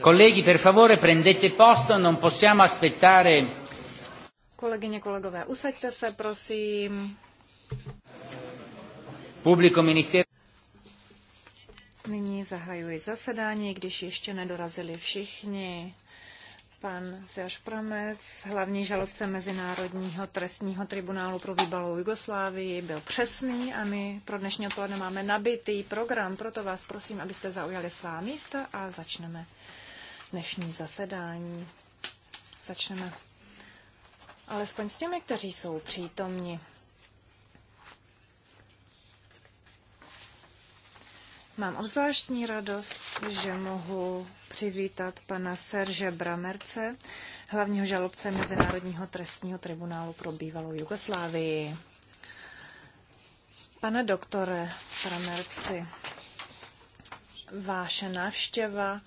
Kolegy, per favore, prendete posto, non possiamo aspettare. Kolegyně, kolegové, usaďte se, prosím. Publiko minister... Nyní zahajuji zasedání, když ještě nedorazili všichni. Pan Serž Pramec, hlavní žalobce Mezinárodního trestního tribunálu pro bývalou Jugoslávii, byl přesný a my pro dnešní odpoledne máme nabitý program, proto vás prosím, abyste zaujali svá místa a začneme dnešní zasedání. Začneme alespoň s těmi, kteří jsou přítomni. Mám obzvláštní radost, že mohu přivítat pana Serže Bramerce, hlavního žalobce Mezinárodního trestního tribunálu pro bývalou Jugoslávii. Pane doktore Bramerci, váše návštěva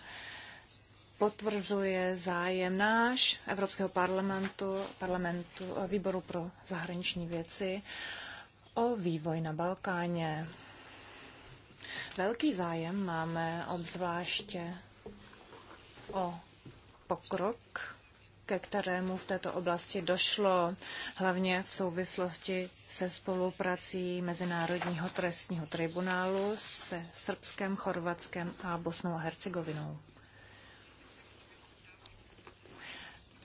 potvrzuje zájem náš Evropského parlamentu, parlamentu eh, výboru pro zahraniční věci o vývoj na Balkáně. Velký zájem máme obzvláště o pokrok, ke kterému v této oblasti došlo, hlavně v souvislosti se spoluprací Mezinárodního trestního tribunálu se Srbskem, Chorvatskem a Bosnou a Hercegovinou.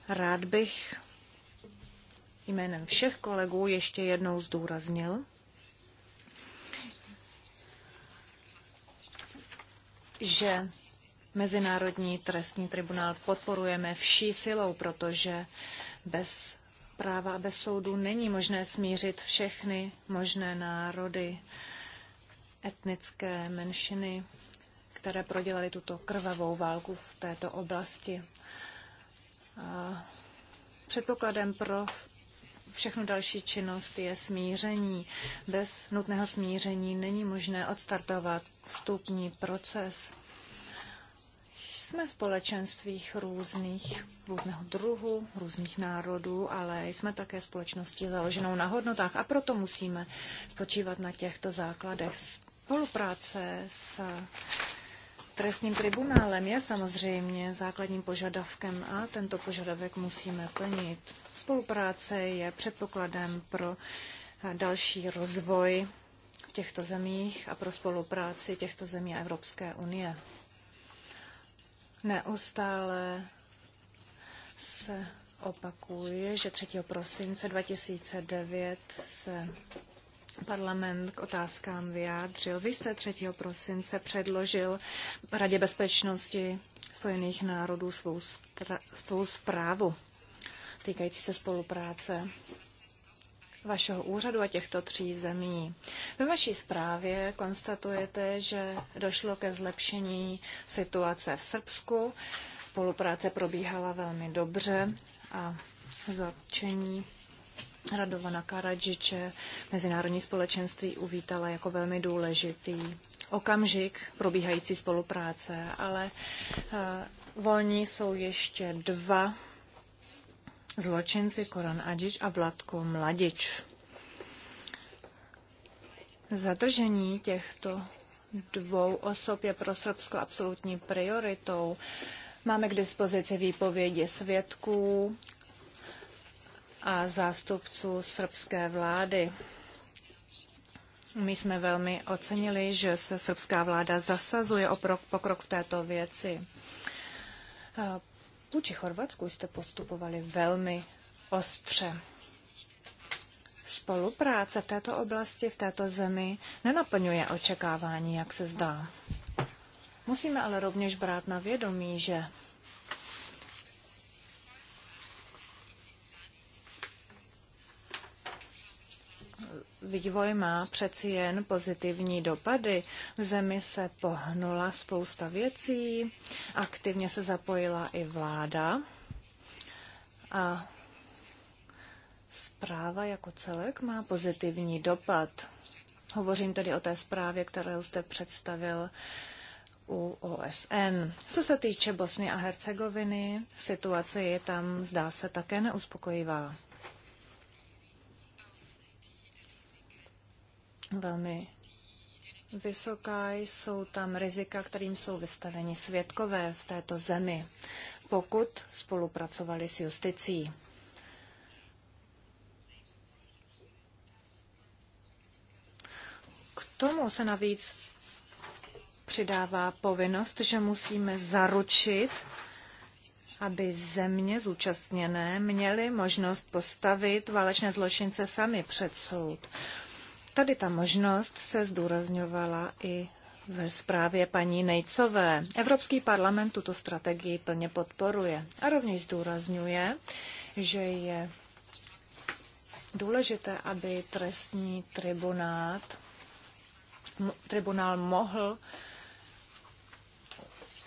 Rád bych jménem všech kolegů ještě jednou zdůraznil, že Mezinárodní trestní tribunál podporujeme vší silou, protože bez práva a bez soudu není možné smířit všechny možné národy, etnické menšiny, které prodělaly tuto krvavou válku v této oblasti. Eh, předpokladem pro všechnu další činnost je smíření. Bez nutného smíření není možné odstartovat vstupní proces. Jsme společenstvích různých, různého druhu, různých národů, ale jsme také společností založenou na hodnotách a proto musíme spočívat na těchto základech. Spolupráce s trestním tribunálem je samozřejmě základním požadavkem a tento požadavek musíme plnit. Spolupráce je předpokladem pro další rozvoj v těchto zemích a pro spolupráci těchto zemí a Evropské unie. Neustále se opakuje, že 3. prosince 2009 se parlament k otázkám vyjádřil. Vy jste 3. prosince předložil Radě bezpečnosti Spojených národů svou, svou zprávu týkající se spolupráce vašeho úřadu a těchto tří zemí. Ve vaší zprávě konstatujete, že došlo ke zlepšení situace v Srbsku, spolupráce probíhala velmi dobře a zatčení Radovana Karadžiče mezinárodní společenství uvítala jako velmi důležitý okamžik probíhající spolupráce, ale eh, volní jsou ještě dva zločinci Koran Adžič a Vladko Mladič. Zadržení těchto dvou osob je pro Srbsko absolutní prioritou. Máme k dispozici výpovědi svědků, a zástupců srbské vlády. My jsme velmi ocenili, že se srbská vláda zasazuje o pokrok v této věci. Vůči Chorvatsku jste postupovali velmi ostře. Spolupráce v této oblasti, v této zemi nenaplňuje očekávání, jak se zdá. Musíme ale rovněž brát na vědomí, že vývoj má přeci jen pozitivní dopady. V zemi se pohnula spousta věcí, aktivně se zapojila i vláda a zpráva jako celek má pozitivní dopad. Hovořím tedy o té zprávě, kterou jste představil u OSN. Co se týče Bosny a Hercegoviny, situace je tam, zdá se, také neuspokojivá. velmi vysoká. Jsou tam rizika, kterým jsou vystaveni svědkové v této zemi, pokud spolupracovali s justicí. K tomu se navíc přidává povinnost, že musíme zaručit, aby země zúčastněné měly možnost postavit válečné zločince sami před soud. Tady ta možnost se zdůrazňovala i ve zprávě paní Nejcové. Evropský parlament tuto strategii plně podporuje a rovněž zdůrazňuje, že je důležité, aby trestní tribunát, tribunál mohl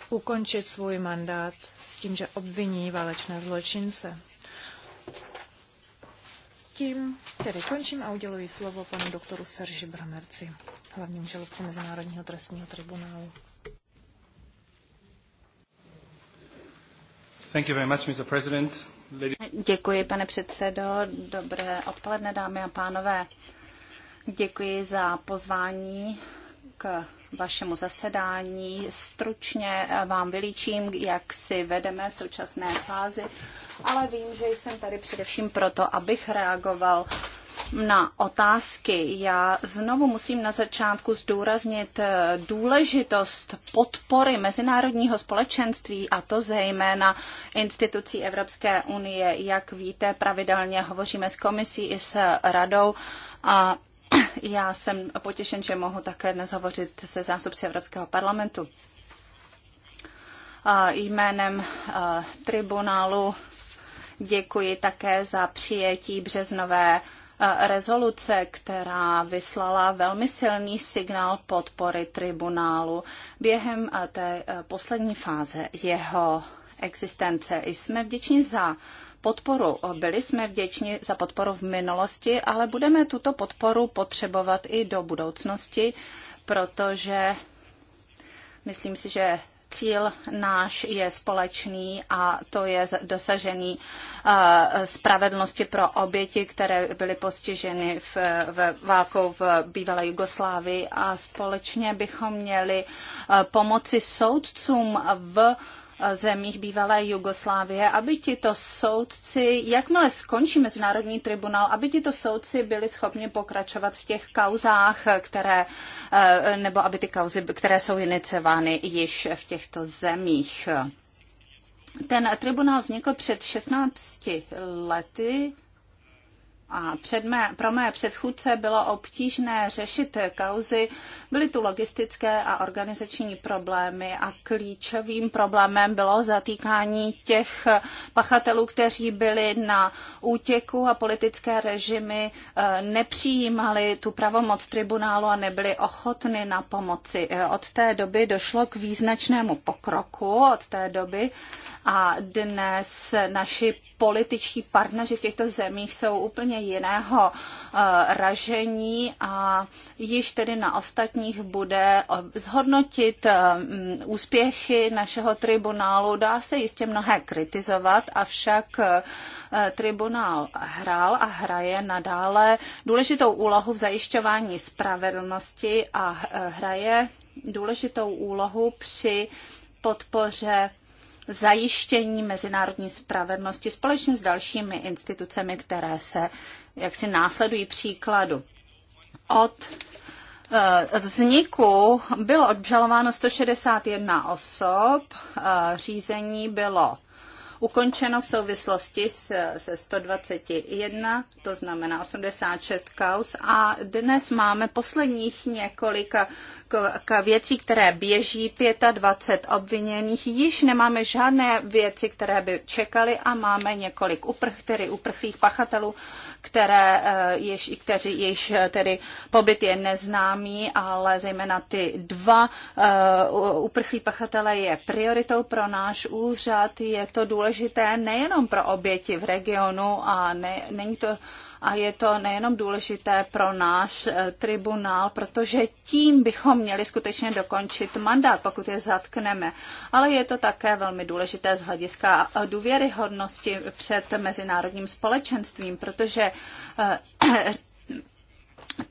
ukončit svůj mandát s tím, že obviní válečné zločince. Tím tedy končím a uděluji slovo panu doktoru Serži Bramerci, hlavnímu žalobci Mezinárodního trestního tribunálu. Thank you very much, Mr. President. Děkuji, pane předsedo. Dobré odpoledne, dámy a pánové. Děkuji za pozvání k vašemu zasedání. Stručně vám vylíčím, jak si vedeme v současné fázi ale vím, že jsem tady především proto, abych reagoval na otázky. Já znovu musím na začátku zdůraznit eh, důležitost podpory mezinárodního společenství a to zejména institucí Evropské unie. Jak víte, pravidelně hovoříme s komisí i s radou a já jsem potěšen, že mohu také dnes hovořit se zástupci Evropského parlamentu. Jménem eh, tribunálu Děkuji také za přijetí březnové eh, rezoluce, která vyslala velmi silný signál podpory tribunálu během eh, té eh, poslední fáze jeho existence. Jsme vděční za podporu. Byli jsme vděční za podporu v minulosti, ale budeme tuto podporu potřebovat i do budoucnosti, protože myslím si, že cíl náš je společný a to je dosažení eh, spravedlnosti pro oběti, které byly postiženy v, v válkou v bývalé Jugoslávii a společně bychom měli eh, pomoci soudcům v zemích bývalé Jugoslávie, aby tito soudci, jakmile skončí Mezinárodní tribunál, aby tito soudci byli schopni pokračovat v těch kauzách, které, eh, nebo aby ty kauzy, které jsou iniciovány již v těchto zemích. Ten tribunál vznikl před 16 lety, a před mé, pro mé předchůdce bylo obtížné řešit kauzy. Byly tu logistické a organizační problémy a klíčovým problémem bylo zatýkání těch pachatelů, kteří byli na útěku a politické režimy eh, nepřijímali tu pravomoc tribunálu a nebyli ochotny na pomoci. Eh, od té doby došlo k význačnému pokroku od té doby a dnes naši političtí partneři v těchto zemích jsou úplně jiného eh, ražení a již tedy na ostatních bude eh, zhodnotit eh, mm, úspěchy našeho tribunálu. Dá se jistě mnohé kritizovat, avšak tribunál hrál a hraje nadále důležitou úlohu v zajišťování spravedlnosti a hraje důležitou úlohu při podpoře zajištění mezinárodní spravedlnosti společně s dalšími institucemi, které se jaksi následují příkladu. Od eh, vzniku bylo obžalováno 161 osob, eh, řízení bylo ukončeno v souvislosti se 121, to znamená 86 kaus a dnes máme posledních několika k věcí, které běží, 25 obviněných, již nemáme žádné věci, které by čekaly a máme několik uprch, tedy uprchlých pachatelů, které eh, jež, kteří již eh, tedy pobyt je neznámý, ale zejména ty dva eh, uprchlí pachatele je prioritou pro náš úřad. Je to důležité nejenom pro oběti v regionu a ne, není to a je to nejenom důležité pro náš eh, tribunál, protože tím bychom měli skutečně dokončit mandát, pokud je zatkneme. Ale je to také velmi důležité z hlediska eh, důvěryhodnosti před mezinárodním společenstvím, protože eh,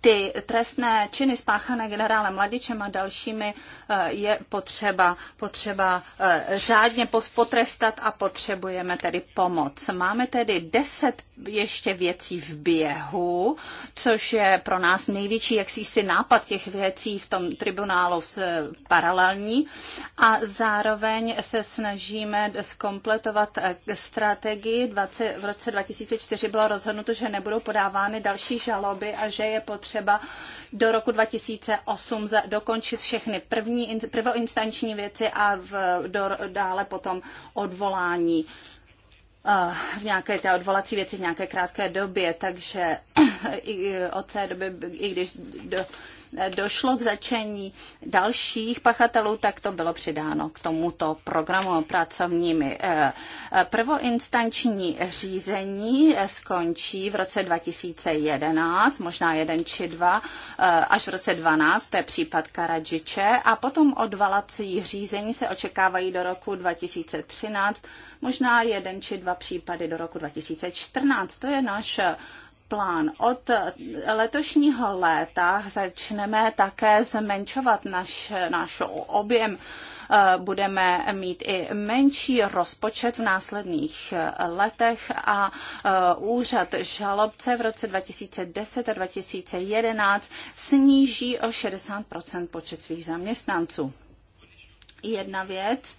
ty trestné činy spáchané generálem Mladičem a dalšími eh, je potřeba, potřeba eh, řádně potrestat a potřebujeme tedy pomoc. Máme tedy deset ještě věcí v běhu, což je pro nás největší jaksísi nápad těch věcí v tom tribunálu eh, paralelní a zároveň se snažíme zkompletovat strategii. v roce 2004 bylo rozhodnuto, že nebudou podávány další žaloby a že je potřeba bylo třeba do roku 2008 dokončit všechny první, prvoinstanční věci a v, do, dále potom odvolání eh, v nějaké té odvolací věci v nějaké krátké době, takže i od té doby, i když do, došlo k začení dalších pachatelů, tak to bylo přidáno k tomuto programu pracovními. Eh, eh, prvoinstanční řízení eh, skončí v roce 2011, možná jeden či dva, až v roce 12, to je případ Karadžiče, a potom odvalací řízení se očekávají do roku 2013, možná jeden či dva případy do roku 2014. To je náš plán. Od letošního léta začneme také zmenšovat náš naš objem eh, budeme mít i menší rozpočet v následných eh, letech a eh, úřad žalobce v roce 2010 a 2011 sníží o 60 počet svých zaměstnanců. Jedna věc,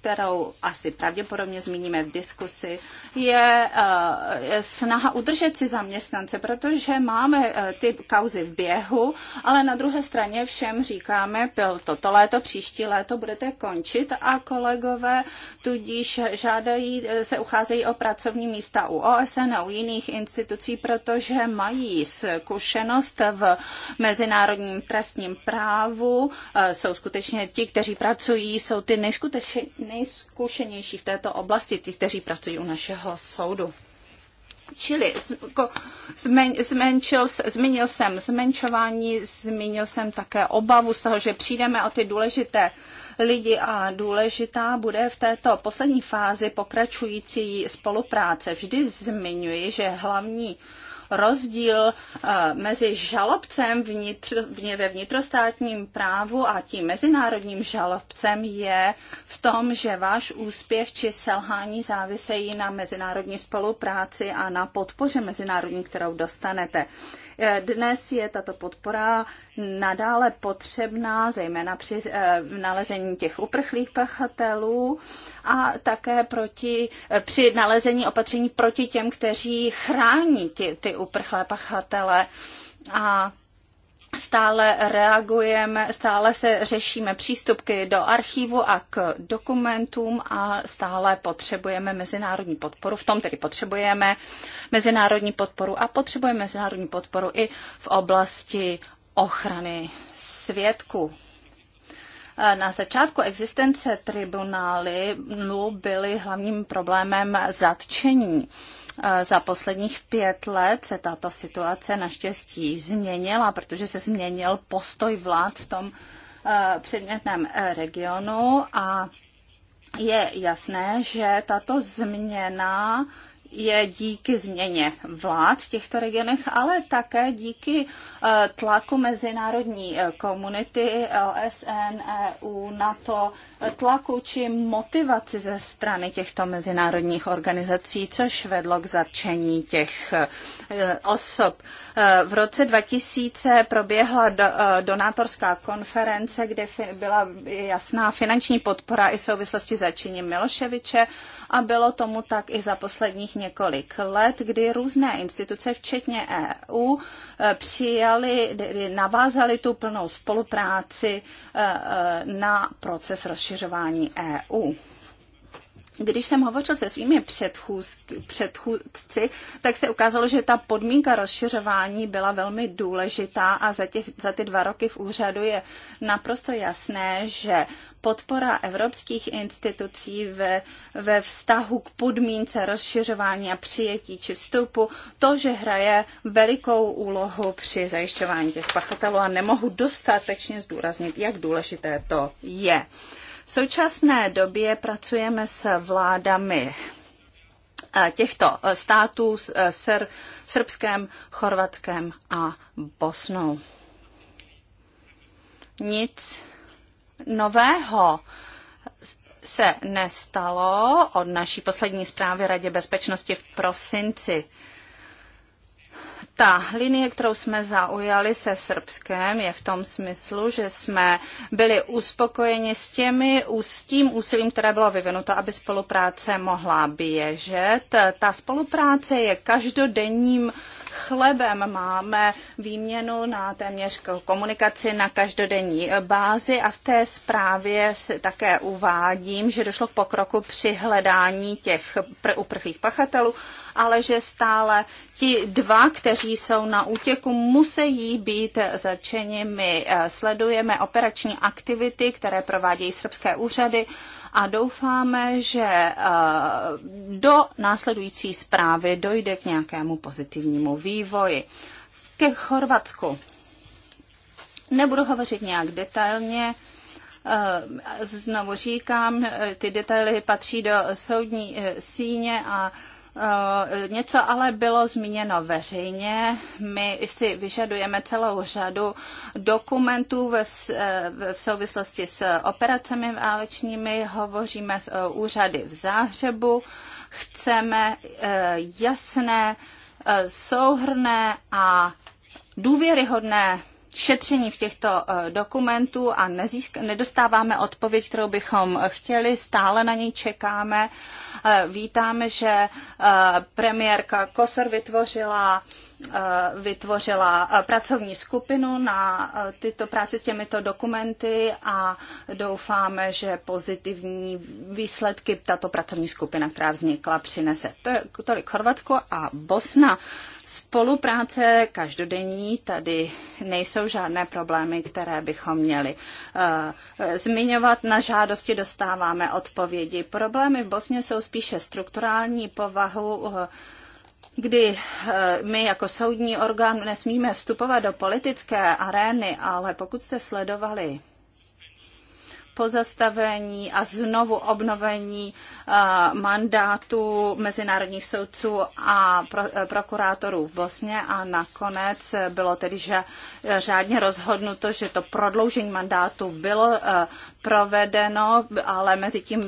kterou asi pravděpodobně zmíníme v diskusi, je eh, snaha udržet si zaměstnance, protože máme eh, ty kauzy v běhu, ale na druhé straně všem říkáme, byl toto léto, příští léto budete končit a kolegové tudíž žádají, eh, se ucházejí o pracovní místa u OSN a u jiných institucí, protože mají zkušenost v mezinárodním trestním právu, jsou skutečně ti, kteří pracují, jsou ty nejskutečně nejzkušenější v této oblasti, ti, kteří pracují u našeho soudu. Čili zmen, zmenšil, zmínil jsem zmenšování, zmínil jsem také obavu z toho, že přijdeme o ty důležité lidi a důležitá bude v této poslední fázi pokračující spolupráce. Vždy zmiňuji, že hlavní uh, rozdíl eh, mezi žalobcem vnitř, ve vnitrostátním právu a tím mezinárodním žalobcem je v tom, že váš úspěch či selhání závisejí na mezinárodní spolupráci a na podpoře mezinárodní, kterou dostanete. Eh, dnes je tato podpora nadále potřebná, zejména při eh, nalezení těch uprchlých pachatelů a také proti, eh, při nalezení opatření proti těm, kteří chrání ty, ty uprchlé pachatele. A stále reagujeme, stále se řešíme přístupky do archivu a k dokumentům a stále potřebujeme mezinárodní podporu. V tom tedy potřebujeme mezinárodní podporu a potřebujeme mezinárodní podporu i v oblasti ochrany svědků. Na začátku existence tribunály byly hlavním problémem zatčení. Za posledních pět let se tato situace naštěstí změnila, protože se změnil postoj vlád v tom eh, předmětném eh, regionu a je jasné, že tato změna je díky změně vlád v těchto regionech, ale také díky eh, tlaku mezinárodní eh, komunity LSN, EU, NATO, eh, tlaku či motivaci ze strany těchto mezinárodních organizací, což vedlo k zatčení těch osob. V roce 2000 proběhla donátorská konference, kde byla jasná finanční podpora i v souvislosti s začiněním Miloševiče a bylo tomu tak i za posledních několik let, kdy různé instituce, včetně EU, eh, přijali, navázali tu plnou spolupráci eh, eh, na proces rozšiřování EU když jsem hovořil se svými předchůdci, tak se ukázalo, že ta podmínka rozšiřování byla velmi důležitá a za, těch, za ty dva roky v úřadu je naprosto jasné, že podpora evropských institucí ve, ve vztahu k podmínce rozšiřování a přijetí či vstupu, to, že hraje velikou úlohu při zajišťování těch pachatelů a nemohu dostatečně zdůraznit, jak důležité to je. Uh, v současné době pracujeme s vládami eh, těchto eh, států Sr, eh, Srbském, Chorvatském a Bosnou. Nic nového se nestalo od naší poslední zprávy Radě bezpečnosti v prosinci. Ta linie, kterou jsme zaujali se Srbskem, je v tom smyslu, že jsme byli uspokojeni s, těmi, s tím úsilím, které bylo vyvinuto, aby spolupráce mohla běžet. Ta spolupráce je každodenním chlebem. Máme výměnu na téměř komunikaci na každodenní bázi a v té zprávě se také uvádím, že došlo k pokroku při hledání těch uprchlých pachatelů ale že stále ti dva, kteří jsou na útěku, musí být začeni. My eh, sledujeme operační aktivity, které provádějí srbské úřady a doufáme, že eh, do následující zprávy dojde k nějakému pozitivnímu vývoji. Ke Chorvatsku. Nebudu hovořit nějak detailně, eh, Znovu říkám, ty detaily patří do soudní síně a Eh, něco ale bylo zmíněno veřejně. My si vyžadujeme celou řadu dokumentů ve, eh, v souvislosti s operacemi válečními. Hovoříme s eh, úřady v Záhřebu. Chceme jasné, souhrné a důvěryhodné šetření v těchto dokumentů a nezísk- nedostáváme odpověď, kterou bychom chtěli, stále na ní čekáme Eh, vítáme, že eh, premiérka Kosor vytvořila eh, vytvořila pracovní skupinu na tyto práci s těmito dokumenty a doufáme, že pozitivní výsledky tato pracovní skupina, která vznikla, přinese. To je tolik Chorvatsko a Bosna. Spolupráce každodenní, tady nejsou žádné problémy, které bychom měli zmiňovat. Na žádosti dostáváme odpovědi. Problémy v Bosně jsou spíše strukturální povahu kdy eh, my jako soudní orgán nesmíme vstupovat do politické arény, ale pokud jste sledovali pozastavení a znovu obnovení eh, mandátu mezinárodních soudců a eh, prokurátorů v Bosně a nakonec bylo tedy že řádně rozhodnuto, že to prodloužení mandátu bylo provedeno, ale mezi tím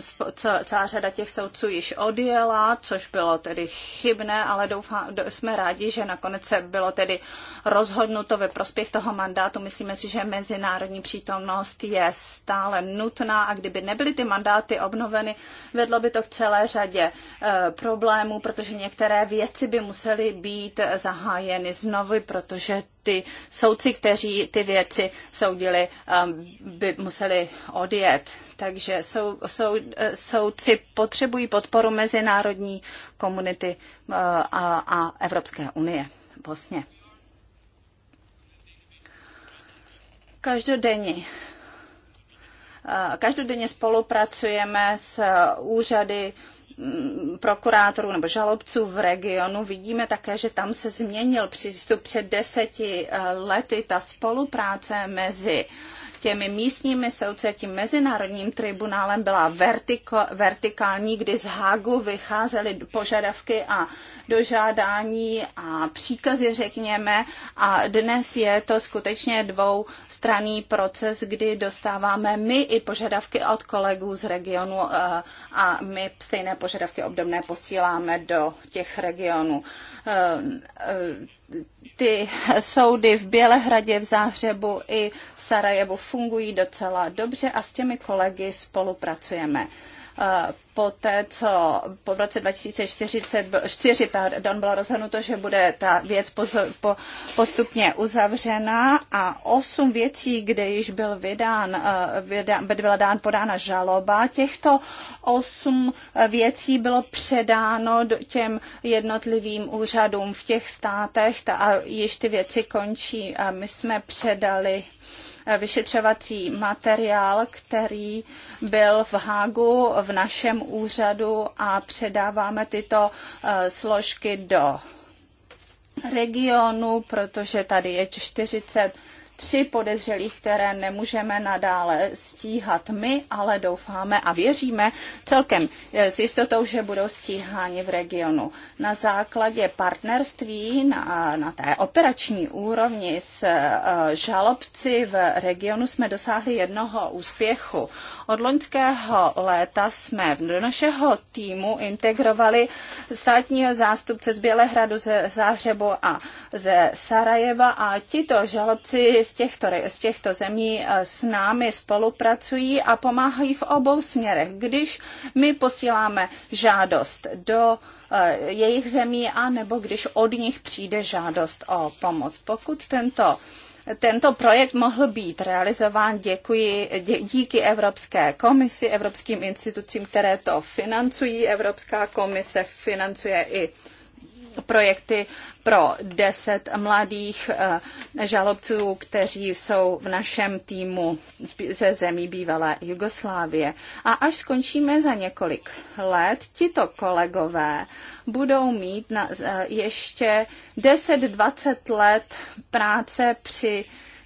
celá řada těch soudců již odjela, což bylo tedy chybné, ale doufám, jsme rádi, že nakonec se bylo tedy rozhodnuto ve prospěch toho mandátu. Myslíme si, že mezinárodní přítomnost je stále nutná a kdyby nebyly ty mandáty obnoveny, vedlo by to k celé řadě eh, problémů, protože některé věci by musely být zahájeny znovu, protože ty soudci, kteří ty věci soudili, um, by museli odjet. Takže sou, sou, eh, soudci potřebují podporu mezinárodní komunity eh, a, a Evropské unie. Vlastně. Každodenně eh, Každodenně spolupracujeme s úřady Mm, prokurátorů nebo žalobců v regionu. Vidíme také, že tam se změnil přístup před deseti eh, lety, ta spolupráce mezi uh, těmi místními soudci, tím mezinárodním tribunálem byla vertiko, vertikální, kdy z Hágu vycházely požadavky a dožádání a příkazy, řekněme, a dnes je to skutečně dvoustranný proces, kdy dostáváme my i požadavky od kolegů z regionu eh, a my stejné požadavky obdobné posíláme do těch regionů eh, eh, ty soudy v Bělehradě, v Záhřebu i v Sarajevu fungují docela dobře a s těmi kolegy spolupracujeme po té, co po roce 2044 pardon, bylo rozhodnuto, že bude ta věc po, postupně uzavřena a osm věcí, kde již byl vydán, eh, vydán, byla dán, podána žaloba, těchto osm věcí bylo předáno těm jednotlivým úřadům v těch státech a již ty věci končí. A my jsme předali vyšetřovací materiál, který byl v Hágu v našem úřadu a předáváme tyto eh, složky do regionu, protože tady je 40 tři podezřelých, které nemůžeme nadále stíhat my, ale doufáme a věříme celkem eh, s jistotou, že budou stíháni v regionu. Na základě partnerství na, na té operační úrovni s eh, žalobci v regionu jsme dosáhli jednoho úspěchu. Od loňského léta jsme do našeho týmu integrovali státního zástupce z Bělehradu, ze Záhřebu a ze Sarajeva a tito žalobci z těchto, z těchto zemí eh, s námi spolupracují a pomáhají v obou směrech. Když my posíláme žádost do eh, jejich zemí a nebo když od nich přijde žádost o pomoc. Pokud tento tento projekt mohl být realizován děkuji, dě, díky Evropské komisi, evropským institucím, které to financují. Evropská komise financuje i projekty pro deset mladých eh, žalobců, kteří jsou v našem týmu ze zemí bývalé Jugoslávie. A až skončíme za několik let, tito kolegové budou mít na, eh, ještě 10-20 let práce při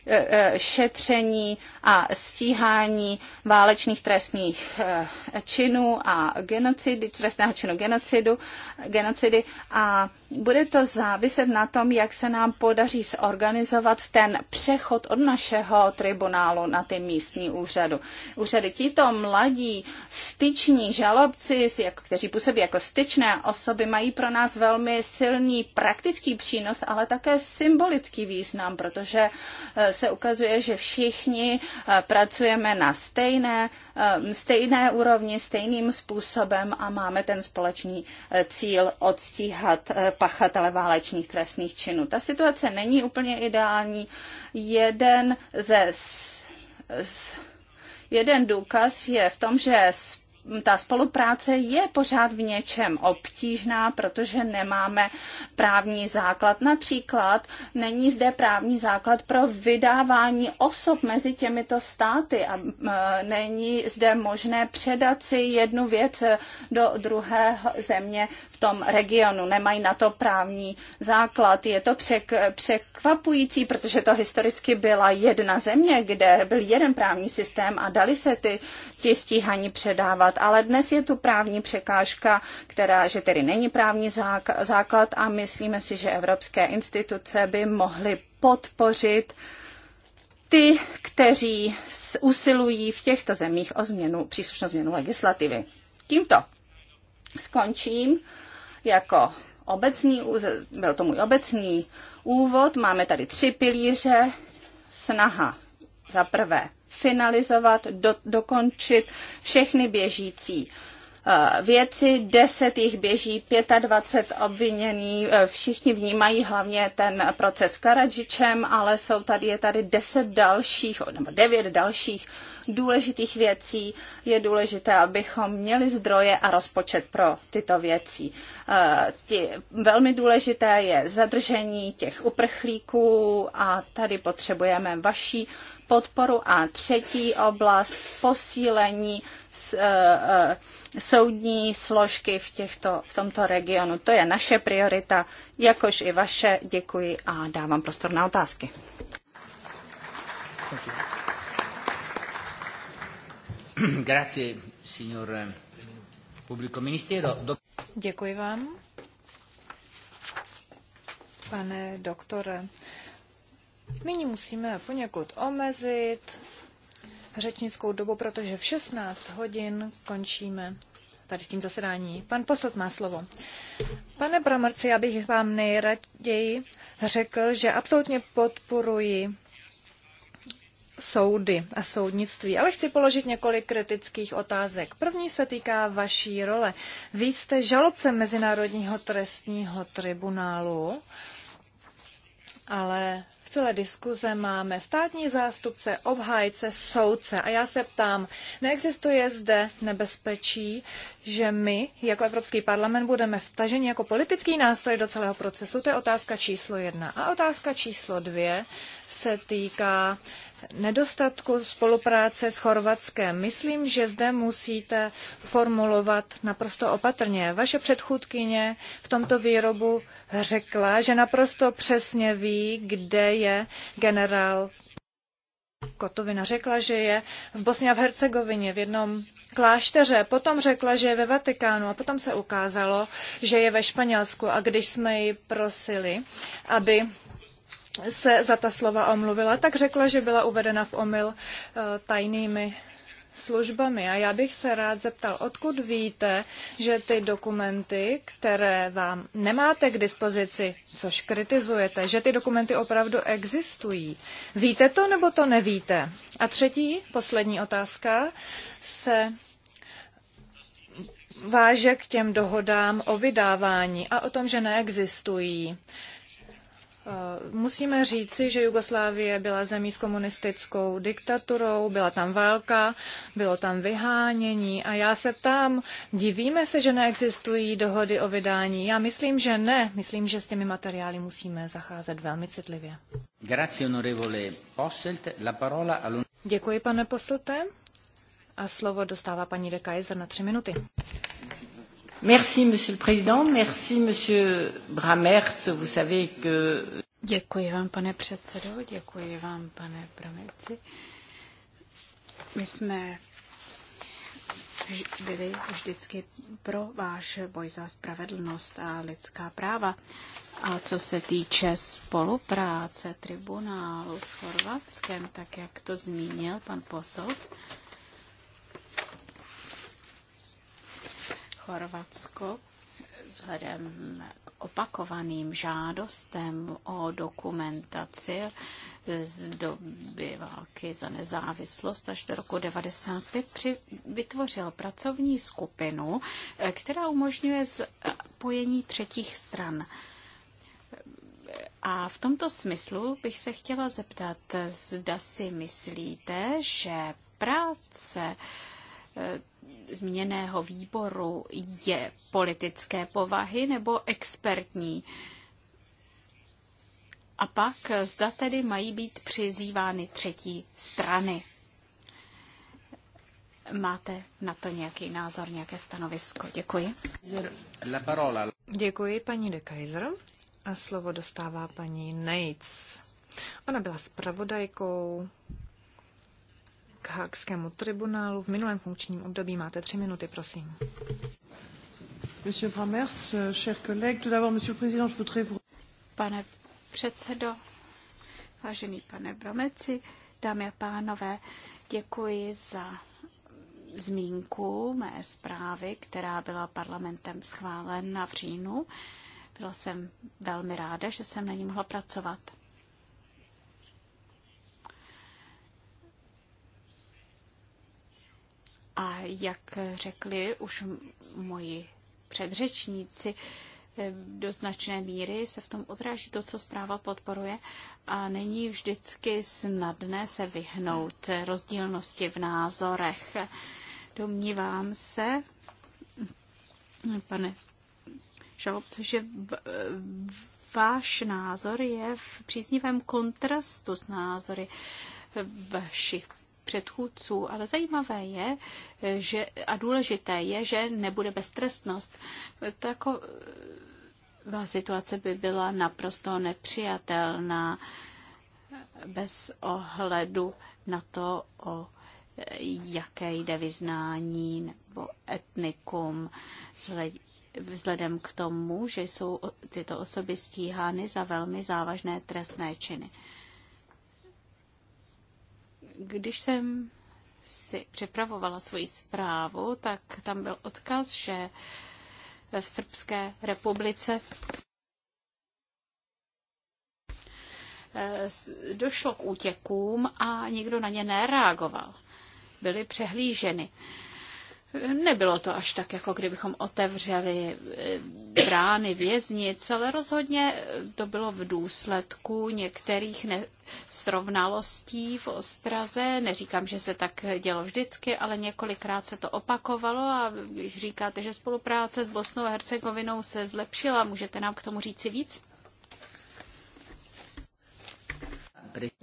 E, e, šetření a stíhání válečných trestných e, činů a genocidy, trestného činu genocidu, genocidy a bude to záviset na tom, jak se nám podaří zorganizovat ten přechod od našeho tribunálu na ty místní úřadu. Úřady tito mladí styční žalobci, kteří působí jako styčné osoby, mají pro nás velmi silný praktický přínos, ale také symbolický význam, protože se ukazuje, že všichni eh, pracujeme na stejné, eh, stejné úrovni, stejným způsobem a máme ten společný eh, cíl odstíhat pachatele válečných trestných činů. Ta situace není úplně ideální. Jeden ze z, jeden důkaz je v tom, že ta spolupráce je pořád v něčem obtížná, protože nemáme právní základ. Například není zde právní základ pro vydávání osob mezi těmito státy a e, není zde možné předat si jednu věc do druhé země v v tom regionu, nemají na to právní základ. Je to překvapující, protože to historicky byla jedna země, kde byl jeden právní systém a dali se ty, ty stíhaní předávat. Ale dnes je tu právní překážka, která, že tedy není právní základ a myslíme si, že evropské instituce by mohly podpořit ty, kteří usilují v těchto zemích o změnu, příslušnou změnu legislativy. Tímto skončím jako obecní, byl to můj obecní úvod. Máme tady tři pilíře. Snaha za prvé finalizovat, do, dokončit všechny běžící eh, věci, deset jich běží, 25 obviněný, eh, všichni vnímají hlavně ten proces Karadžičem, ale jsou tady, je tady deset dalších, nebo devět dalších důležitých věcí. Je důležité, abychom měli zdroje a rozpočet pro tyto věci. Eh, Ty, velmi důležité je zadržení těch uprchlíků a tady potřebujeme vaší podporu a třetí oblast posílení s, e, e, soudní složky v, těchto, v tomto regionu. To je naše priorita, jakož i vaše. Děkuji a dávám prostor na otázky. Thank you. Eh, Děkuji vám, pane doktore. Nyní musíme poněkud omezit řečnickou dobu, protože v 16 hodin končíme tady s tím zasedání. Pan posled má slovo. Pane Bramrci, já bych vám nejraději řekl, že absolutně podporuji soudy a soudnictví. Ale chci položit několik kritických otázek. První se týká vaší role. Vy jste žalobce Mezinárodního trestního tribunálu, ale v celé diskuze máme státní zástupce, obhájce, soudce. A já se ptám, neexistuje zde nebezpečí, že my jako Evropský parlament budeme vtaženi jako politický nástroj do celého procesu? To je otázka číslo jedna. A otázka číslo dvě se týká uh, nedostatku spolupráce s Chorvatskem. Myslím, že zde musíte formulovat naprosto opatrně. Vaše předchůdkyně v tomto výrobu řekla, že naprosto přesně ví, kde je generál Kotovina. Řekla, že je v Bosně a v Hercegovině v jednom klášteře, potom řekla, že je ve Vatikánu a potom se ukázalo, že je ve Španělsku. A když jsme ji prosili, aby se za ta slova omluvila, tak řekla, že byla uvedena v omyl eh, tajnými službami. A já bych se rád zeptal, odkud víte, že ty dokumenty, které vám nemáte k dispozici, což kritizujete, že ty dokumenty opravdu existují. Víte to nebo to nevíte? A třetí, poslední otázka se váže k těm dohodám o vydávání a o tom, že neexistují. Uh, Eh, musíme říci, že Jugoslávie byla zemí s komunistickou diktaturou, byla tam válka, bylo tam vyhánění a já se ptám, divíme se, že neexistují dohody o vydání? Já myslím, že ne. Myslím, že s těmi materiály musíme zacházet velmi citlivě. Děkuji, pane poslte. A slovo dostává paní de Kaiser na tři minuty monsieur le président. Merci, monsieur Bramers. Vous savez que... Děkuji vám, pane předsedo, děkuji vám, pane Bramerci. My jsme byli vždycky pro váš boj za spravedlnost a lidská práva. A co se týče spolupráce tribunálu s Chorvatskem, tak jak to zmínil pan Posol, Chorvatsko vzhledem k opakovaným žádostem o dokumentaci z doby války za nezávislost až do roku 1995 při, vytvořil pracovní skupinu, která umožňuje spojení třetích stran. A v tomto smyslu bych se chtěla zeptat, zda si myslíte, že práce Eh, zmíněného výboru je politické povahy nebo expertní. A pak eh, zda tedy mají být přizývány třetí strany. Máte na to nějaký názor, nějaké stanovisko? Děkuji. Děkuji, paní de Kaiser. A slovo dostává paní Nates. Ona byla spravodajkou k Hákskému tribunálu v minulém funkčním období. Máte tři minuty, prosím. Pane předsedo, vážený pane Brameci, dámy a pánové, děkuji za zmínku mé zprávy, která byla parlamentem schválena v říjnu. Byla jsem velmi ráda, že jsem na ní mohla pracovat. A jak řekli už moji předřečníci, eh, do značné míry se v tom odráží to, co zpráva podporuje a není vždycky snadné se vyhnout rozdílnosti v názorech. Domnívám se, pane žalobce, že váš názor je v příznivém kontrastu s názory vašich předchůdců, ale zajímavé je že, a důležité je, že nebude beztrestnost. Taková eh, situace by byla naprosto nepřijatelná bez ohledu na to, o eh, jaké jde vyznání nebo etnikum, vzhledem k tomu, že jsou tyto osoby stíhány za velmi závažné trestné činy. Když jsem si připravovala svoji zprávu, tak tam byl odkaz, že v Srbské republice eh, došlo k útěkům a nikdo na ně nereagoval. Byly přehlíženy. Nebylo to až tak, jako kdybychom otevřeli eh, brány věznic, ale rozhodně to bylo v důsledku některých srovnalostí v Ostraze. Neříkám, že se tak dělo vždycky, ale několikrát se to opakovalo a když říkáte, že spolupráce s Bosnou a Hercegovinou se zlepšila, můžete nám k tomu říci víc?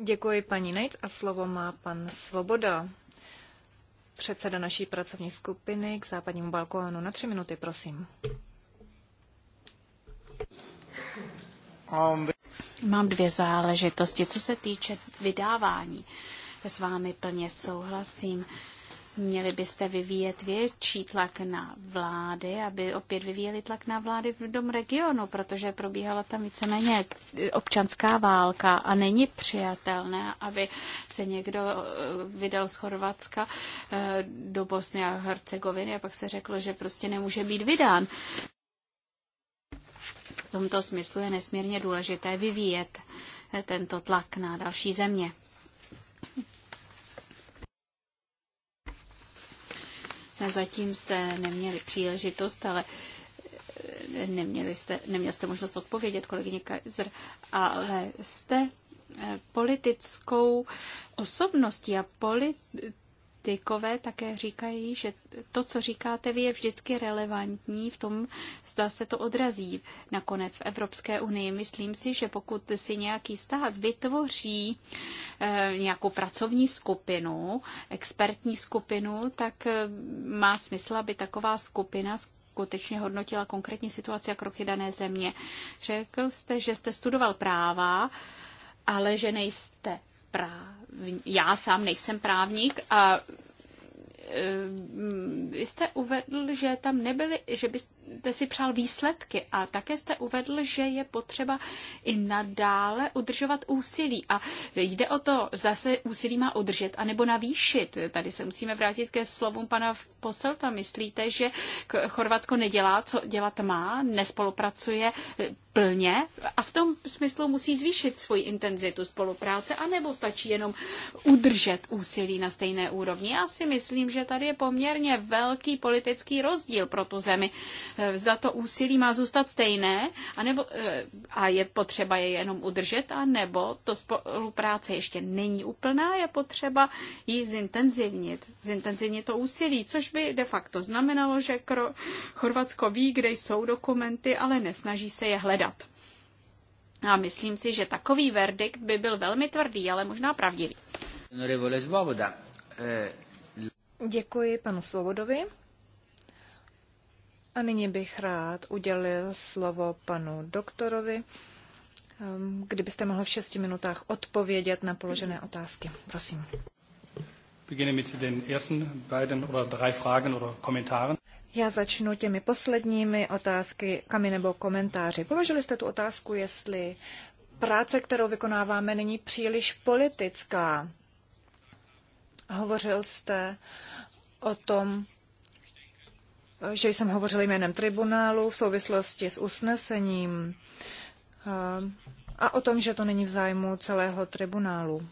Děkuji paní Nejc a slovo má pan Svoboda předseda naší pracovní skupiny k západnímu balkónu. Na tři minuty, prosím. Mám dvě záležitosti. Co se týče vydávání, s vámi plně souhlasím. Měli byste vyvíjet větší tlak na vlády, aby opět vyvíjeli tlak na vlády v tom regionu, protože probíhala tam víceméně občanská válka a není přijatelné, aby se někdo eh, vydal z Chorvatska eh, do Bosny a Hercegoviny a pak se řeklo, že prostě nemůže být vydán. V tomto smyslu je nesmírně důležité vyvíjet tento tlak na další země. Zatím jste neměli příležitost, ale eh, neměli jste, neměl jste možnost odpovědět, kolegyně Kaiser, ale jste eh, politickou osobností a polit, politikové také říkají, že to, co říkáte vy, je vždycky relevantní v tom, zda se to odrazí nakonec v Evropské unii. Myslím si, že pokud si nějaký stát vytvoří eh, nějakou pracovní skupinu, expertní skupinu, tak eh, má smysl, aby taková skupina skutečně hodnotila konkrétní situaci a kroky dané země. Řekl jste, že jste studoval práva, ale že nejste práv... já sám nejsem právník a e, vy jste uvedl, že tam nebyly, že by jste si přál výsledky a také jste uvedl, že je potřeba i nadále udržovat úsilí. A jde o to, zda se úsilí má udržet anebo navýšit. Tady se musíme vrátit ke slovům pana Poselta. Myslíte, že Chorvatsko nedělá, co dělat má, nespolupracuje plně a v tom smyslu musí zvýšit svoji intenzitu spolupráce, anebo stačí jenom udržet úsilí na stejné úrovni. Já si myslím, že tady je poměrně velký politický rozdíl pro tu zemi. Eh, zda to úsilí má zůstat stejné a nebo eh, a je potřeba je jenom udržet, a nebo to spolupráce ještě není úplná, je potřeba ji zintenzivnit. Zintenzivnit to úsilí, což by de facto znamenalo, že Chorvatsko ví, kde jsou dokumenty, ale nesnaží se je hledat. A myslím si, že takový verdikt by byl velmi tvrdý, ale možná pravdivý. Eh, Děkuji panu Svobodovi. A nyní bych rád udělil slovo panu doktorovi, ehm, kdybyste mohl v šesti minutách odpovědět na položené otázky. Prosím. Já začnu těmi posledními otázky, kami nebo komentáři. Položili jste tu otázku, jestli práce, kterou vykonáváme, není příliš politická. Hovořil jste o tom, že jsem hovořil jménem tribunálu v souvislosti s usnesením eh, a o tom, že to není v zájmu celého tribunálu.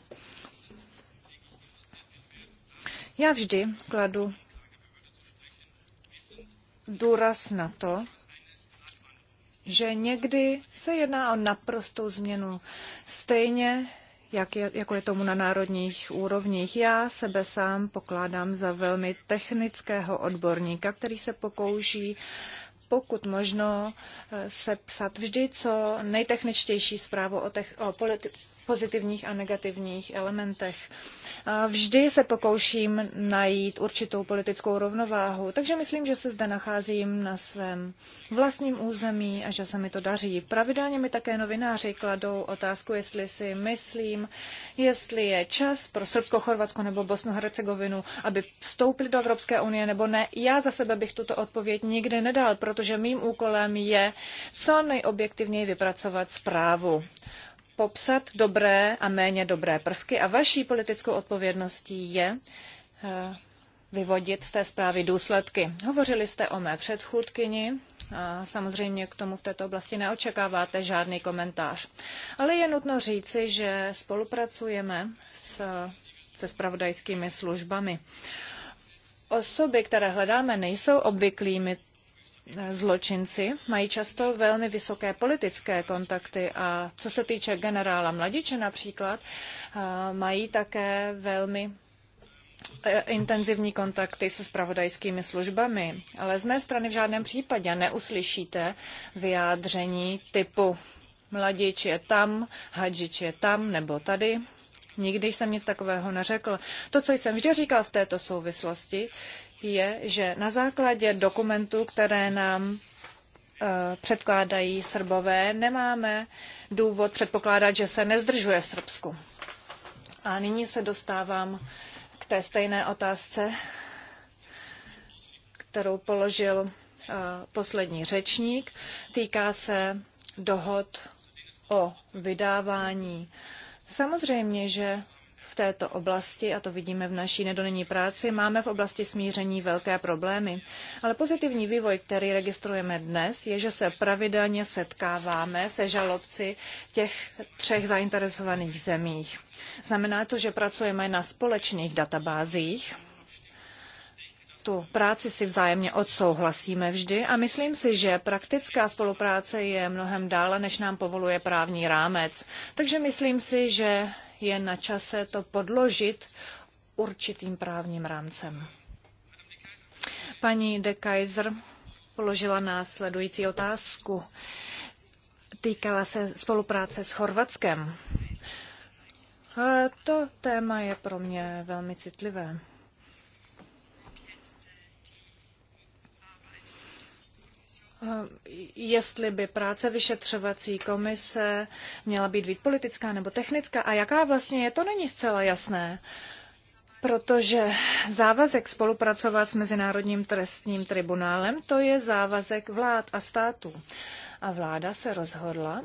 Já vždy kladu důraz na to, že někdy se jedná o naprostou změnu. Stejně jak je, jako je tomu na národních úrovních. Já sebe sám pokládám za velmi technického odborníka, který se pokouší pokud možno eh, sepsat vždy co nejtechničtější zprávu o, tech, o politi- pozitivních a negativních elementech. Vždy se pokouším najít určitou politickou rovnováhu, takže myslím, že se zde nacházím na svém vlastním území a že se mi to daří. Pravidelně mi také novináři kladou otázku, jestli si myslím, jestli je čas pro Srbsko, Chorvatsko nebo Bosnu Hercegovinu, aby vstoupili do Evropské unie nebo ne. Já za sebe bych tuto odpověď nikdy nedal, protože mým úkolem je co nejobjektivněji vypracovat zprávu popsat dobré a méně dobré prvky a vaší politickou odpovědností je eh, vyvodit z té zprávy důsledky. Hovořili jste o mé předchůdkyni, a samozřejmě k tomu v této oblasti neočekáváte žádný komentář. Ale je nutno říci, že spolupracujeme s, se spravodajskými službami. Osoby, které hledáme, nejsou obvyklými zločinci mají často velmi vysoké politické kontakty a co se týče generála Mladiče například, mají také velmi e, intenzivní kontakty se spravodajskými službami, ale z mé strany v žádném případě neuslyšíte vyjádření typu Mladič je tam, Hadžič je tam nebo tady. Nikdy jsem nic takového neřekl. To, co jsem vždy říkal v této souvislosti, je, že na základě dokumentů, které nám e, předkládají Srbové, nemáme důvod předpokládat, že se nezdržuje Srbsku. A nyní se dostávám k té stejné otázce, kterou položil e, poslední řečník. Týká se dohod o vydávání. Samozřejmě, že v této oblasti, a to vidíme v naší nedodenní práci, máme v oblasti smíření velké problémy. Ale pozitivní vývoj, který registrujeme dnes, je, že se pravidelně setkáváme se žalobci těch třech zainteresovaných zemích. Znamená to, že pracujeme na společných databázích, tu práci si vzájemně odsouhlasíme vždy a myslím si, že praktická spolupráce je mnohem dále, než nám povoluje právní rámec. Takže myslím si, že je na čase to podložit určitým právním rámcem. Paní de Kaiser položila následující otázku. Týkala se spolupráce s Chorvatskem. to téma je pro mě velmi citlivé. Eh, jestli by práce vyšetřovací komise měla být být politická nebo technická a jaká vlastně je, to není zcela jasné. Protože závazek spolupracovat s Mezinárodním trestním tribunálem, to je závazek vlád a států. A vláda se rozhodla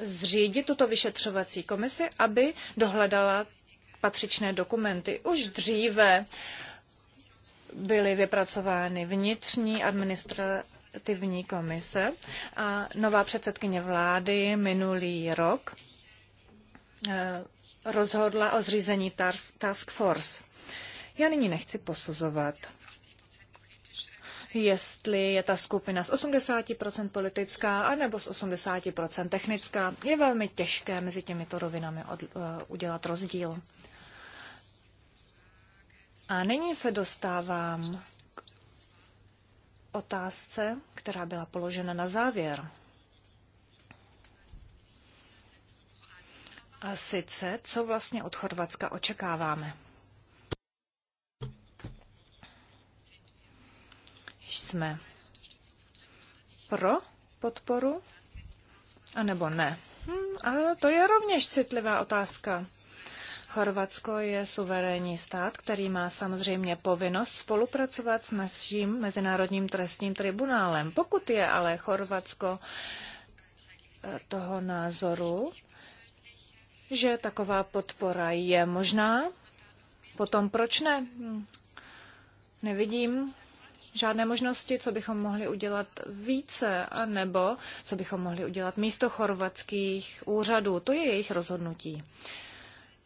zřídit tuto vyšetřovací komisi, aby dohledala patřičné dokumenty. Už dříve uh, byly vypracovány vnitřní administrativní komise a nová předsedkyně vlády minulý rok eh, rozhodla o zřízení task force. Já nyní nechci posuzovat, jestli je ta skupina z 80% politická anebo z 80% technická. Je velmi těžké mezi těmito rovinami od, uh, udělat rozdíl. A nyní se dostávám k otázce, která byla položena na závěr. A sice, co vlastně od Chorvatska očekáváme? Jsme pro podporu, anebo ne? Hm, a to je rovněž citlivá otázka. Chorvatsko je suverénní stát, který má samozřejmě povinnost spolupracovat s naším Mezinárodním trestním tribunálem. Pokud je ale Chorvatsko eh, toho názoru, že taková podpora je možná, potom proč ne? Hm. Nevidím žádné možnosti, co bychom mohli udělat více, anebo co bychom mohli udělat místo chorvatských úřadů. To je jejich rozhodnutí.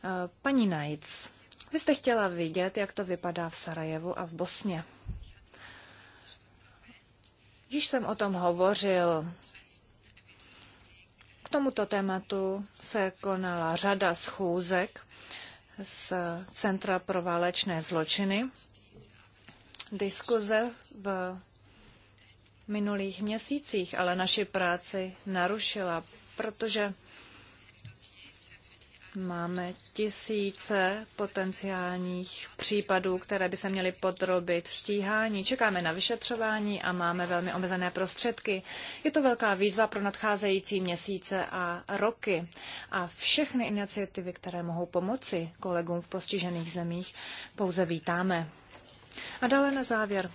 Eh, paní Najc, vy jste chtěla vidět, jak to vypadá v Sarajevu a v Bosně. Již jsem o tom hovořil. K tomuto tématu se konala řada schůzek z Centra pro válečné zločiny. Diskuze v minulých měsících ale naši práci narušila, protože Máme tisíce potenciálních případů, které by se měly podrobit stíhání. Čekáme na vyšetřování a máme velmi omezené prostředky. Je to velká výzva pro nadcházející měsíce a roky. A všechny iniciativy, které mohou pomoci kolegům v postižených zemích, pouze vítáme. A dále na závěr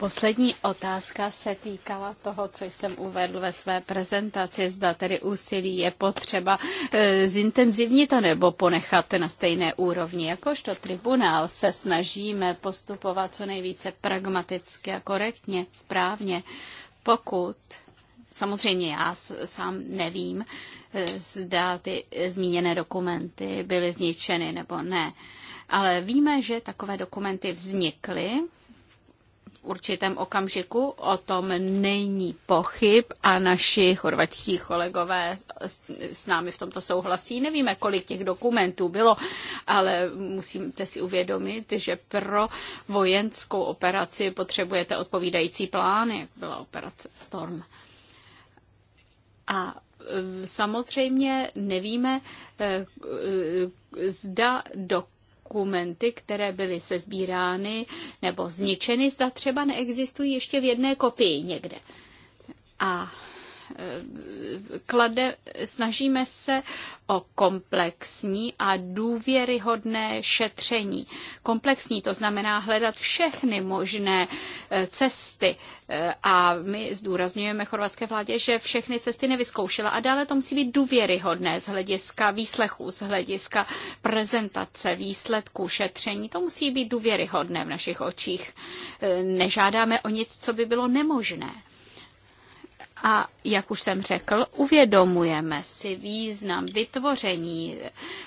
Poslední otázka se týkala toho, co jsem uvedl ve své prezentaci. Zda tedy úsilí je potřeba e, zintenzivnit a nebo ponechat na stejné úrovni. Jakožto tribunál se snažíme postupovat co nejvíce pragmaticky a korektně, správně, pokud Samozřejmě já sám nevím, e, zda ty zmíněné dokumenty byly zničeny nebo ne. Ale víme, že takové dokumenty vznikly určitém okamžiku, o tom není pochyb a naši chorvatští kolegové s námi v tomto souhlasí. Nevíme, kolik těch dokumentů bylo, ale musíte si uvědomit, že pro vojenskou operaci potřebujete odpovídající plán, jak byla operace Storm. A e, samozřejmě nevíme, e, e, zda do dokumenty, které byly sezbírány nebo zničeny, zda třeba neexistují ještě v jedné kopii někde. A Eh, klade, snažíme se o komplexní a důvěryhodné šetření. Komplexní to znamená hledat všechny možné eh, cesty eh, a my zdůrazňujeme chorvatské vládě, že všechny cesty nevyzkoušela a dále to musí být důvěryhodné z hlediska výslechu, z hlediska prezentace výsledků šetření. To musí být důvěryhodné v našich očích. Nežádáme o nic, co by bylo nemožné. A jak už jsem řekl, uvědomujeme si význam vytvoření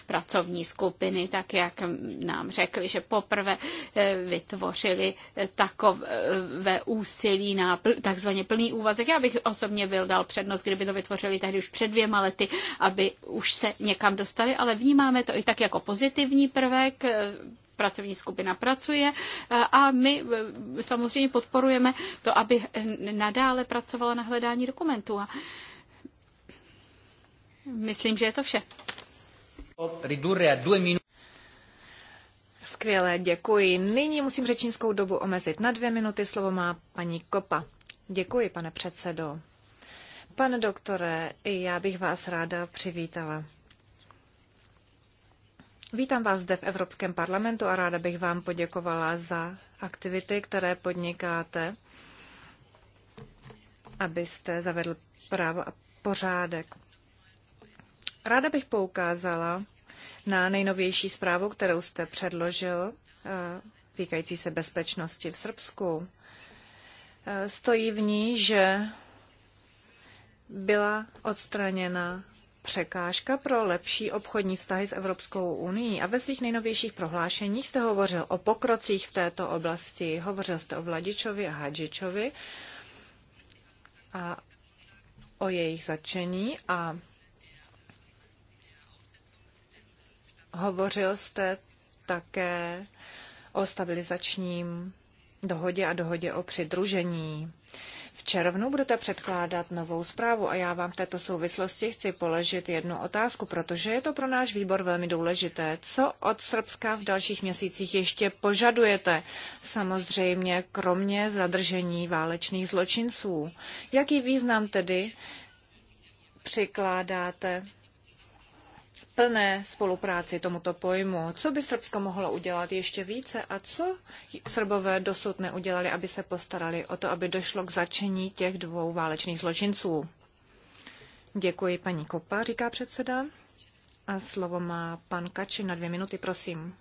pracovní skupiny, tak jak nám řekli, že poprvé eh, vytvořili eh, takové úsilí na takzvaně plný úvazek. Já bych osobně byl dal přednost, kdyby to vytvořili tehdy už před dvěma lety, aby už se někam dostali, ale vnímáme to i tak jako pozitivní prvek, eh, pracovní skupina pracuje eh, a my eh, samozřejmě podporujeme to, aby nadále pracovala na hledání dokumentů. A myslím, že je to vše. Skvělé, děkuji. Nyní musím řečnickou dobu omezit na dvě minuty. Slovo má paní Kopa. Děkuji, pane předsedo. Pane doktore, já bych vás ráda přivítala. Vítám vás zde v Evropském parlamentu a ráda bych vám poděkovala za aktivity, které podnikáte, abyste zavedl právo a pořádek. Ráda bych poukázala na nejnovější zprávu, kterou jste předložil, eh, týkající se bezpečnosti v Srbsku. Eh, stojí v ní, že byla odstraněna překážka pro lepší obchodní vztahy s Evropskou unii a ve svých nejnovějších prohlášeních jste hovořil o pokrocích v této oblasti, hovořil jste o Vladičovi a Hadžičovi a o jejich začení a hovořil jste také o stabilizačním dohodě a dohodě o přidružení. V červnu budete předkládat novou zprávu a já vám v této souvislosti chci položit jednu otázku, protože je to pro náš výbor velmi důležité. Co od Srbska v dalších měsících ještě požadujete? Samozřejmě kromě zadržení válečných zločinců. Jaký význam tedy přikládáte plné spolupráci tomuto pojmu. Co by Srbsko mohlo udělat ještě více a co Srbové dosud neudělali, aby se postarali o to, aby došlo k začení těch dvou válečných zločinců? Děkuji paní Kopa, říká předseda. A slovo má pan Kači na dvě minuty, prosím.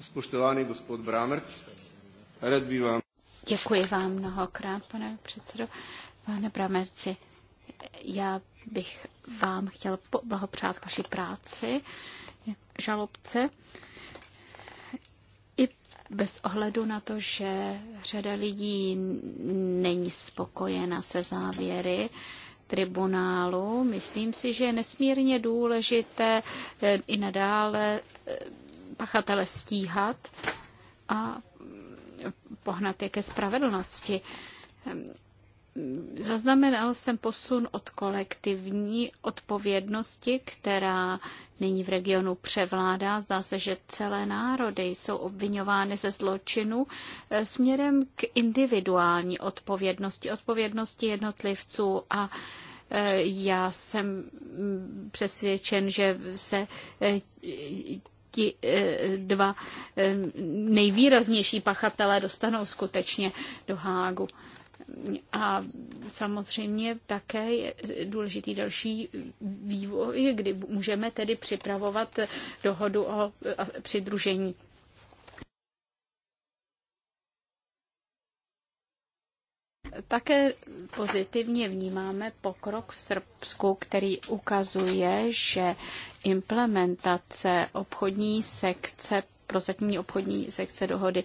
Spoštovaný gospod Brámerc, rád by vám... Děkuji vám mnohokrát, pane předsedo. Pane Brámerci, já bych vám chtěl blahopřát k vaší práci žalobce. I bez ohledu na to, že řada lidí není spokojena se závěry, tribunálu. Myslím si, že je nesmírně důležité eh, i nadále eh, pachatele stíhat a pohnat je ke spravedlnosti. Zaznamenal jsem posun od kolektivní odpovědnosti, která nyní v regionu převládá. Zdá se, že celé národy jsou obvinovány ze zločinu eh, směrem k individuální odpovědnosti, odpovědnosti jednotlivců a eh, já jsem mm, přesvědčen, že se eh, ti dva nejvýraznější pachatelé dostanou skutečně do hágu. A samozřejmě také je důležitý další vývoj, kdy můžeme tedy připravovat dohodu o přidružení. Také pozitivně vnímáme pokrok v Srbsku, který ukazuje, že implementace obchodní sekce prozatímní obchodní sekce dohody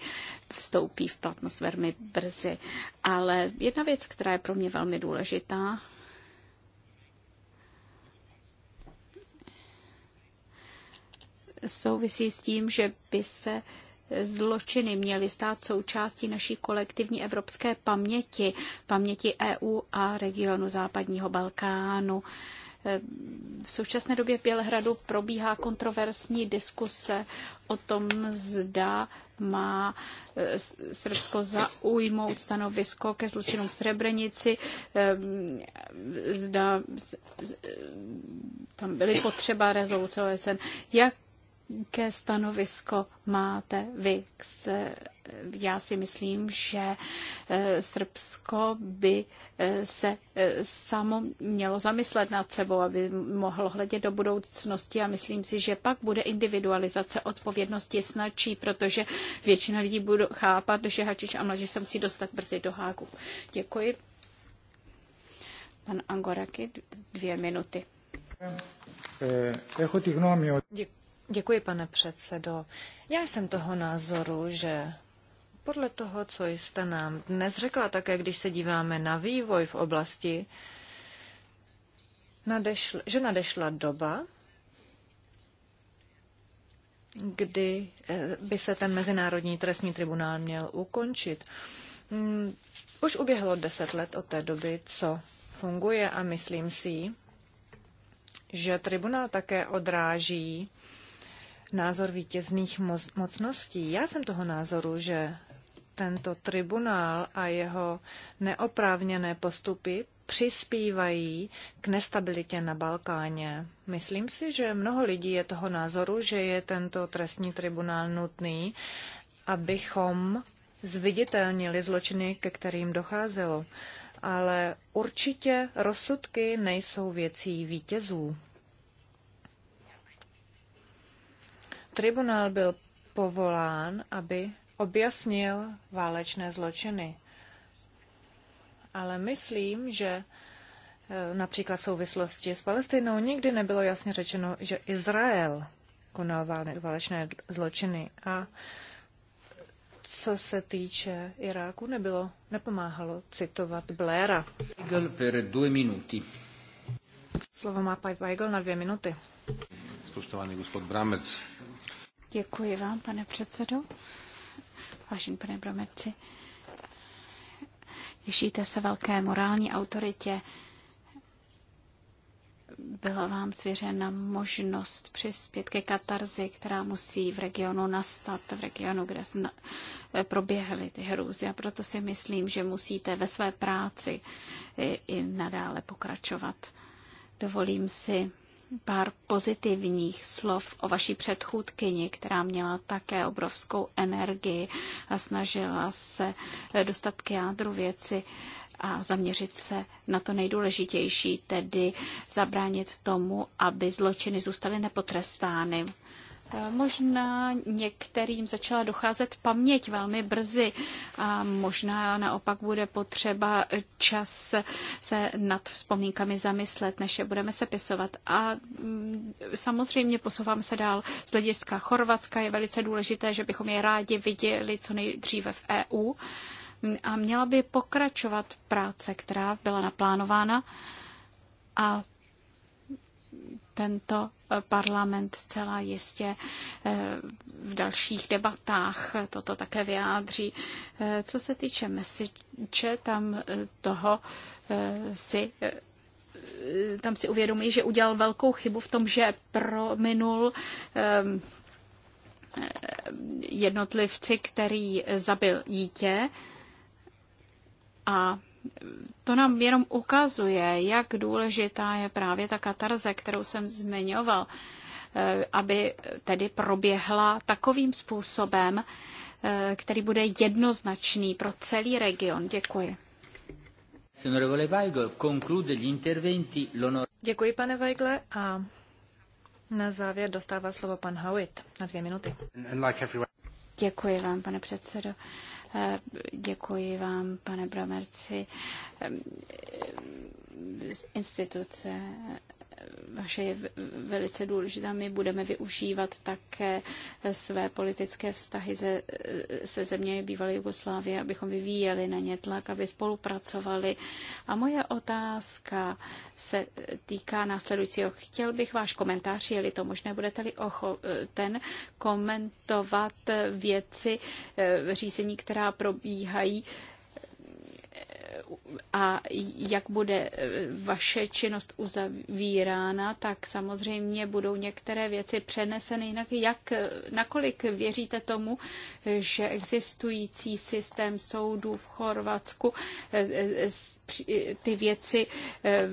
vstoupí v platnost velmi brzy. Ale jedna věc, která je pro mě velmi důležitá, souvisí s tím, že by se zločiny měly stát součástí naší kolektivní evropské paměti, paměti EU a regionu západního Balkánu. V současné době v Bělehradu probíhá kontroverzní diskuse o tom, zda má e, Srbsko zaujmout stanovisko ke zločinům v Srebrenici, zda e, tam byly potřeba rezoluce OSN. Jak jaké stanovisko máte vy. Já si myslím, že Srbsko by se samo mělo zamyslet nad sebou, aby mohlo hledět do budoucnosti a myslím si, že pak bude individualizace odpovědnosti snadší, protože většina lidí bude chápat, že Hačič a mlaži se musí dostat brzy do háku. Děkuji. Pan Angoraki, dvě minuty. Děkuji. Děkuji, pane předsedo. Já jsem toho názoru, že podle toho, co jste nám dnes řekla, také když se díváme na vývoj v oblasti, nadešl, že nadešla doba, kdy eh, by se ten Mezinárodní trestní tribunál měl ukončit. Hmm, už uběhlo deset let od té doby, co funguje a myslím si, že tribunál také odráží názor vítězných mocností. Já jsem toho názoru, že tento tribunál a jeho neoprávněné postupy přispívají k nestabilitě na Balkáně. Myslím si, že mnoho lidí je toho názoru, že je tento trestní tribunál nutný, abychom zviditelnili zločiny, ke kterým docházelo. Ale určitě rozsudky nejsou věcí vítězů. Tribunál byl povolán, aby objasnil válečné zločiny. Ale myslím, že e, například v souvislosti s Palestinou nikdy nebylo jasně řečeno, že Izrael konal válečné zločiny. A co se týče Iráku, nebylo, nepomáhalo citovat Blaira. Slovo má Pipe Weigl na dvě minuty. Spoštovaný gospod Bramec, Děkuji vám, pane předsedo. Vážený pane Bromeci, těšíte se velké morální autoritě. Byla vám svěřena možnost přispět ke katarzi, která musí v regionu nastat, v regionu, kde proběhly ty hrůzy. A proto si myslím, že musíte ve své práci i, i nadále pokračovat. Dovolím si pár pozitivních slov o vaší předchůdkyni, která měla také obrovskou energii a snažila se dostat k jádru věci a zaměřit se na to nejdůležitější, tedy zabránit tomu, aby zločiny zůstaly nepotrestány. Eh, možná některým začala docházet paměť velmi brzy a možná naopak bude potřeba čas se nad vzpomínkami zamyslet, než je budeme sepisovat. A mm, samozřejmě posouvám se dál z hlediska Chorvatska. Je velice důležité, že bychom je rádi viděli co nejdříve v EU a měla by pokračovat práce, která byla naplánována a tento eh, parlament zcela jistě eh, v dalších debatách toto také vyjádří. Eh, co se týče mesiče, tam toho si tam si uvědomí, že udělal velkou chybu v tom, že prominul ehm, jednotlivci, který zabil dítě a to nám jenom ukazuje, jak důležitá je právě ta katarze, kterou jsem zmiňoval, eh, aby tedy proběhla takovým způsobem, eh, který bude jednoznačný pro celý region. Děkuji. Děkuji, pane Weigle, a na závěr dostává slovo pan Howitt na dvě minuty. Děkuji vám, pane předsedo. Děkuji vám, pane Bramerci. Instituce vaše je velice důležitá. My budeme využívat také své politické vztahy ze, se země bývalé Jugoslávie, abychom vyvíjeli na ně tlak, aby spolupracovali. A moje otázka se týká následujícího. Chtěl bych váš komentář, je-li to možné, budete-li ten komentovat věci eh, řízení, která probíhají a jak bude eh, vaše činnost uzavírána, tak samozřejmě budou některé věci přeneseny jinak. Jak, eh, nakolik věříte tomu, eh, že existující systém soudů v Chorvatsku ty věci eh,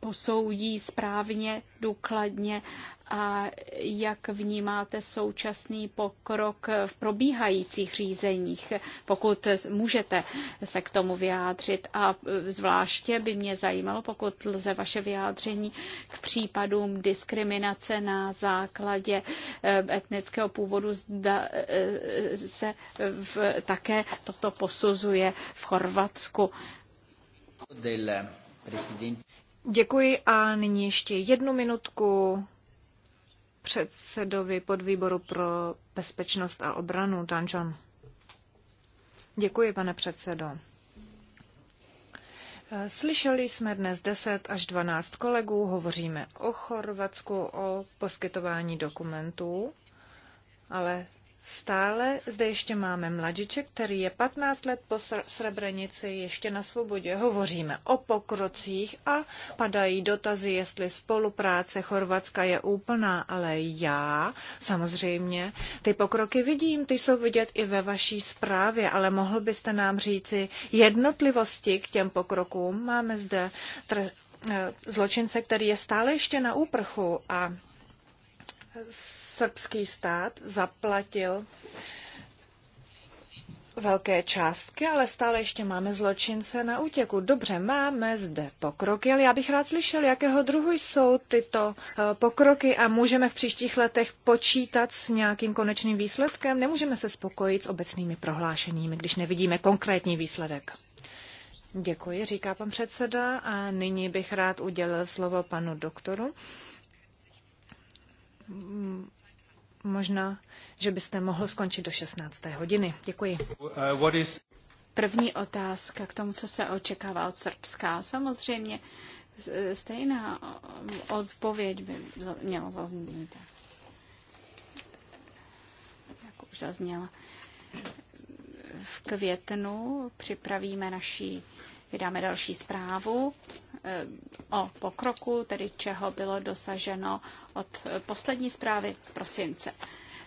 posoudí správně, důkladně a jak vnímáte současný pokrok v probíhajících řízeních, pokud můžete se k tomu vyjádřit. A eh, zvláště by mě zajímalo, pokud lze vaše vyjádření k případům diskriminace na základě eh, etnického původu zda, se v, také toto posuzuje v Chorvatsku. Děkuji a nyní ještě jednu minutku předsedovi podvýboru pro bezpečnost a obranu, Danjon. Děkuji, pane předsedo. Slyšeli jsme dnes 10 až 12 kolegů, hovoříme o Chorvatsku, o poskytování dokumentů, ale Stále zde ještě máme mladiče, který je 15 let po Srebrenici ještě na svobodě. Hovoříme o pokrocích a padají dotazy, jestli spolupráce Chorvatska je úplná, ale já samozřejmě ty pokroky vidím, ty jsou vidět i ve vaší zprávě, ale mohl byste nám říci jednotlivosti k těm pokrokům. Máme zde tr- eh, zločince, který je stále ještě na úprchu a srbský stát zaplatil velké částky, ale stále ještě máme zločince na útěku. Dobře, máme zde pokroky, ale já bych rád slyšel, jakého druhu jsou tyto eh, pokroky a můžeme v příštích letech počítat s nějakým konečným výsledkem. Nemůžeme se spokojit s obecnými prohlášeními, když nevidíme konkrétní výsledek. Děkuji, říká pan předseda a nyní bych rád udělil slovo panu doktoru Mm, možná, že byste mohl skončit do 16. hodiny. Děkuji. Uh, První otázka k tomu, co se očekává od Srbska. Samozřejmě stejná odpověď by měla zaznít. Jak už zazněla. V květnu připravíme naší, vydáme další zprávu Eh, o pokroku, tedy čeho bylo dosaženo od poslední zprávy z prosince.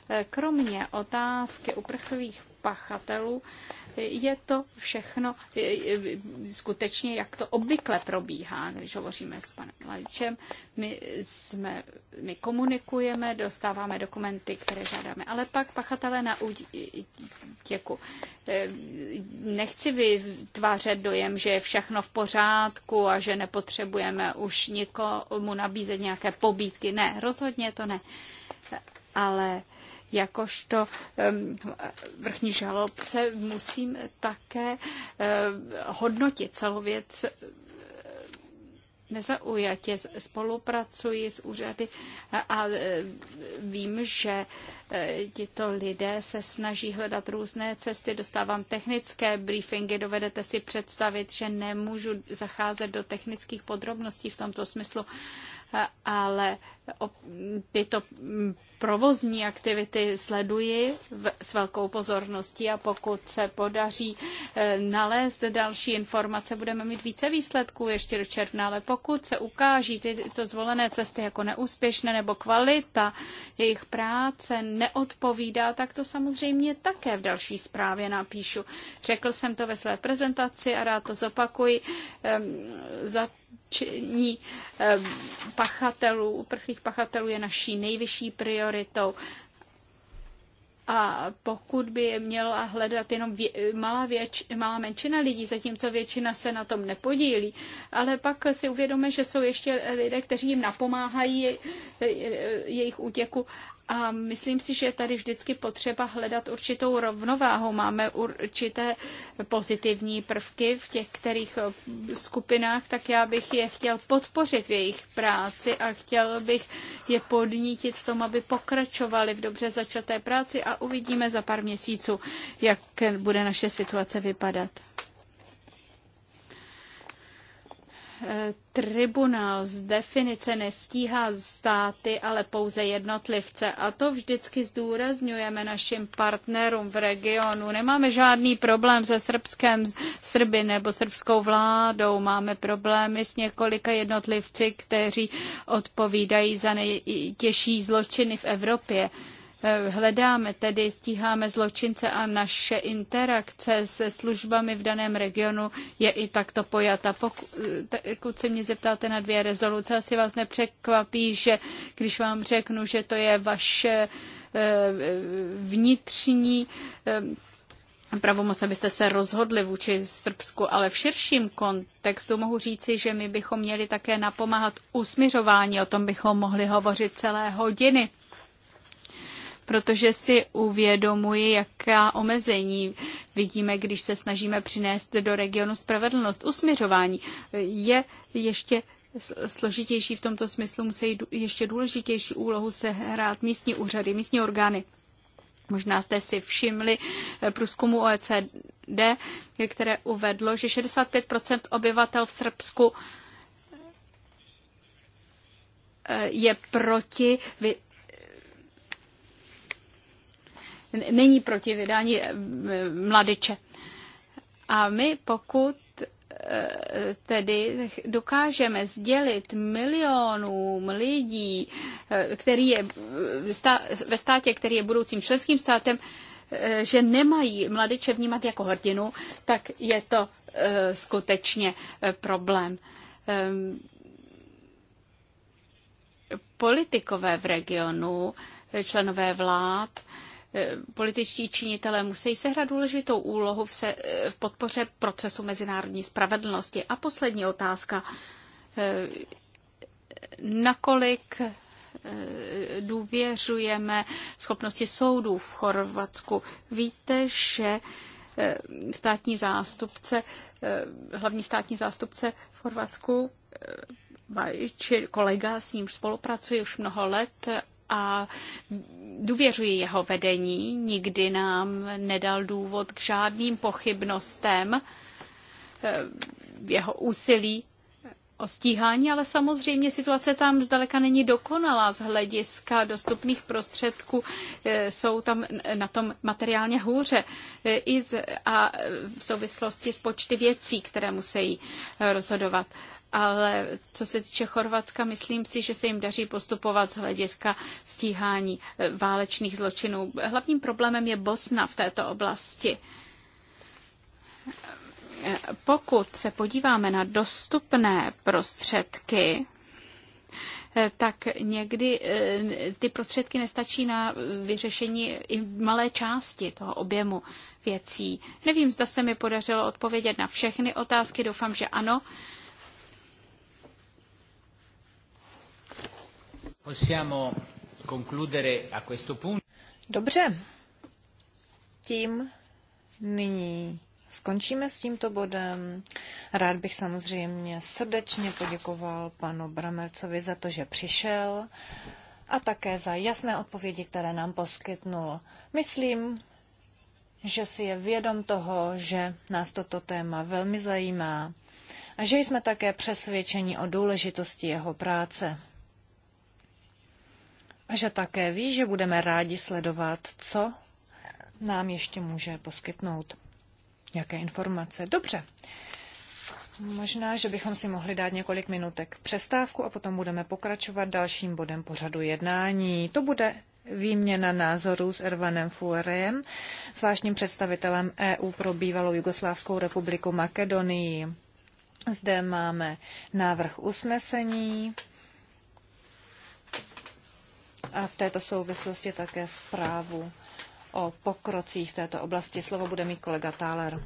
Eh, kromě otázky uprchlých pachatelů. Je to všechno skutečně, jak to obvykle probíhá, když hovoříme s panem Lajčem. My, jsme, my komunikujeme, dostáváme dokumenty, které žádáme, ale pak pachatelé na útěku. Nechci vytvářet dojem, že je všechno v pořádku a že nepotřebujeme už nikomu nabízet nějaké pobídky. Ne, rozhodně to ne. Ale Jakožto vrchní žalobce musím také hodnotit celou věc nezaujatě spolupracuji s úřady a vím, že tito lidé se snaží hledat různé cesty, dostávám technické briefingy, dovedete si představit, že nemůžu zacházet do technických podrobností v tomto smyslu, ale tyto provozní aktivity sleduji s velkou pozorností a pokud se podaří e, nalézt další informace, budeme mít více výsledků ještě do června, ale pokud se ukáží tyto zvolené cesty jako neúspěšné nebo kvalita jejich práce neodpovídá, tak to samozřejmě také v další zprávě napíšu. Řekl jsem to ve své prezentaci a rád to zopakuji. Za pachatelů uprchlí politických pachatelů je naší nejvyšší prioritou. A pokud by je měla hledat jenom vě- malá, věč- malá menšina lidí, zatímco většina se na tom nepodílí, ale pak si uvědomíme, že jsou ještě lidé, kteří jim napomáhají eh, eh, jejich útěku a myslím si, že je tady vždycky potřeba hledat určitou rovnováhu. Máme určité pozitivní prvky v těch kterých eh, skupinách, tak já bych je chtěl podpořit v jejich práci a chtěl bych je podnítit v tom, aby pokračovali v dobře začaté práci a uvidíme za pár měsíců, jak bude naše situace vypadat. Eh, tribunál z definice nestíhá státy, ale pouze jednotlivce. A to vždycky zdůrazňujeme našim partnerům v regionu. Nemáme žádný problém se srbskem Srby nebo srbskou vládou. Máme problémy s několika jednotlivci, kteří odpovídají za nejtěžší zločiny v Evropě. Eh, hledáme tedy, stíháme zločince a naše interakce se službami v daném regionu je i takto pojata. Eh, pokud se mě zeptáte na dvě rezoluce, asi vás nepřekvapí, že když vám řeknu, že to je vaše eh, vnitřní pravomoc, abyste se rozhodli vůči Srbsku, ale v širším kontextu mohu říci, že my bychom měli také napomáhat usmiřování, o tom bychom mohli hovořit celé hodiny protože si uvědomuji, jaká omezení vidíme, když se snažíme přinést do regionu spravedlnost. Usměřování je ještě složitější v tomto smyslu, musí ještě důležitější úlohu sehrát místní úřady, místní orgány. Možná jste si všimli eh, průzkumu OECD, které uvedlo, že 65 obyvatel v Srbsku eh, je proti není proti vydání eh, mladiče. A my, pokud eh, tedy dokážeme sdělit milionům lidí, eh, který je ve státě, který je budoucím členským státem, že nemají mladiče vnímat jako hrdinu, tak je to skutečně problém. Ehm, politikové v regionu, členové vlád, E, političtí činitelé musí sehrát důležitou úlohu v, se, e, v podpoře procesu mezinárodní spravedlnosti. A poslední otázka. E, nakolik důvěřujeme schopnosti soudů v Chorvatsku? Víte, že státní zástupce, hlavní státní zástupce v Chorvatsku či kolega, s ním spolupracuji už mnoho let, a důvěřuji jeho vedení. Nikdy nám nedal důvod k žádným pochybnostem eh, jeho úsilí o stíhání, ale samozřejmě situace tam zdaleka není dokonalá z hlediska dostupných prostředků. Eh, jsou tam na tom materiálně hůře eh, i z, a v souvislosti s počty věcí, které musí rozhodovat ale co se týče Chorvatska, myslím si, že se jim daří postupovat z hlediska stíhání eh, válečných zločinů. Hlavním problémem je Bosna v této oblasti. Eh, pokud se podíváme na dostupné prostředky, eh, tak někdy ty prostředky nestačí na vyřešení i malé části toho objemu věcí. Nevím, zda se mi podařilo odpovědět na všechny otázky, doufám, že ano. Dobře. Tím nyní skončíme s tímto bodem. Rád bych samozřejmě srdečně poděkoval panu Bramercovi za to, že přišel a také za jasné odpovědi, které nám poskytnul. Myslím, že si je vědom toho, že nás toto téma velmi zajímá a že jsme také přesvědčeni o důležitosti jeho práce a že také ví, že budeme rádi sledovat, co nám ještě může poskytnout. Jaké informace? Dobře. Možná, že bychom si mohli dát několik minutek přestávku a potom budeme pokračovat dalším bodem pořadu jednání. To bude výměna názorů s Ervanem Fuerem, zvláštním představitelem EU pro bývalou Jugoslávskou republiku Makedonii. Zde máme návrh usnesení a v této souvislosti také zprávu o pokrocích v této oblasti. Slovo bude mít kolega Táler.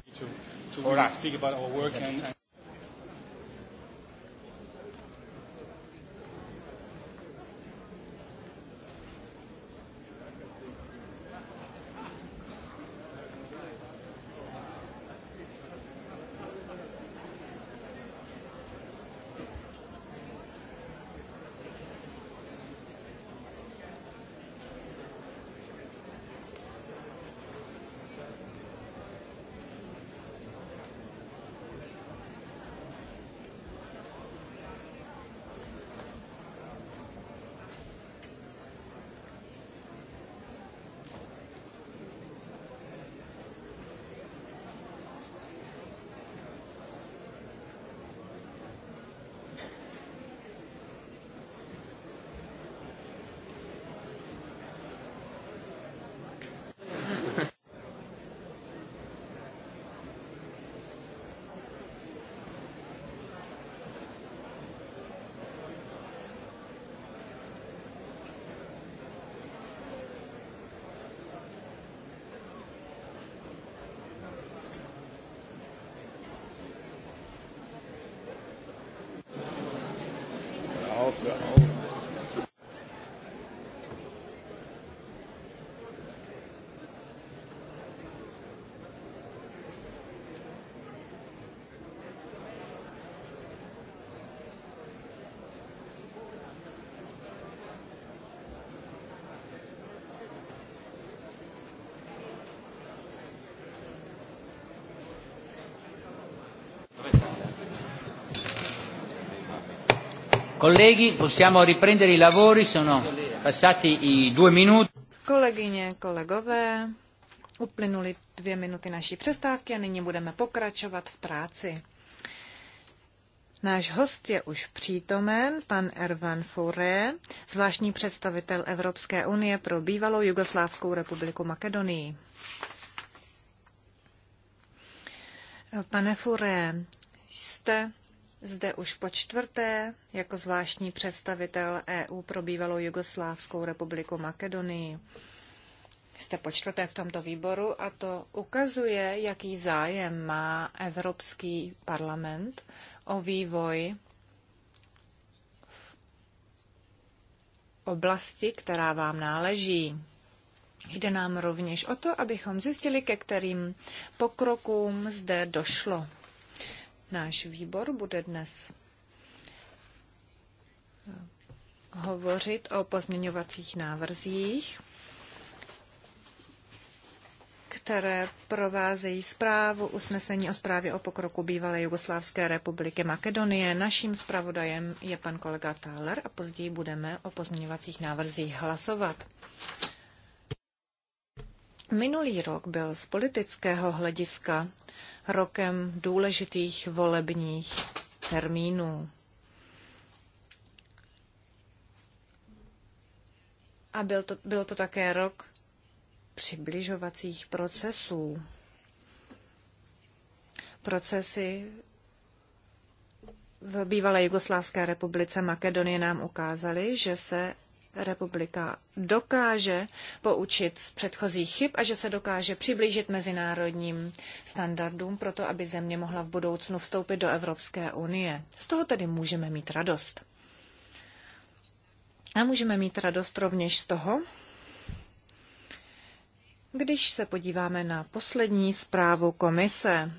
Thank no. you. Colleghi, possiamo riprendere i lavori, sono passati i due minuti. Kolegyně, kolegové, uplynuli dvě minuty naší přestávky a nyní budeme pokračovat v práci. Náš host je už přítomen, pan Ervan Fouré, zvláštní představitel Evropské unie pro bývalou Jugoslávskou republiku Makedonii. Pane Fouré, jste zde už po čtvrté jako zvláštní představitel EU pro bývalou Jugoslávskou republiku Makedonii. Jste po čtvrté v tomto výboru a to ukazuje, jaký zájem má Evropský parlament o vývoj v oblasti, která vám náleží. Jde nám rovněž o to, abychom zjistili, ke kterým pokrokům zde došlo Náš výbor bude dnes eh, hovořit o pozměňovacích návrzích, které provázejí zprávu usnesení o zprávě o pokroku bývalé Jugoslávské republiky Makedonie. Naším zpravodajem je pan kolega Thaler a později budeme o pozměňovacích návrzích hlasovat. Minulý rok byl z politického hlediska rokem důležitých volebních termínů. A byl to, byl to také rok přibližovacích procesů. Procesy v bývalé Jugoslávské republice Makedonie nám ukázaly, že se republika dokáže poučit z předchozích chyb a že se dokáže přiblížit mezinárodním standardům proto, aby země mohla v budoucnu vstoupit do Evropské unie. Z toho tedy můžeme mít radost. A můžeme mít radost rovněž z toho, když se podíváme na poslední zprávu komise,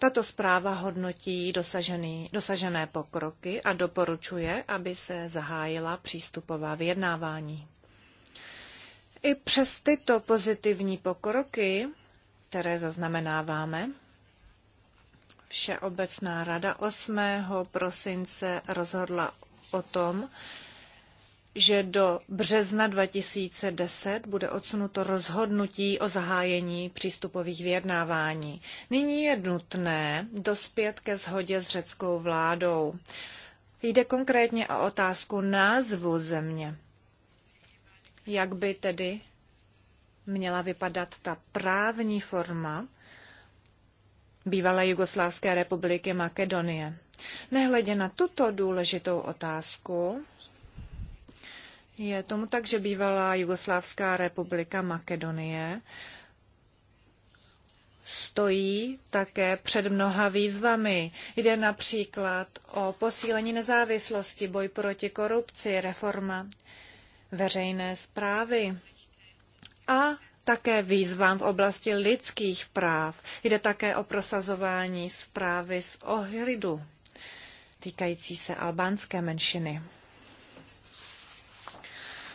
tato zpráva hodnotí dosažený, dosažené pokroky a doporučuje, aby se zahájila přístupová vyjednávání. I přes tyto pozitivní pokroky, které zaznamenáváme, Všeobecná rada 8. prosince rozhodla o tom, že do března 2010 bude odsunuto rozhodnutí o zahájení přístupových vyjednávání. Nyní je nutné dospět ke shodě s řeckou vládou. Jde konkrétně o otázku názvu země. Jak by tedy měla vypadat ta právní forma bývalé Jugoslávské republiky Makedonie? Nehledě na tuto důležitou otázku, je tomu tak, že bývalá Jugoslávská republika Makedonie stojí také před mnoha výzvami. Jde například o posílení nezávislosti, boj proti korupci, reforma veřejné zprávy a také výzvám v oblasti lidských práv. Jde také o prosazování zprávy z ohlidu týkající se albánské menšiny.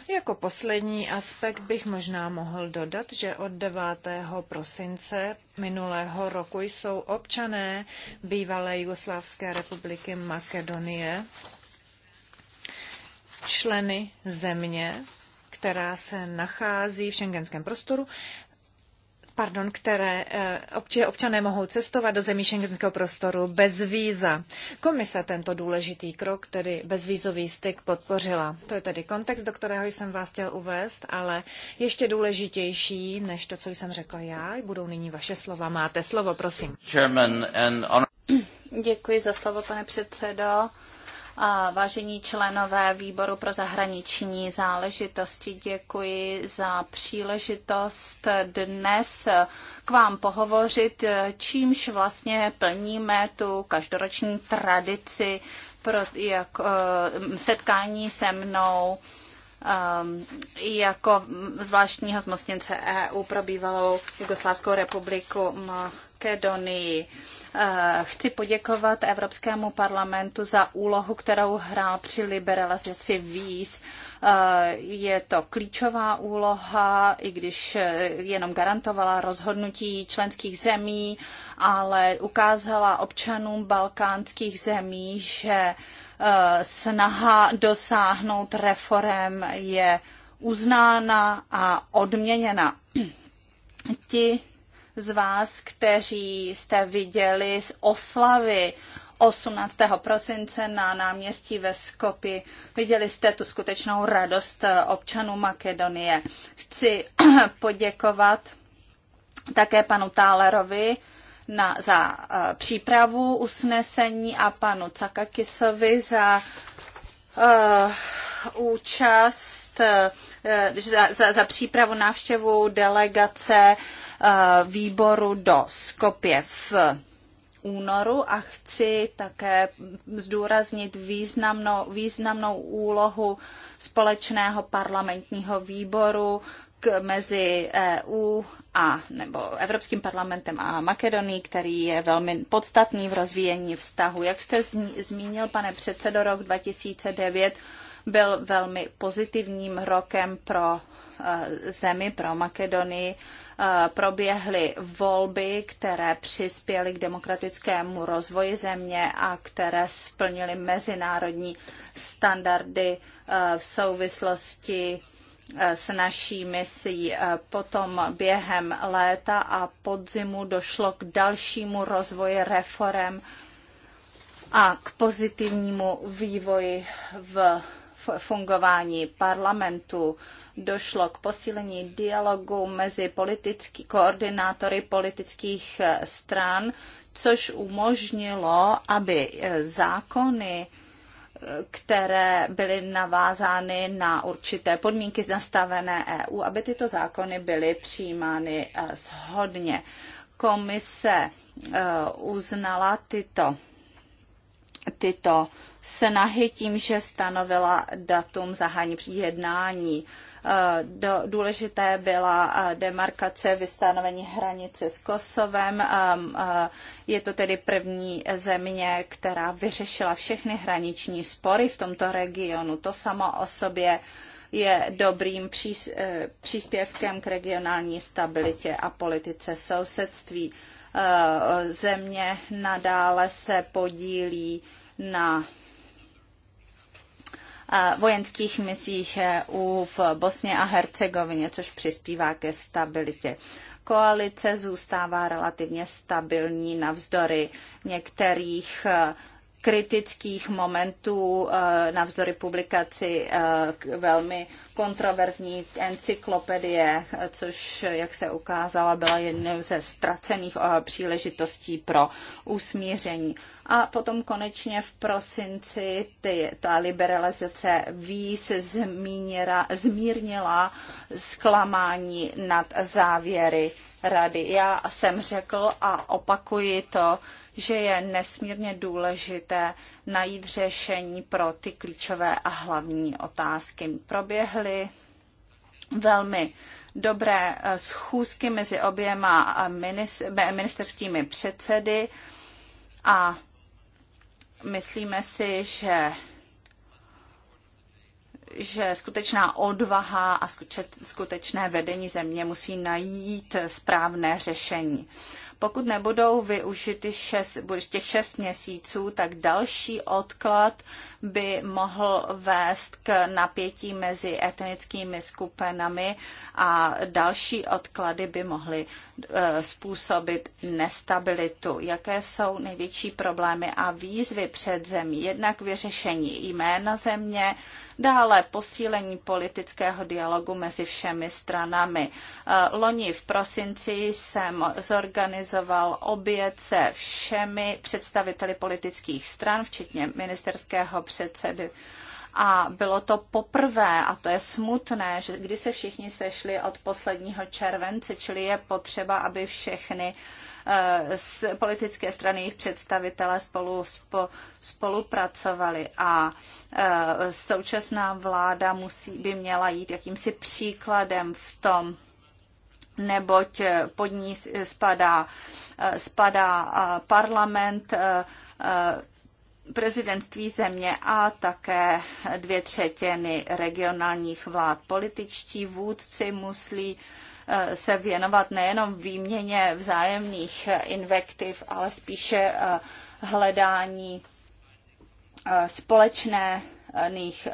Jako poslední aspekt bych možná mohl dodat, že od 9. prosince minulého roku jsou občané bývalé Jugoslávské republiky Makedonie členy země, která se nachází v šengenském prostoru pardon, které eh, občané mohou cestovat do zemí šengenského prostoru bez víza. Komise tento důležitý krok, tedy bezvízový styk, podpořila. To je tedy kontext, do kterého jsem vás chtěl uvést, ale ještě důležitější než to, co jsem řekla já, budou nyní vaše slova. Máte slovo, prosím. Děkuji za slovo, pane předsedo vážení členové výboru pro zahraniční záležitosti, děkuji za příležitost dnes k vám pohovořit, čímž vlastně plníme tu každoroční tradici pro, jak, eh, setkání se mnou Um, jako zvláštního zmocněnce EU pro bývalou Jugoslávskou republiku Makedonii. Uh, chci poděkovat Evropskému parlamentu za úlohu, kterou hrál při liberalizaci víz. Uh, je to klíčová úloha, i když uh, jenom garantovala rozhodnutí členských zemí, ale ukázala občanům balkánských zemí, že Eh, snaha dosáhnout reform je uznána a odměněna. Ti z vás, kteří jste viděli z oslavy 18. prosince na náměstí ve Skopi. Viděli jste tu skutečnou radost eh, občanů Makedonie. Chci poděkovat také panu Tálerovi, na, za eh, přípravu usnesení a panu Cakakisovi za uh, účast, uh, za, za, za přípravu návštěvu delegace uh, výboru do Skopje v únoru a chci také zdůraznit významnou, významnou úlohu společného parlamentního výboru mezi EU a nebo Evropským parlamentem a Makedonií, který je velmi podstatný v rozvíjení vztahu. Jak jste zmínil, pane předsedo, rok 2009 byl velmi pozitivním rokem pro e, zemi, pro Makedonii. E, proběhly volby, které přispěly k demokratickému rozvoji země a které splnily mezinárodní standardy e, v souvislosti s naší misí. Eh, potom během léta a podzimu došlo k dalšímu rozvoji reform a k pozitivnímu vývoji v fungování parlamentu došlo k posílení dialogu mezi politický, koordinátory politických eh, stran, což umožnilo, aby eh, zákony které byly navázány na určité podmínky nastavené EU, aby tyto zákony byly přijímány eh, shodně. Komise eh, uznala tyto, tyto snahy tím, že stanovila datum zahání jednání Eh, důležité byla eh, demarkace vystanovení hranice s Kosovem. Eh, je to tedy první země, která vyřešila všechny hraniční spory v tomto regionu. To samo o sobě je dobrým příspěvkem k regionální stabilitě a politice sousedství. Země nadále se podílí na vojenských misích EU v Bosně a Hercegovině, což přispívá ke stabilitě koalice zůstává relativně stabilní navzdory některých kritických momentů eh, navzdory publikaci eh, velmi kontroverzní encyklopedie, což, jak se ukázala, byla jednou ze ztracených eh, příležitostí pro usmíření. A potom konečně v prosinci ty, ta liberalizace víz zmíněra, zmírnila zklamání nad závěry rady. Já jsem řekl a opakuji to, že je nesmírně důležité najít řešení pro ty klíčové a hlavní otázky. Proběhly velmi dobré eh, schůzky mezi oběma eh, eh, ministerskými předsedy a myslíme si, že že skutečná odvaha a skutečné vedení země musí najít správné řešení. Pokud nebudou využity šest, těch šest měsíců, tak další odklad by mohl vést k napětí mezi etnickými skupinami a další odklady by mohly eh, způsobit nestabilitu. Jaké jsou největší problémy a výzvy před zemí? Jednak vyřešení jména země, dále posílení politického dialogu mezi všemi stranami. Eh, loni v prosinci jsem zorganizoval oběd se všemi představiteli politických stran, včetně ministerského předsedy. A bylo to poprvé, a to je smutné, že kdy se všichni sešli od posledního července, čili je potřeba, aby všechny z eh, politické strany jejich představitelé spolu, spo, spolupracovali a eh, současná vláda musí, by měla jít jakýmsi příkladem v tom, neboť eh, pod ní spadá, spadá parlament, prezidentství země a také dvě třetiny regionálních vlád. Političtí vůdci musí eh, se věnovat nejenom výměně vzájemných invektiv, ale spíše eh, hledání eh, společných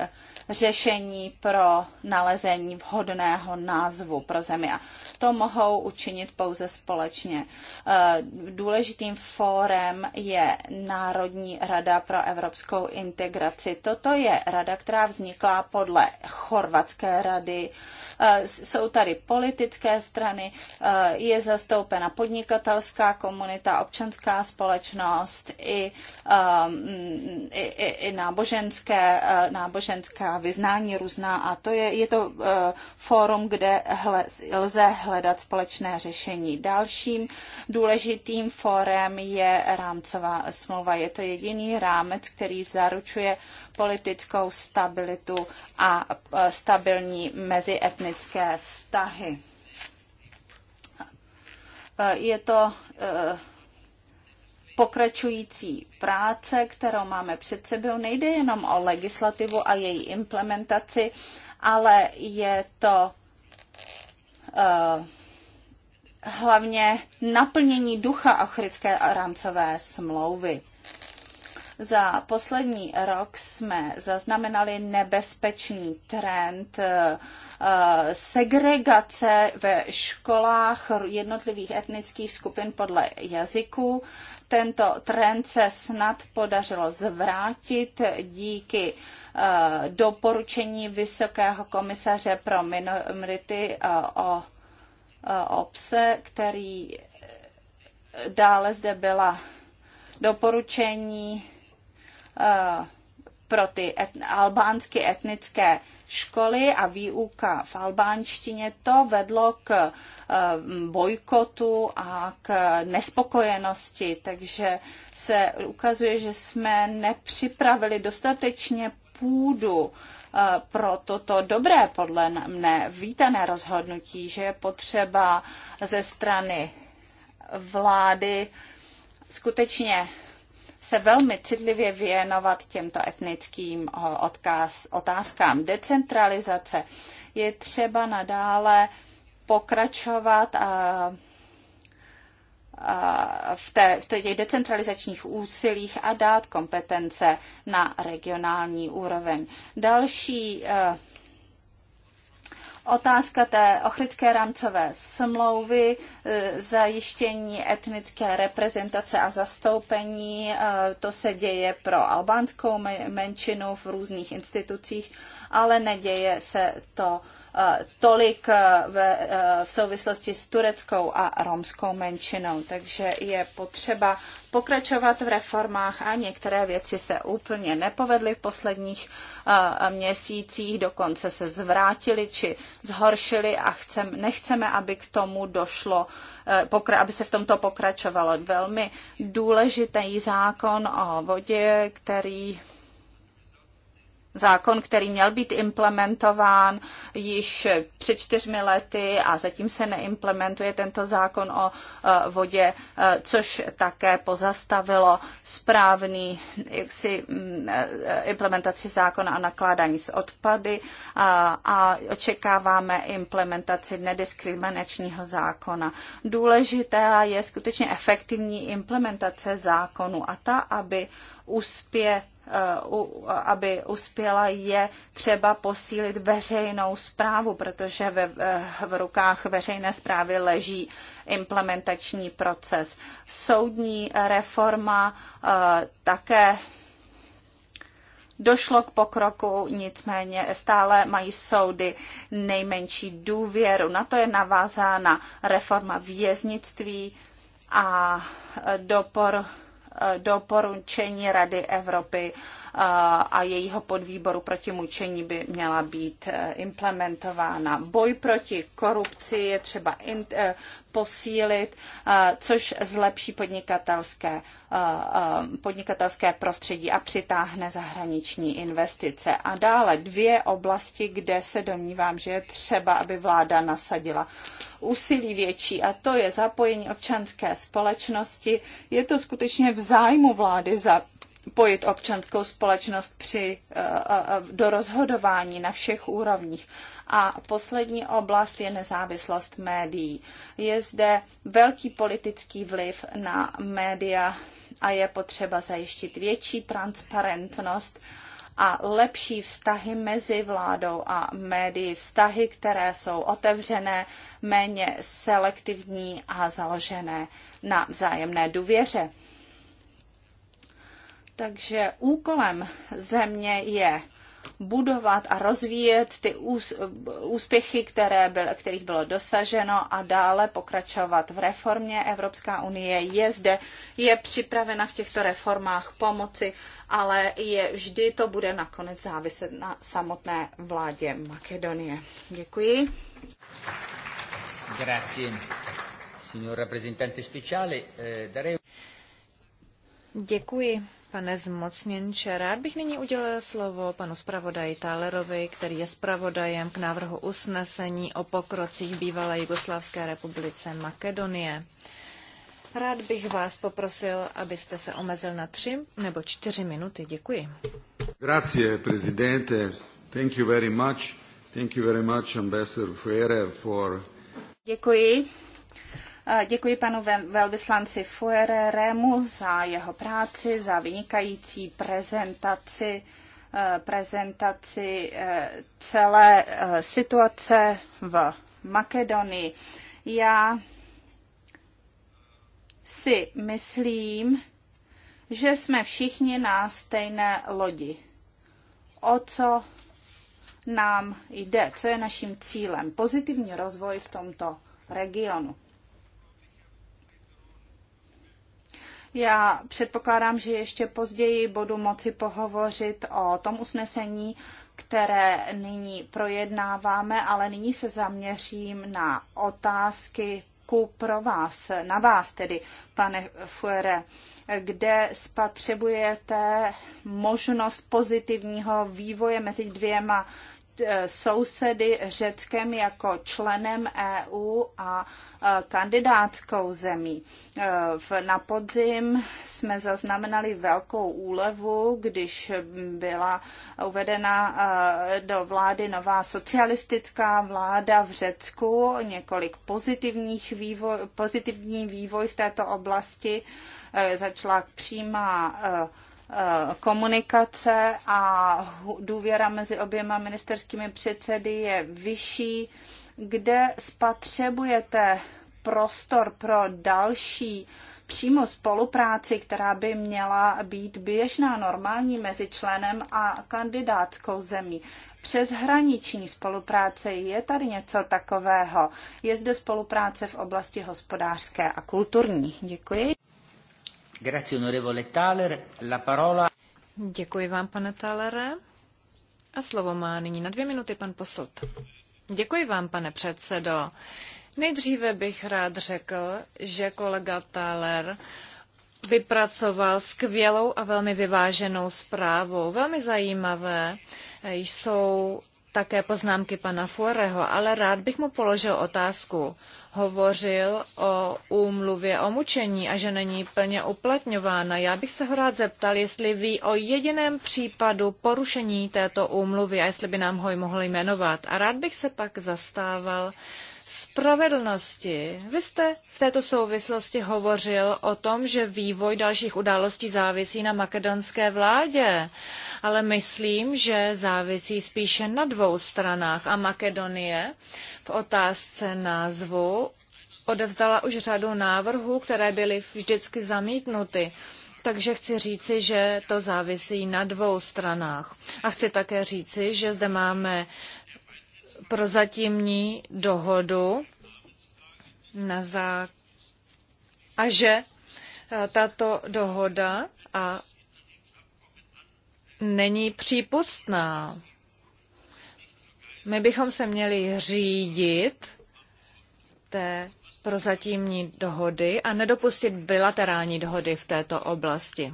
řešení pro nalezení vhodného názvu pro zemi. A to mohou učinit pouze společně. E, důležitým fórem je Národní rada pro evropskou integraci. Toto je rada, která vznikla podle Chorvatské rady. E, jsou tady politické strany, e, je zastoupena podnikatelská komunita, občanská společnost i, i, i náboženské, náboženská vyznání různá a to je, je to eh, fórum, kde hle, lze hledat společné řešení. Dalším důležitým fórem je rámcová smlouva. Je to jediný rámec, který zaručuje politickou stabilitu a eh, stabilní mezietnické vztahy. Eh, je to pokračující práce, kterou máme před sebou. Nejde jenom o legislativu a její implementaci, ale je to uh, hlavně naplnění ducha Ochrické rámcové smlouvy. Za poslední rok jsme zaznamenali nebezpečný trend eh, eh, segregace ve školách jednotlivých etnických skupin podle jazyků. Tento trend se snad podařilo zvrátit díky eh, doporučení Vysokého komisaře pro minority eh, o eh, obse, který dále zde byla doporučení pro ty albánské etnické školy a výuka v albánštině, to vedlo k eh, bojkotu a k nespokojenosti. Takže se ukazuje, že jsme nepřipravili dostatečně půdu eh, pro toto dobré, podle mne, vítané rozhodnutí, že je potřeba ze strany vlády skutečně se velmi citlivě věnovat těmto etnickým eh, odkaz, otázkám. Decentralizace je třeba nadále pokračovat a eh, eh, v, té, v těch decentralizačních úsilích a dát kompetence na regionální úroveň. Další Otázka té ochrické rámcové smlouvy, e, zajištění etnické reprezentace a zastoupení, e, to se děje pro albánskou menšinu v různých institucích, ale neděje se to Eh, tolik eh, eh, v souvislosti s tureckou a romskou menšinou. Takže je potřeba pokračovat v reformách a některé věci se úplně nepovedly v posledních měsících, dokonce se zvrátily či zhoršily a chcem, nechceme, aby k tomu došlo, aby se v tomto pokračovalo. Velmi důležitý zákon o vodě, který zákon, který měl být implementován již před čtyřmi lety a zatím se neimplementuje tento zákon o e, vodě, e, což také pozastavilo správný jaksi, mm, e, implementaci zákona o nakládání s odpady a, a očekáváme implementaci nediskriminačního zákona. Důležitá je skutečně efektivní implementace zákonu a ta, aby uspěl aby uspěla, je třeba posílit veřejnou zprávu, protože ve, v rukách veřejné zprávy leží implementační proces. Soudní reforma eh, také Došlo k pokroku, nicméně stále mají soudy nejmenší důvěru. Na to je navázána reforma věznictví a dopor doporučení Rady Evropy a jejího podvýboru proti mučení by měla být eh, implementována. Boj proti korupci je třeba eh, posílit, eh, což zlepší podnikatelské, podnikatelské prostředí a přitáhne zahraniční investice. A dále dvě oblasti, kde se domnívám, že je třeba, aby vláda nasadila úsilí větší, a to je zapojení občanské společnosti. Je to skutečně v zájmu vlády za pojit občanskou společnost při, eh, eh, eh, do rozhodování na všech úrovních. A poslední oblast je nezávislost médií. Je zde velký politický vliv na média a je potřeba zajištit větší transparentnost a lepší vztahy mezi vládou a médií, vztahy, které jsou otevřené, méně selektivní a založené na vzájemné důvěře. Takže úkolem země je budovat a rozvíjet ty úspěchy, které byl, kterých bylo dosaženo a dále pokračovat v reformě. Evropská unie je zde, je připravena v těchto reformách pomoci, ale je vždy to bude nakonec záviset na samotné vládě Makedonie. Děkuji. Grazie, signor rappresentante speciale. Eh, Děkuji. Pane zmocněnče, rád bych nyní udělil slovo panu zpravodaji Talerovi, který je zpravodajem k návrhu usnesení o pokrocích bývalé Jugoslávské republice Makedonie. Rád bych vás poprosil, abyste se omezil na tři nebo čtyři minuty. Děkuji. Grazie, prezidente. Thank you very much. Thank you very much, ambassador Fuere, for... Děkuji, Děkuji panu velvyslanci Fuereremu za jeho práci, za vynikající prezentaci, eh, prezentaci eh, celé eh, situace v Makedonii. Já si myslím, že jsme všichni na stejné lodi. O co nám jde, co je naším cílem? Pozitivní rozvoj v tomto regionu. Já předpokládám, že ještě později budu moci pohovořit o tom usnesení, které nyní projednáváme, ale nyní se zaměřím na otázky pro vás, na vás tedy, pane Fuere, kde spatřebujete možnost pozitivního vývoje mezi dvěma Eh, sousedy Řeckem jako členem EU a eh, kandidátskou zemí. Eh, na podzim jsme zaznamenali velkou úlevu, když byla uvedena do vlády nová socialistická vláda v Řecku, několik pozitivních vývoj, pozitivní vývoj v této oblasti, začala přímá Eh, komunikace a důvěra mezi oběma ministerskými předsedy je vyšší, kde spatřebujete prostor pro další přímo spolupráci, která by měla být běžná, normální mezi členem a kandidátskou zemí. Přeshraniční spolupráce je tady něco takového. Je zde spolupráce v oblasti hospodářské a kulturní. Děkuji. Grazie, onorevole Thaler. La parola... Děkuji vám, pane Thalere. A slovo má nyní na dvě minuty pan Poslt. Děkuji vám, pane předsedo. Nejdříve bych rád řekl, že kolega Thaler vypracoval skvělou a velmi vyváženou zprávu. Velmi zajímavé jsou také poznámky pana Fuoreho, ale rád bych mu položil otázku hovořil o úmluvě o mučení a že není plně uplatňována. Já bych se ho rád zeptal, jestli ví o jediném případu porušení této úmluvy a jestli by nám ho mohl jmenovat. A rád bych se pak zastával uh, spravedlnosti. Vy jste v této souvislosti hovořil o tom, že vývoj dalších událostí závisí na makedonské vládě, ale myslím, že závisí spíše na dvou stranách a Makedonie v otázce názvu odevzdala už řadu návrhů, které byly vždycky zamítnuty. Takže chci říci, že to závisí na dvou stranách. A chci také říci, že zde máme prozatímní dohodu na zá... a že e, tato dohoda a není přípustná. My bychom se měli řídit té prozatímní dohody a nedopustit bilaterální dohody v této oblasti.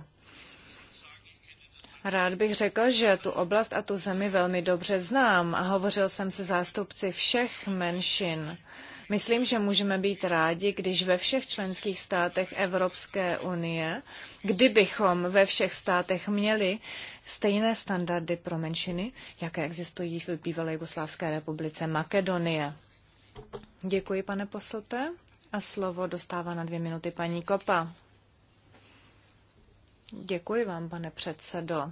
Rád bych řekl, že tu oblast a tu zemi velmi dobře znám a hovořil jsem se zástupci všech menšin. Myslím, že můžeme být rádi, když ve všech členských státech Evropské unie, kdybychom ve všech státech měli stejné standardy pro menšiny, jaké existují v bývalé Jugoslávské republice Makedonie. Děkuji, pane poslte. A slovo dostává na dvě minuty paní Kopa. Děkuji vám, pane předsedo.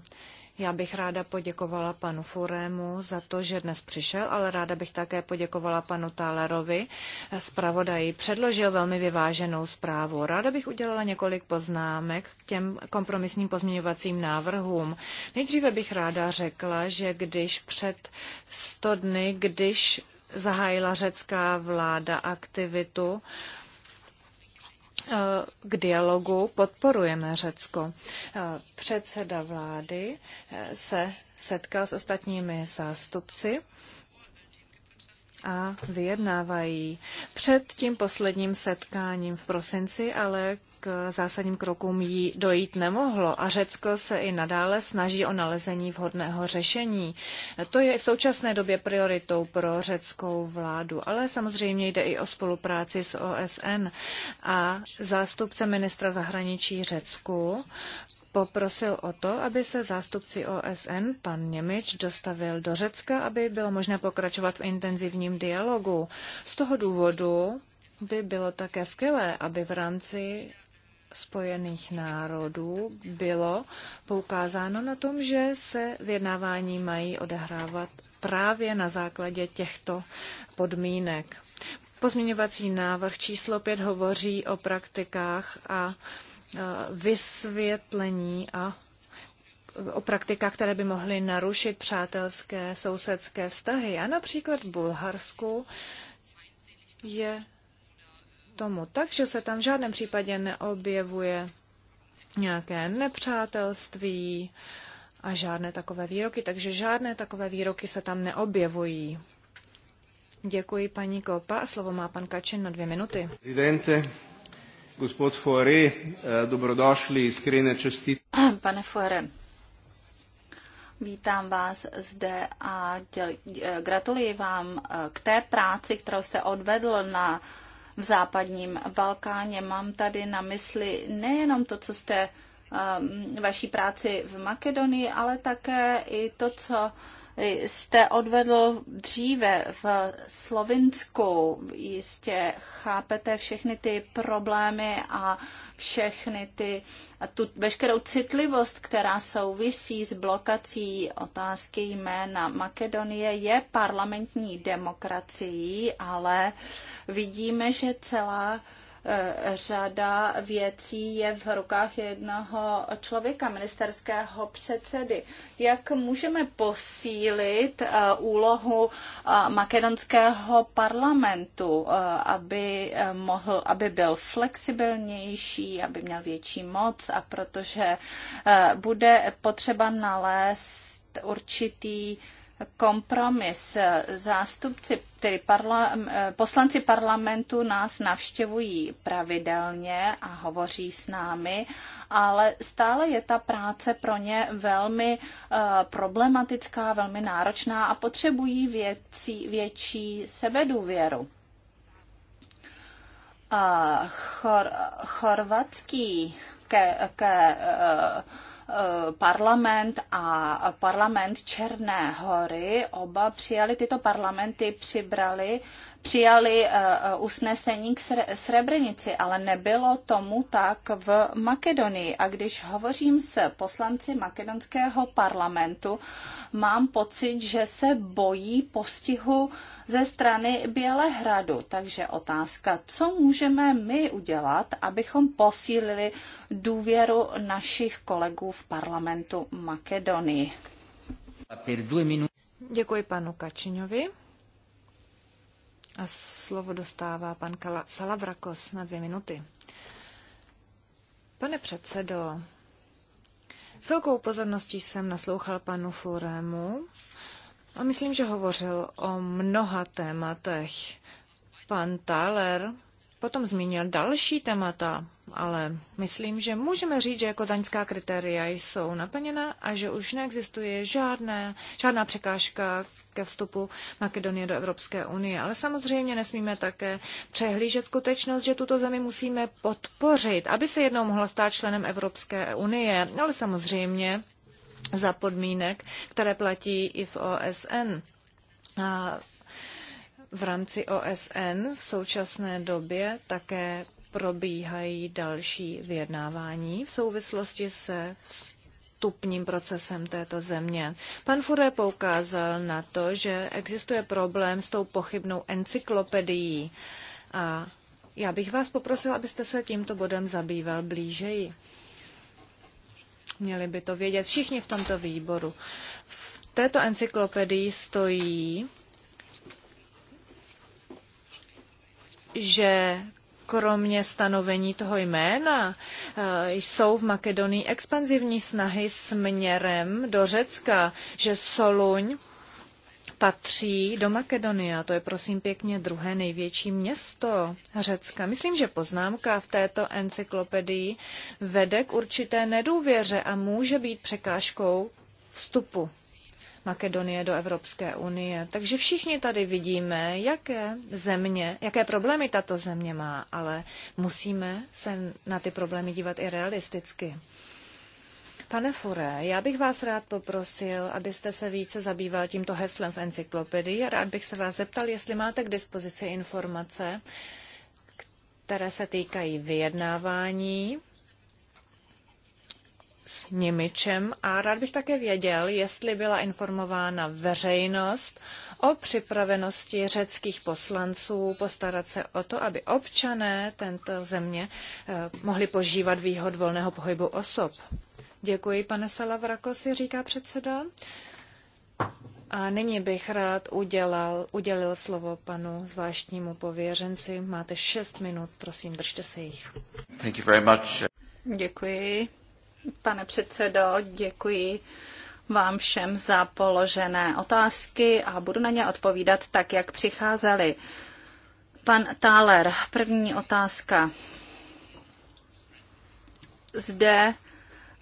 Já bych ráda poděkovala panu Furému za to, že dnes přišel, ale ráda bych také poděkovala panu Tálerovi. Zpravodaji předložil velmi vyváženou zprávu. Ráda bych udělala několik poznámek k těm kompromisním pozměňovacím návrhům. Nejdříve bych ráda řekla, že když před 100 dny, když zahájila řecká vláda aktivitu, k dialogu podporujeme Řecko. Předseda vlády se setkal s ostatními zástupci a vyjednávají. Před tím posledním setkáním v prosinci ale k zásadním krokům jí dojít nemohlo a Řecko se i nadále snaží o nalezení vhodného řešení. To je v současné době prioritou pro řeckou vládu, ale samozřejmě jde i o spolupráci s OSN a zástupce ministra zahraničí Řecku poprosil o to, aby se zástupci OSN, pan Němič, dostavil do Řecka, aby bylo možné pokračovat v intenzivním dialogu. Z toho důvodu by bylo také skvělé, aby v rámci Spojených národů bylo poukázáno na tom, že se vyjednávání mají odehrávat právě na základě těchto podmínek. Pozměňovací návrh číslo 5 hovoří o praktikách a e, vysvětlení a e, o praktikách, které by mohly narušit přátelské sousedské vztahy. A například v Bulharsku je tomu tak, že se tam v žádném případě neobjevuje nějaké nepřátelství a žádné takové výroky, takže žádné takové výroky se tam neobjevují. Děkuji paní Kopa a slovo má pan Kačin na dvě minuty. Prezidente, gospod Fuare, dobrodošli, iskrene čestitky. Pane Fuare, Vítám vás zde a děl, eh, gratuluji vám eh, k té práci, kterou jste odvedl na v západním Balkáně. Mám tady na mysli nejenom to, co jste ehm, vaší práci v Makedonii, ale také i to, co jste odvedl dříve v Slovinsku. Jistě chápete všechny ty problémy a všechny ty, a tu veškerou citlivost, která souvisí s blokací otázky jména. Makedonie je parlamentní demokracií, ale vidíme, že celá řada věcí je v rukách jednoho člověka, ministerského předsedy. Jak můžeme posílit eh, úlohu eh, makedonského parlamentu, eh, aby, mohl, aby byl flexibilnější, aby měl větší moc a protože bude potřeba nalézt určitý kompromis. Zástupci, tedy parla, poslanci parlamentu nás navštěvují pravidelně a hovoří s námi, ale stále je ta práce pro ně velmi eh, problematická, velmi náročná a potřebují věcí, větší sebedůvěru. Eh, chor, chorvatský ke, ke uh, Eh, parlament a parlament Černé hory, oba přijali tyto parlamenty, přibrali přijali eh, eh, usnesení k Srebrenici, ale nebylo tomu tak v Makedonii. A když hovořím s poslanci makedonského parlamentu, mám pocit, že se bojí postihu ze strany Bělehradu. Takže otázka, co můžeme my udělat, abychom posílili důvěru našich kolegů v parlamentu Makedonii. Děkuji panu Kačiňovi. A slovo dostává pan Salavrakos na dvě minuty. Pane předsedo, s velkou pozorností jsem naslouchal panu Furemu a myslím, že hovořil o mnoha tématech. Pan Thaler Potom zmínil další témata, ale myslím, že můžeme říct, že jako daňská kritéria jsou naplněna a že už neexistuje žádné, žádná překážka ke vstupu Makedonie do Evropské unie. Ale samozřejmě nesmíme také přehlížet skutečnost, že tuto zemi musíme podpořit, aby se jednou mohla stát členem Evropské unie, ale samozřejmě za podmínek, které platí i v OSN. A v rámci OSN v současné době také probíhají další vyjednávání v souvislosti se vstupním procesem této země. Pan Fure poukázal na to, že existuje problém s tou pochybnou encyklopedií. A já bych vás poprosil, abyste se tímto bodem zabýval blížeji. Měli by to vědět všichni v tomto výboru. V této encyklopedii stojí že kromě stanovení toho jména eh, jsou v Makedonii expanzivní snahy směrem do Řecka, že Soluň patří do Makedonie. To je prosím pěkně druhé největší město Řecka. Myslím, že poznámka v této encyklopedii vede k určité nedůvěře a může být překážkou vstupu Makedonie do Evropské unie. Takže všichni tady vidíme, jaké země, jaké problémy tato země má, ale musíme se na ty problémy dívat i realisticky. Pane Fure, já bych vás rád poprosil, abyste se více zabýval tímto heslem v encyklopedii. Rád bych se vás zeptal, jestli máte k dispozici informace, které se týkají vyjednávání s Nimičem a rád bych také věděl, jestli byla informována veřejnost o připravenosti řeckých poslanců postarat se o to, aby občané této země eh, mohli požívat výhod volného pohybu osob. Děkuji, pane si říká předseda. A nyní bych rád udělal, udělil slovo panu zvláštnímu pověřenci. Máte šest minut, prosím, držte se jich. Thank you very much. Děkuji. Pane předsedo, děkuji vám všem za položené otázky a budu na ně odpovídat tak, jak přicházeli. Pan Táler, první otázka. Zde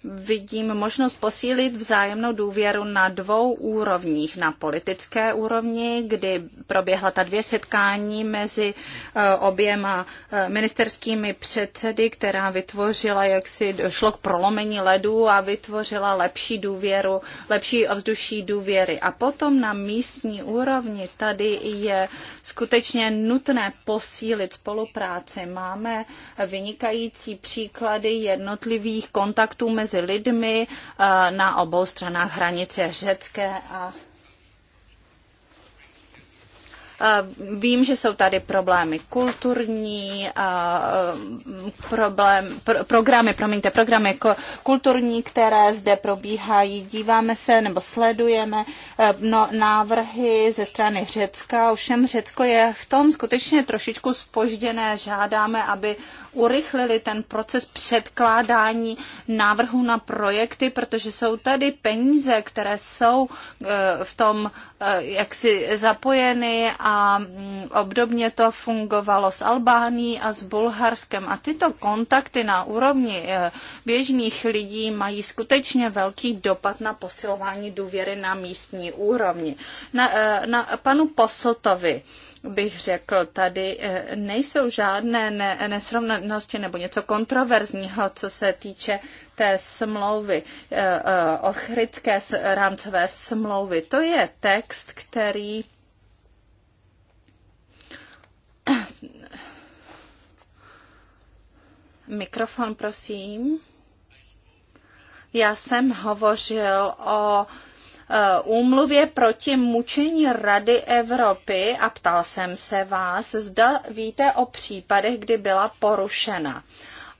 vidím možnost posílit vzájemnou důvěru na dvou úrovních. Na politické úrovni, kdy proběhla ta dvě setkání mezi eh, oběma eh, ministerskými předsedy, která vytvořila, jak si došlo k prolomení ledu a vytvořila lepší důvěru, lepší ovzduší důvěry. A potom na místní úrovni tady je skutečně nutné posílit spolupráci. Máme vynikající příklady jednotlivých kontaktů mezi mezi lidmi eh, na obou stranách hranice řecké a eh, Vím, že jsou tady problémy kulturní, eh, problém, pro, programy, promiňte, programy kulturní, které zde probíhají. Díváme se nebo sledujeme no, návrhy ze strany Řecka. Ovšem Řecko je v tom skutečně trošičku spožděné. Žádáme, aby urychlili ten proces předkládání návrhu na projekty, protože jsou tady peníze, které jsou eh, v tom eh, jaksi zapojeny a mm, obdobně to fungovalo s Albánií a s Bulharskem. A tyto kontakty na úrovni eh, běžných lidí mají skutečně velký dopad na posilování důvěry na místní úrovni. Na, na panu Posotovi bych řekl, tady eh, nejsou žádné nesrovnanosti nebo něco kontroverzního, co se týče té smlouvy, eh, eh, ochrické rámcové smlouvy. To je text, který Mikrofon, prosím. Já jsem hovořil o Eh, úmluvě proti mučení Rady Evropy a ptal jsem se vás, zda víte o případech, kdy byla porušena.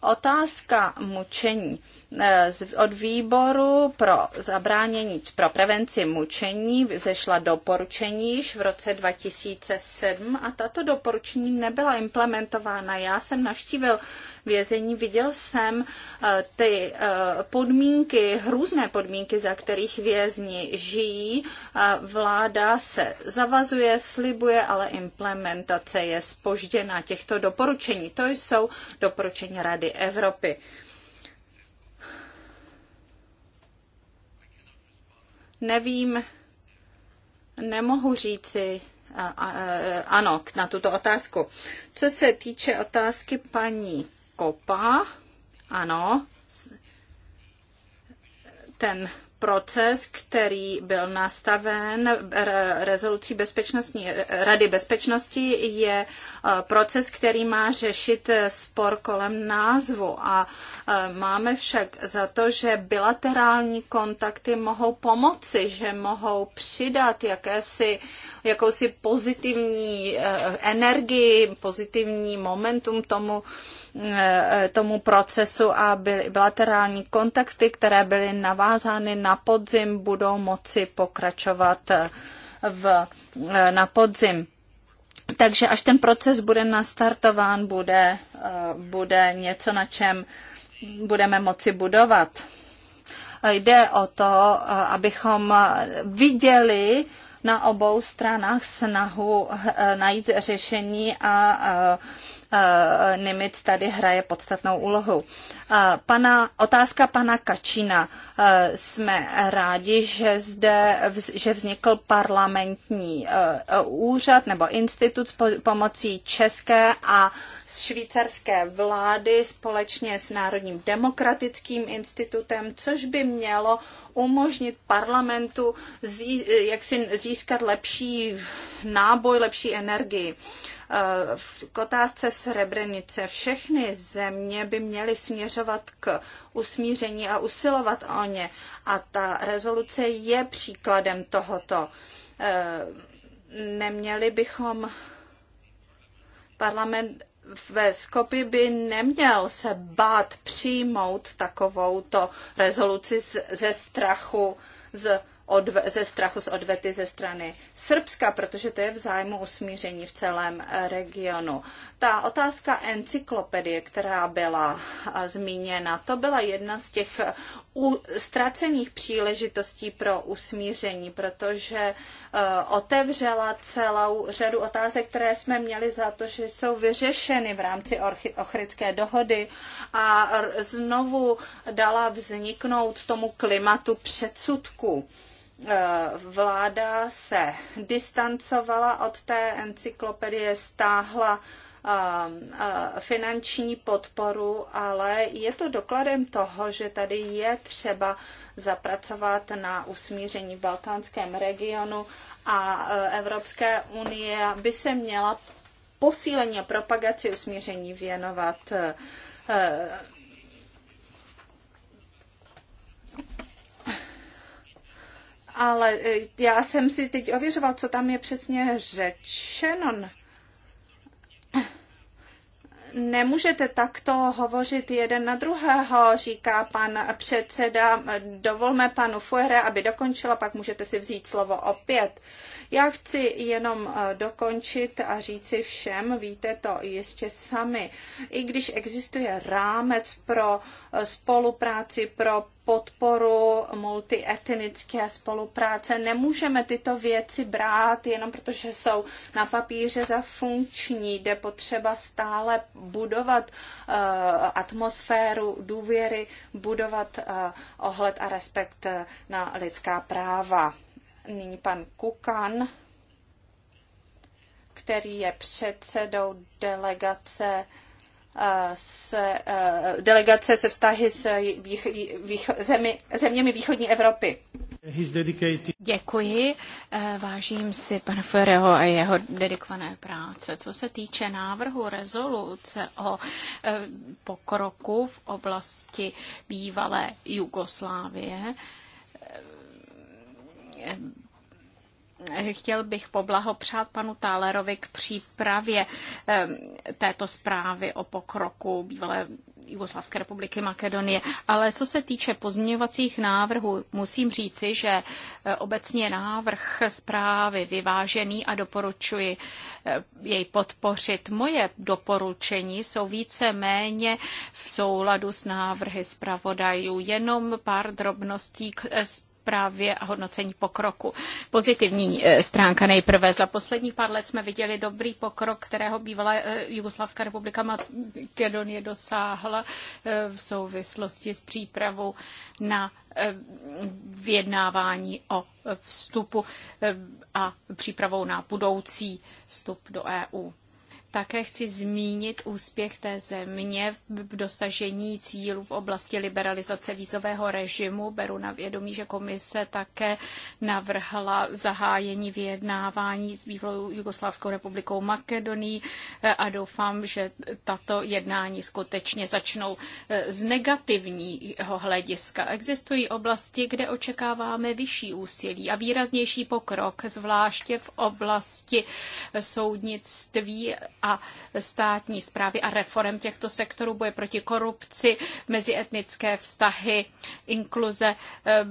Otázka mučení Eh, od výboru pro zabránění, pro prevenci mučení vzešla doporučení již v roce 2007 a tato doporučení nebyla implementována. Já jsem navštívil vězení, viděl jsem eh, ty eh, podmínky, hrůzné podmínky, za kterých vězni žijí. Vláda se zavazuje, slibuje, ale implementace je spožděna těchto doporučení. To jsou doporučení Rady Evropy. Nevím, nemohu říci a, a, e, ano na tuto otázku. Co se týče otázky paní Kopa, ano, ten proces, který byl nastaven rezolucí bezpečnostní, Rady bezpečnosti, je e, proces, který má řešit e, spor kolem názvu. A e, máme však za to, že bilaterální kontakty mohou pomoci, že mohou přidat jakési, jakousi pozitivní energii, pozitivní momentum tomu, Eh, tomu procesu a bilaterální kontakty, které byly navázány na podzim, budou moci pokračovat eh, v, eh, na podzim. Takže až ten proces bude nastartován, bude, bude něco, na čem budeme moci budovat. Jde o to, abychom viděli na obou stranách snahu najít řešení a Eh, Nimitz tady hraje podstatnou úlohu. Eh, pana, otázka pana Kačína. Eh, jsme rádi, že zde že vznikl parlamentní úřad nebo institut pomocí české a švýcarské vlády společně s Národním demokratickým institutem, což by mělo umožnit parlamentu zí, jak si získat lepší náboj, lepší energii v otázce Srebrenice všechny země by měly směřovat k usmíření a usilovat o ně. A ta rezoluce je příkladem tohoto. E, neměli bychom parlament ve Skopi by neměl se bát přijmout takovouto rezoluci ze strachu, z odve, ze strachu z odvety ze strany Srbska, protože to je v zájmu usmíření v celém eh, regionu. Ta otázka encyklopedie, která byla eh, zmíněna, to byla jedna z těch eh, u, ztracených příležitostí pro usmíření, protože uh, otevřela celou řadu otázek, které jsme měli za to, že jsou vyřešeny v rámci ochrické dohody a znovu dala vzniknout tomu klimatu předsudku vláda se distancovala od té encyklopedie, stáhla um, uh, finanční podporu, ale je to dokladem toho, že tady je třeba zapracovat na usmíření v balkánském regionu a uh, Evropské unie by se měla posílení a propagaci usmíření věnovat uh, ale e, já jsem si teď ověřoval, co tam je přesně řečeno nemůžete takto hovořit jeden na druhého, říká pan předseda. Dovolme panu Fuere, aby dokončila, pak můžete si vzít slovo opět. Já chci jenom e, dokončit a říci všem, víte to jistě sami, i když existuje rámec pro e, spolupráci, pro podporu multietnické spolupráce. Nemůžeme tyto věci brát jenom protože jsou na papíře za funkční, jde potřeba stále budovat uh, atmosféru důvěry, budovat uh, ohled a respekt eh, na lidská práva. Nyní pan Kukan, který je předsedou delegace se, delegace se vztahy s vých, vých, zemi, zeměmi východní Evropy. Děkuji. E, vážím si pana Ferreho a jeho dedikované práce. Co se týče návrhu rezoluce o e, pokroku v oblasti bývalé Jugoslávie, e, chtěl bych poblahopřát panu Tálerovi k přípravě této zprávy o pokroku bývalé Jugoslavské republiky Makedonie. Ale co se týče pozměňovacích návrhů, musím říci, že eh, obecně návrh zprávy vyvážený a doporučuji eh, jej podpořit. Moje doporučení jsou více méně v souladu s návrhy zpravodajů. Jenom pár drobností k eh, právě a hodnocení pokroku. Pozitivní e, stránka nejprve. Za poslední pár let jsme viděli dobrý pokrok, kterého bývalá e, Jugoslavská republika Makedonie dosáhla e, v souvislosti s přípravou na vyjednávání o vstupu a přípravou na budoucí vstup do EU. Také chci zmínit úspěch té země v dosažení cílů v oblasti liberalizace vízového režimu. Beru na vědomí, že komise také navrhla zahájení vyjednávání s bývalou Jugoslávskou republikou Makedonii eh, a doufám, že tato jednání skutečně začnou eh, z negativního hlediska. Existují oblasti, kde očekáváme vyšší úsilí a výraznější pokrok, zvláště v oblasti soudnictví a státní zprávy a reform těchto sektorů, boje proti korupci, mezietnické vztahy, inkluze, eh,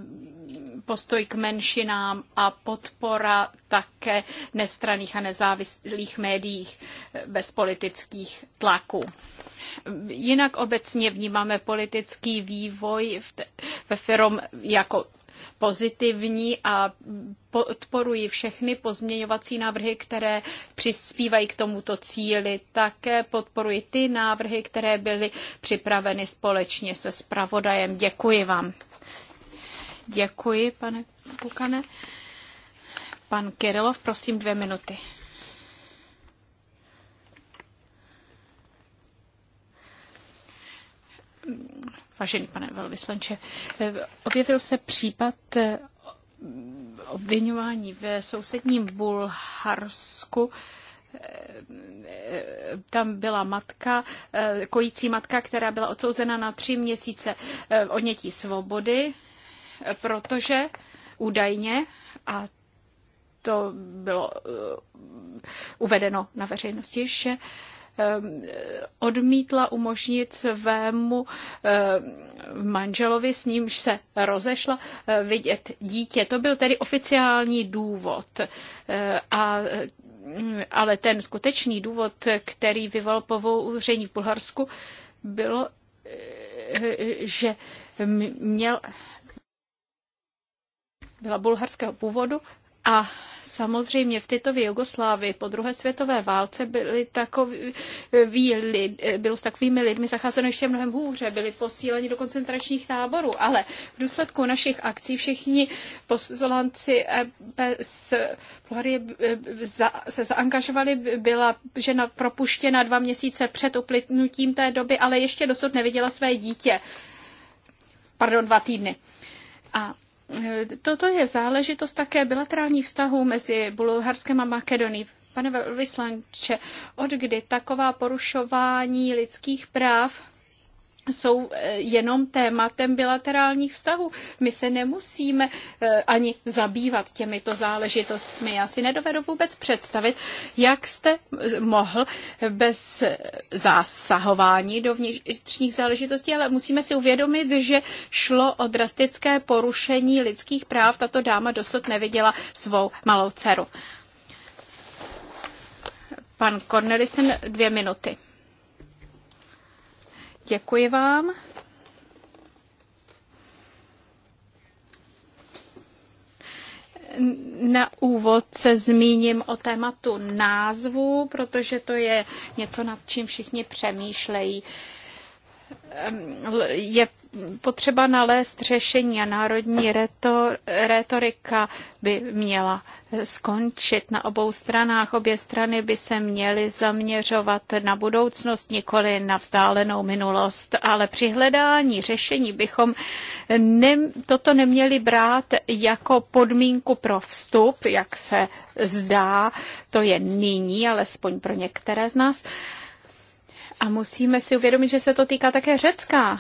postoj k menšinám a podpora také nestraných a nezávislých médiích eh, bez politických tlaků. Jinak obecně vnímáme politický vývoj ve firm jako pozitivní a podporuji všechny pozměňovací návrhy, které přispívají k tomuto cíli. Také podporuji ty návrhy, které byly připraveny společně se spravodajem. Děkuji vám. Děkuji, pane Bukane, Pan Kirilov, prosím dvě minuty. Vážený pane velvyslanče, eh, objevil se případ eh, obvinování ve sousedním Bulharsku eh, tam byla matka, kojící matka, která byla odsouzena na tři měsíce odnětí svobody, protože údajně, a to bylo uvedeno na veřejnosti, že Ehm, odmítla umožnit svému ehm, manželovi, s nímž se rozešla, eh, vidět dítě. To byl tedy oficiální důvod. Eh, a mm, ale ten skutečný důvod, který vyvolal povouření v Bulharsku, bylo, eh, že měl byla bulharského původu a samozřejmě v Titově Jugoslávii po druhé světové válce byli takový lid, bylo s takovými lidmi zacházeno ještě mnohem hůře, byli posíleni do koncentračních táborů, ale v důsledku našich akcí všichni poslanci z e Bulharie e, se zaangažovali, byla žena propuštěna dva měsíce před uplynutím té doby, ale ještě dosud neviděla své dítě. Pardon, dva týdny. A Toto je záležitost také bilaterálních vztahů mezi Bulharskem a Makedonií. Pane vyslanče, od kdy taková porušování lidských práv jsou eh, jenom tématem bilaterálních vztahů. My se nemusíme eh, ani zabývat těmito záležitostmi. Já si nedovedu vůbec představit, jak jste mohl bez zásahování do vnitřních záležitostí, ale musíme si uvědomit, že šlo o drastické porušení lidských práv. Tato dáma dosud neviděla svou malou dceru. Pan Cornelisen, dvě minuty. Děkuji vám. Na úvod se zmíním o tématu názvu, protože to je něco, nad čím všichni přemýšlejí. Ehm, je potřeba nalézt řešení a národní retorika by měla skončit na obou stranách. Obě strany by se měly zaměřovat na budoucnost, nikoli na vzdálenou minulost, ale při hledání řešení bychom ne, toto neměli brát jako podmínku pro vstup, jak se zdá, to je nyní, alespoň pro některé z nás. A musíme si uvědomit, že se to týká také Řecka.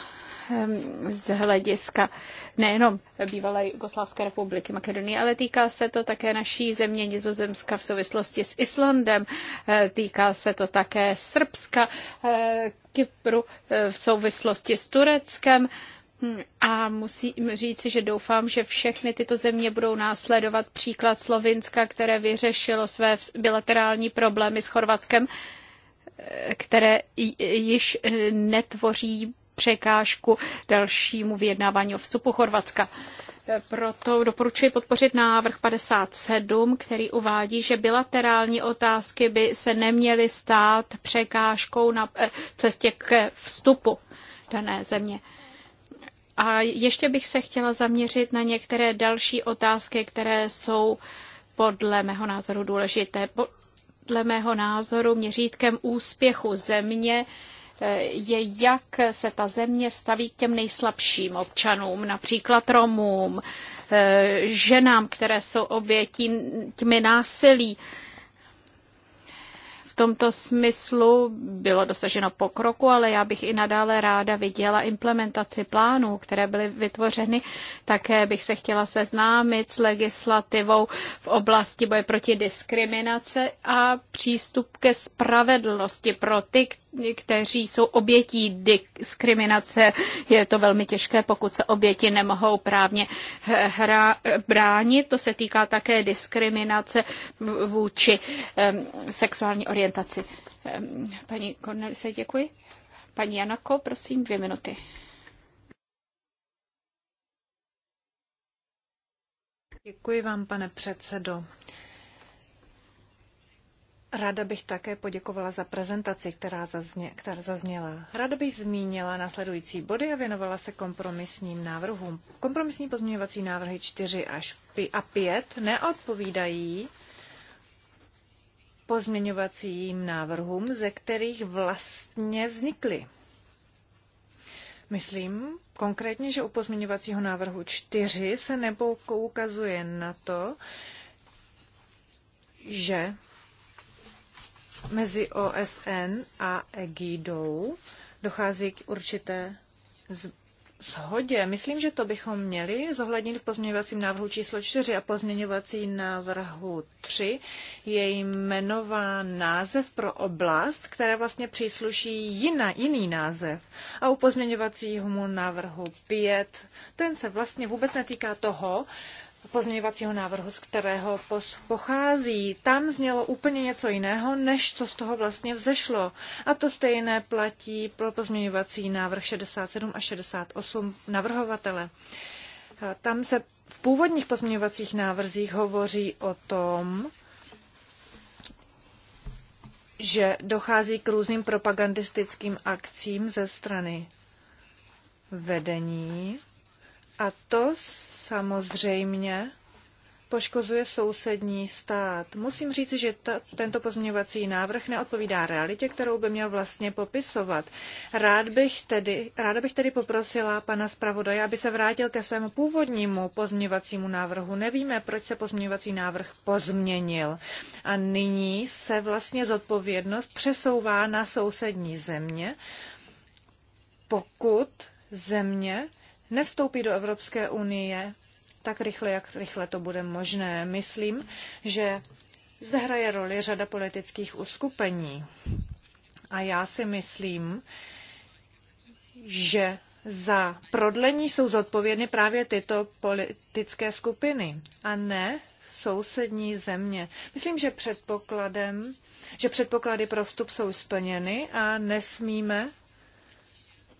Ehm, z hlediska nejenom bývalé Jugoslávské republiky Makedonie, ale týká se to také naší země Nizozemska v souvislosti s Islandem, eh, týká se to také Srbska, eh, Kypru eh, v souvislosti s Tureckem. Hm, a musím říci, že doufám, že všechny tyto země budou následovat příklad Slovinska, které vyřešilo své bilaterální problémy s Chorvatskem, které již netvoří překážku dalšímu vyjednávání o vstupu Chorvatska. Proto doporučuji podpořit návrh 57, který uvádí, že bilaterální otázky by se neměly stát překážkou na eh, cestě k vstupu dané země. A ještě bych se chtěla zaměřit na některé další otázky, které jsou podle mého názoru důležité. Podle mého názoru měřítkem úspěchu země E, je, jak se ta země staví k těm nejslabším občanům, například Romům, e, ženám, které jsou obětí těmi násilí. V tomto smyslu bylo dosaženo pokroku, ale já bych i nadále ráda viděla implementaci plánů, které byly vytvořeny. Také bych se chtěla seznámit s legislativou v oblasti boje proti diskriminace a přístup ke spravedlnosti pro ty, kteří jsou obětí diskriminace. Je to velmi těžké, pokud se oběti nemohou právně hra, bránit. To se týká také diskriminace vůči um, sexuální orientaci. Um, paní Kornelise, děkuji. Paní Janako, prosím, dvě minuty. Děkuji vám, pane předsedo. Ráda bych také poděkovala za prezentaci, která, zazně, která zazněla. Ráda bych zmínila následující body a věnovala se kompromisním návrhům. Kompromisní pozměňovací návrhy 4 až a 5 neodpovídají pozměňovacím návrhům, ze kterých vlastně vznikly. Myslím konkrétně, že u pozměňovacího návrhu 4 se nebo ukazuje na to, že mezi OSN a Egidou dochází k určité shodě. Myslím, že to bychom měli zohlednit v pozměňovacím návrhu číslo 4 a pozměňovací návrhu 3. Je jmenován název pro oblast, které vlastně přísluší jiná, jiný název. A u pozměňovacího návrhu 5, ten se vlastně vůbec netýká toho, pozměňovacího návrhu, z kterého pochází. Tam znělo úplně něco jiného, než co z toho vlastně vzešlo. A to stejné platí pro pozměňovací návrh 67 a 68 navrhovatele. Eh, tam se v původních pozměňovacích návrzích hovoří o tom, že dochází k různým propagandistickým akcím ze strany vedení a to samozřejmě poškozuje sousední stát. Musím říct, že ta, tento pozměňovací návrh neodpovídá realitě, kterou by měl vlastně popisovat. Rád bych tedy, ráda bych tedy poprosila pana zpravodaje, aby se vrátil ke svému původnímu pozměňovacímu návrhu. Nevíme, proč se pozměňovací návrh pozměnil. A nyní se vlastně zodpovědnost přesouvá na sousední země, pokud země nevstoupí do Evropské unie tak rychle, jak rychle to bude možné. Myslím, že zde hraje roli řada politických uskupení. A já si myslím, že za prodlení jsou zodpovědny právě tyto politické skupiny a ne sousední země. Myslím, že předpokladem, že předpoklady pro vstup jsou splněny a nesmíme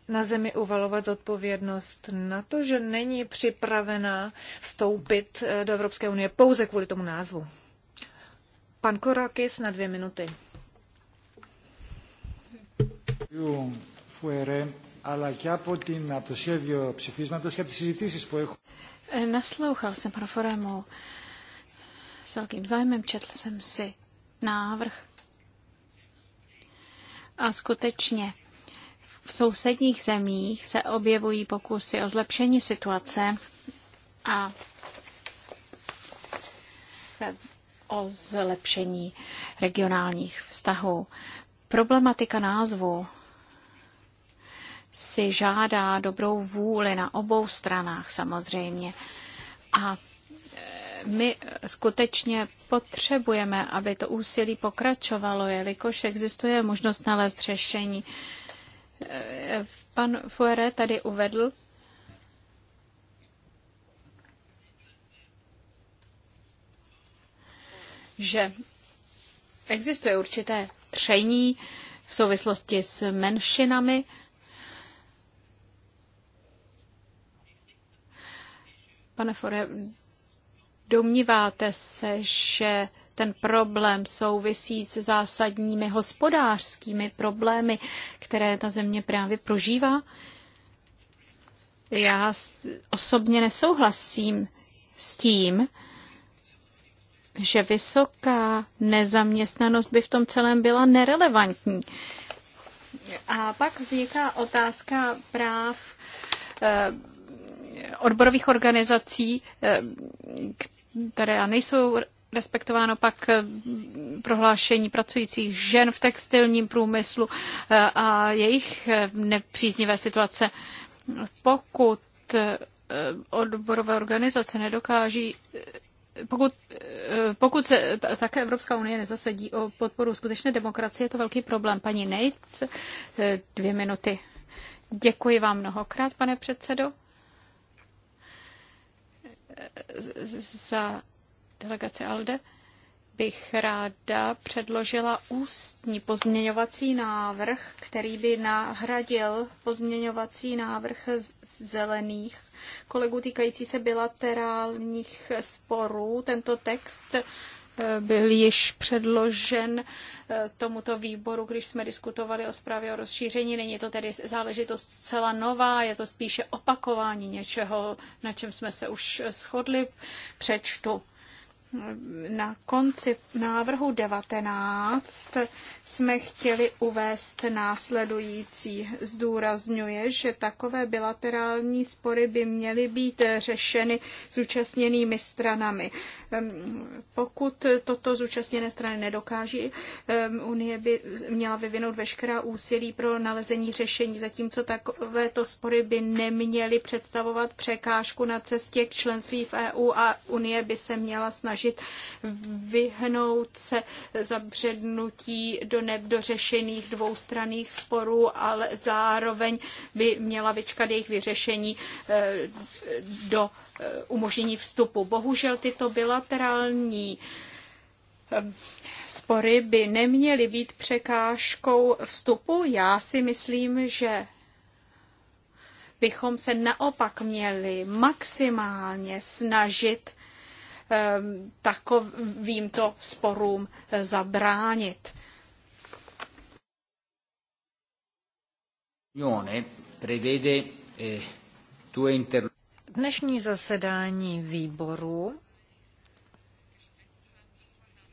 na zemi uvalovat odpovědnost na to, že není připravena vstoupit eh, do Evropské unie pouze kvůli tomu názvu. Pan Korakis na dvě minuty. Eh, naslouchal jsem pro Foremu s velkým zájmem, četl jsem si návrh a skutečně v sousedních zemích se objevují pokusy o zlepšení situace a o zlepšení regionálních vztahů. Problematika názvu si žádá dobrou vůli na obou stranách samozřejmě. A e, my skutečně potřebujeme, aby to úsilí pokračovalo, jelikož existuje možnost nalézt řešení Pan Fuere tady uvedl, že existuje určité tření v souvislosti s menšinami. Pane Fore, domníváte se, že ten problém souvisí se zásadními hospodářskými problémy, které ta země právě prožívá? Já osobně nesouhlasím s tím, že vysoká nezaměstnanost by v tom celém byla nerelevantní. A pak vzniká otázka práv eh, odborových organizací, eh, které nejsou respektováno pak eh, prohlášení pracujících žen v textilním průmyslu eh, a jejich eh, nepříznivé situace. Pokud odborové organizace nedokáží pokud, pokud se také Evropská unie nezasadí o podporu skutečné demokracie, je to velký problém. Paní Nejc, dvě minuty. Děkuji vám mnohokrát, pane předsedo, za delegace ALDE bych ráda předložila ústní pozměňovací návrh, který by nahradil pozměňovací návrh zelených kolegů týkající se bilaterálních sporů. Tento text eh, byl již předložen eh, tomuto výboru, když jsme diskutovali o zprávě o rozšíření. Není to tedy záležitost zcela nová, je to spíše opakování něčeho, na čem jsme se už shodli. Přečtu na konci návrhu 19 jsme chtěli uvést následující. Zdůrazňuje, že takové bilaterální spory by měly být řešeny zúčastněnými stranami. Ehm, pokud toto zúčastněné strany nedokáží, ehm, Unie by měla vyvinout veškerá úsilí pro nalezení řešení, zatímco takovéto spory by neměly představovat překážku na cestě k členství v EU a Unie by se měla snažit snažit vyhnout se zabřednutí do nedořešených dvoustranných sporů, ale zároveň by měla vyčkat jejich vyřešení eh, do eh, umožnění vstupu. Bohužel tyto bilaterální eh, spory by neměly být překážkou vstupu. Já si myslím, že bychom se naopak měli maximálně snažit Ehm, takovýmto sporům eh, zabránit. Eh, Dnešní zasedání výboru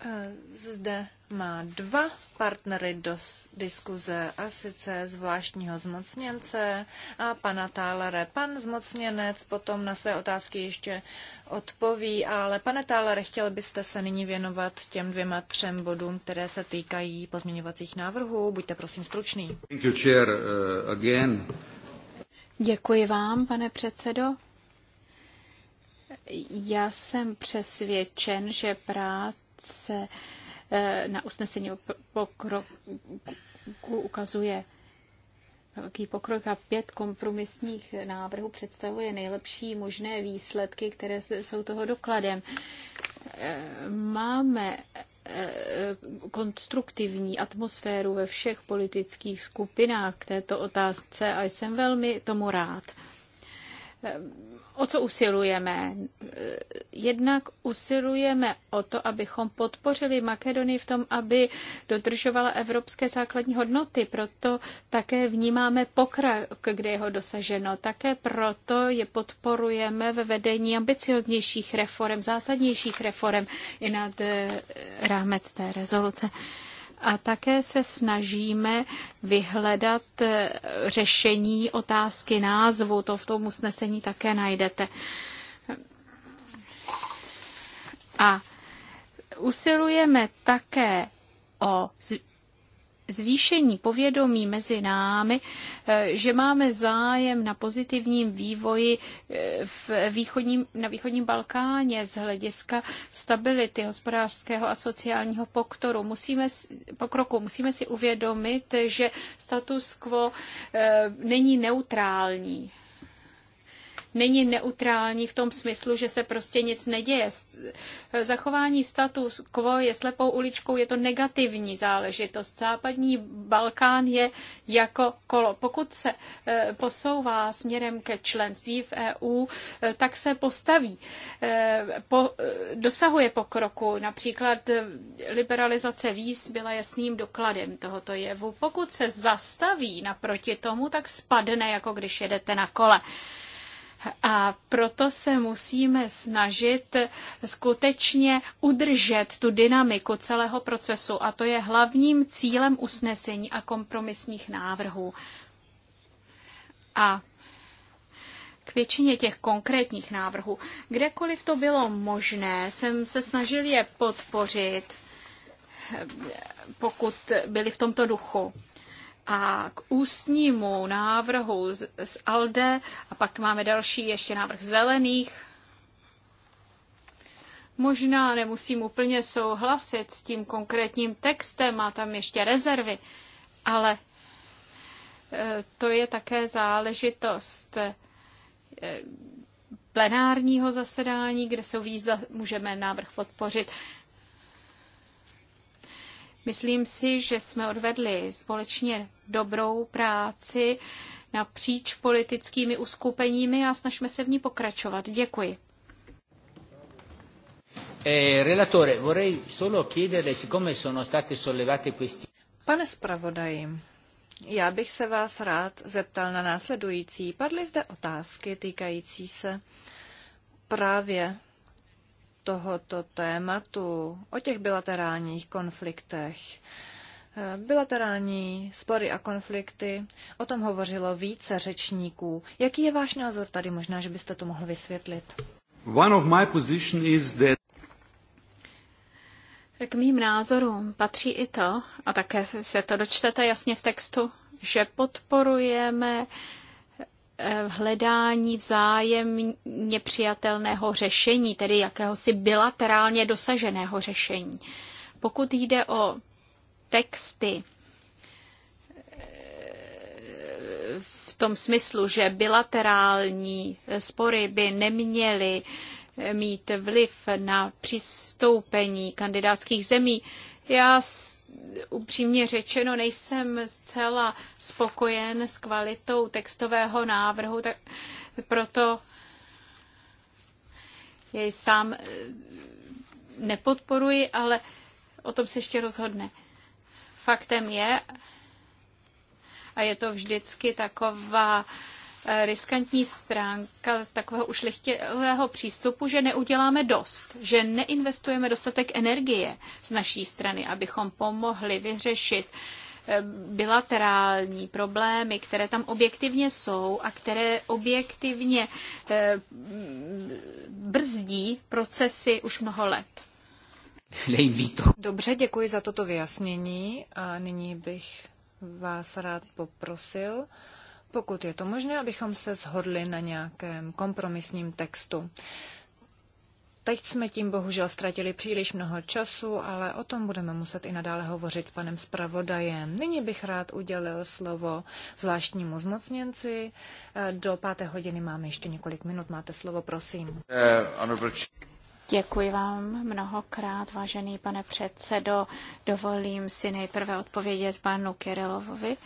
eh, zde má dva partnery do diskuze, a sice zvláštního zmocněnce a pana Tálere. Pan zmocněnec potom na své otázky ještě odpoví, ale pane Tálere, chtěl byste se nyní věnovat těm dvěma třem bodům, které se týkají pozměňovacích návrhů. Buďte prosím stručný. Uh, Děkuji vám, pane předsedo. Já jsem přesvědčen, že práce na usnesení o pokroku ukazuje velký pokrok a pět kompromisních návrhů představuje nejlepší možné výsledky, které jsou toho dokladem. Eh, máme eh, konstruktivní atmosféru ve všech politických skupinách k této otázce a jsem velmi tomu rád. O co usilujeme? Jednak usilujeme o to, abychom podpořili Makedonii v tom, aby dodržovala evropské základní hodnoty. Proto také vnímáme pokrok, kde je ho dosaženo. Také proto je podporujeme ve vedení ambicioznějších reform, zásadnějších reform i nad eh, rámec té rezoluce a také se snažíme vyhledat eh, řešení otázky názvu. To v tom usnesení také najdete. A usilujeme také o zvýšení povědomí mezi námi, eh, že máme zájem na pozitivním vývoji eh, v východním, na východním Balkáně z hlediska stability hospodářského a sociálního poktoru. Musíme, pokroku. Musíme si uvědomit, že status quo eh, není neutrální není neutrální v tom smyslu, že se prostě nic neděje. Zachování status quo je slepou uličkou, je to negativní záležitost. Západní Balkán je jako kolo. Pokud se eh, posouvá směrem ke členství v EU, eh, tak se postaví. Eh, po, dosahuje pokroku. Například liberalizace víz byla jasným dokladem tohoto jevu. Pokud se zastaví naproti tomu, tak spadne, jako když jedete na kole. A proto se musíme snažit skutečně udržet tu dynamiku celého procesu. A to je hlavním cílem usnesení a kompromisních návrhů. A k většině těch konkrétních návrhů, kdekoliv to bylo možné, jsem se snažil je podpořit, eh, pokud byli v tomto duchu a k ústnímu návrhu z, z ALDE a pak máme další ještě návrh zelených. Možná nemusím úplně souhlasit s tím konkrétním textem, má tam ještě rezervy, ale e, to je také záležitost e, plenárního zasedání, kde se výzda můžeme návrh podpořit. Myslím si, že jsme odvedli společně dobrou práci napříč politickými uskupeními a snažíme se v ní pokračovat. Děkuji. Eh, relatore, Pane zpravodaji, já bych se vás rád zeptal na následující. Padly zde otázky týkající se právě tohoto tématu, o těch bilaterálních konfliktech. Bilaterální spory a konflikty, o tom hovořilo více řečníků. Jaký je váš názor tady? Možná, že byste to mohl vysvětlit. One of my position is that... K mým názorům patří i to, a také se to dočtete jasně v textu, že podporujeme v hledání vzájemně přijatelného řešení, tedy jakéhosi bilaterálně dosaženého řešení. Pokud jde o texty v tom smyslu, že bilaterální spory by neměly mít vliv na přistoupení kandidátských zemí, já upřímně řečeno nejsem zcela spokojen s kvalitou textového návrhu, tak proto jej sám eh, nepodporuji, ale o tom se ještě rozhodne. Faktem je, a je to vždycky taková Eh, riskantní stránka takového ušlechtilého přístupu, že neuděláme dost, že neinvestujeme dostatek energie z naší strany, abychom pomohli vyřešit eh, bilaterální problémy, které tam objektivně jsou a které objektivně eh, brzdí procesy už mnoho let. Dobře, děkuji za toto vyjasnění a nyní bych vás rád poprosil, pokud je to možné, abychom se shodli na nějakém kompromisním textu. Teď jsme tím bohužel ztratili příliš mnoho času, ale o tom budeme muset i nadále hovořit s panem zpravodajem. Nyní bych rád udělil slovo zvláštnímu zmocněnci. Do páté hodiny máme ještě několik minut. Máte slovo, prosím. Děkuji vám mnohokrát, vážený pane předsedo. Dovolím si nejprve odpovědět panu Kirilovovi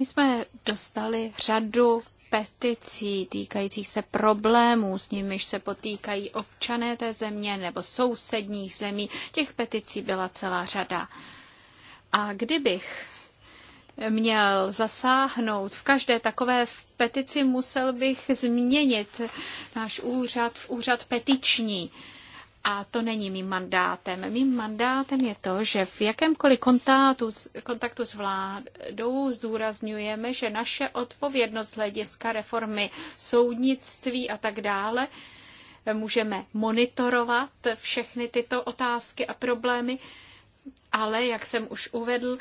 my jsme dostali řadu peticí týkajících se problémů, s nimiž se potýkají občané té země nebo sousedních zemí. Těch peticí byla celá řada. A kdybych měl zasáhnout v každé takové petici, musel bych změnit náš úřad v úřad petiční. A to není mým mandátem. Mým mandátem je to, že v jakémkoliv kontaktu, kontaktu s vládou zdůrazňujeme, že naše odpovědnost hlediska reformy soudnictví a tak dále eh, můžeme monitorovat všechny tyto otázky a problémy ale, jak jsem už uvedl,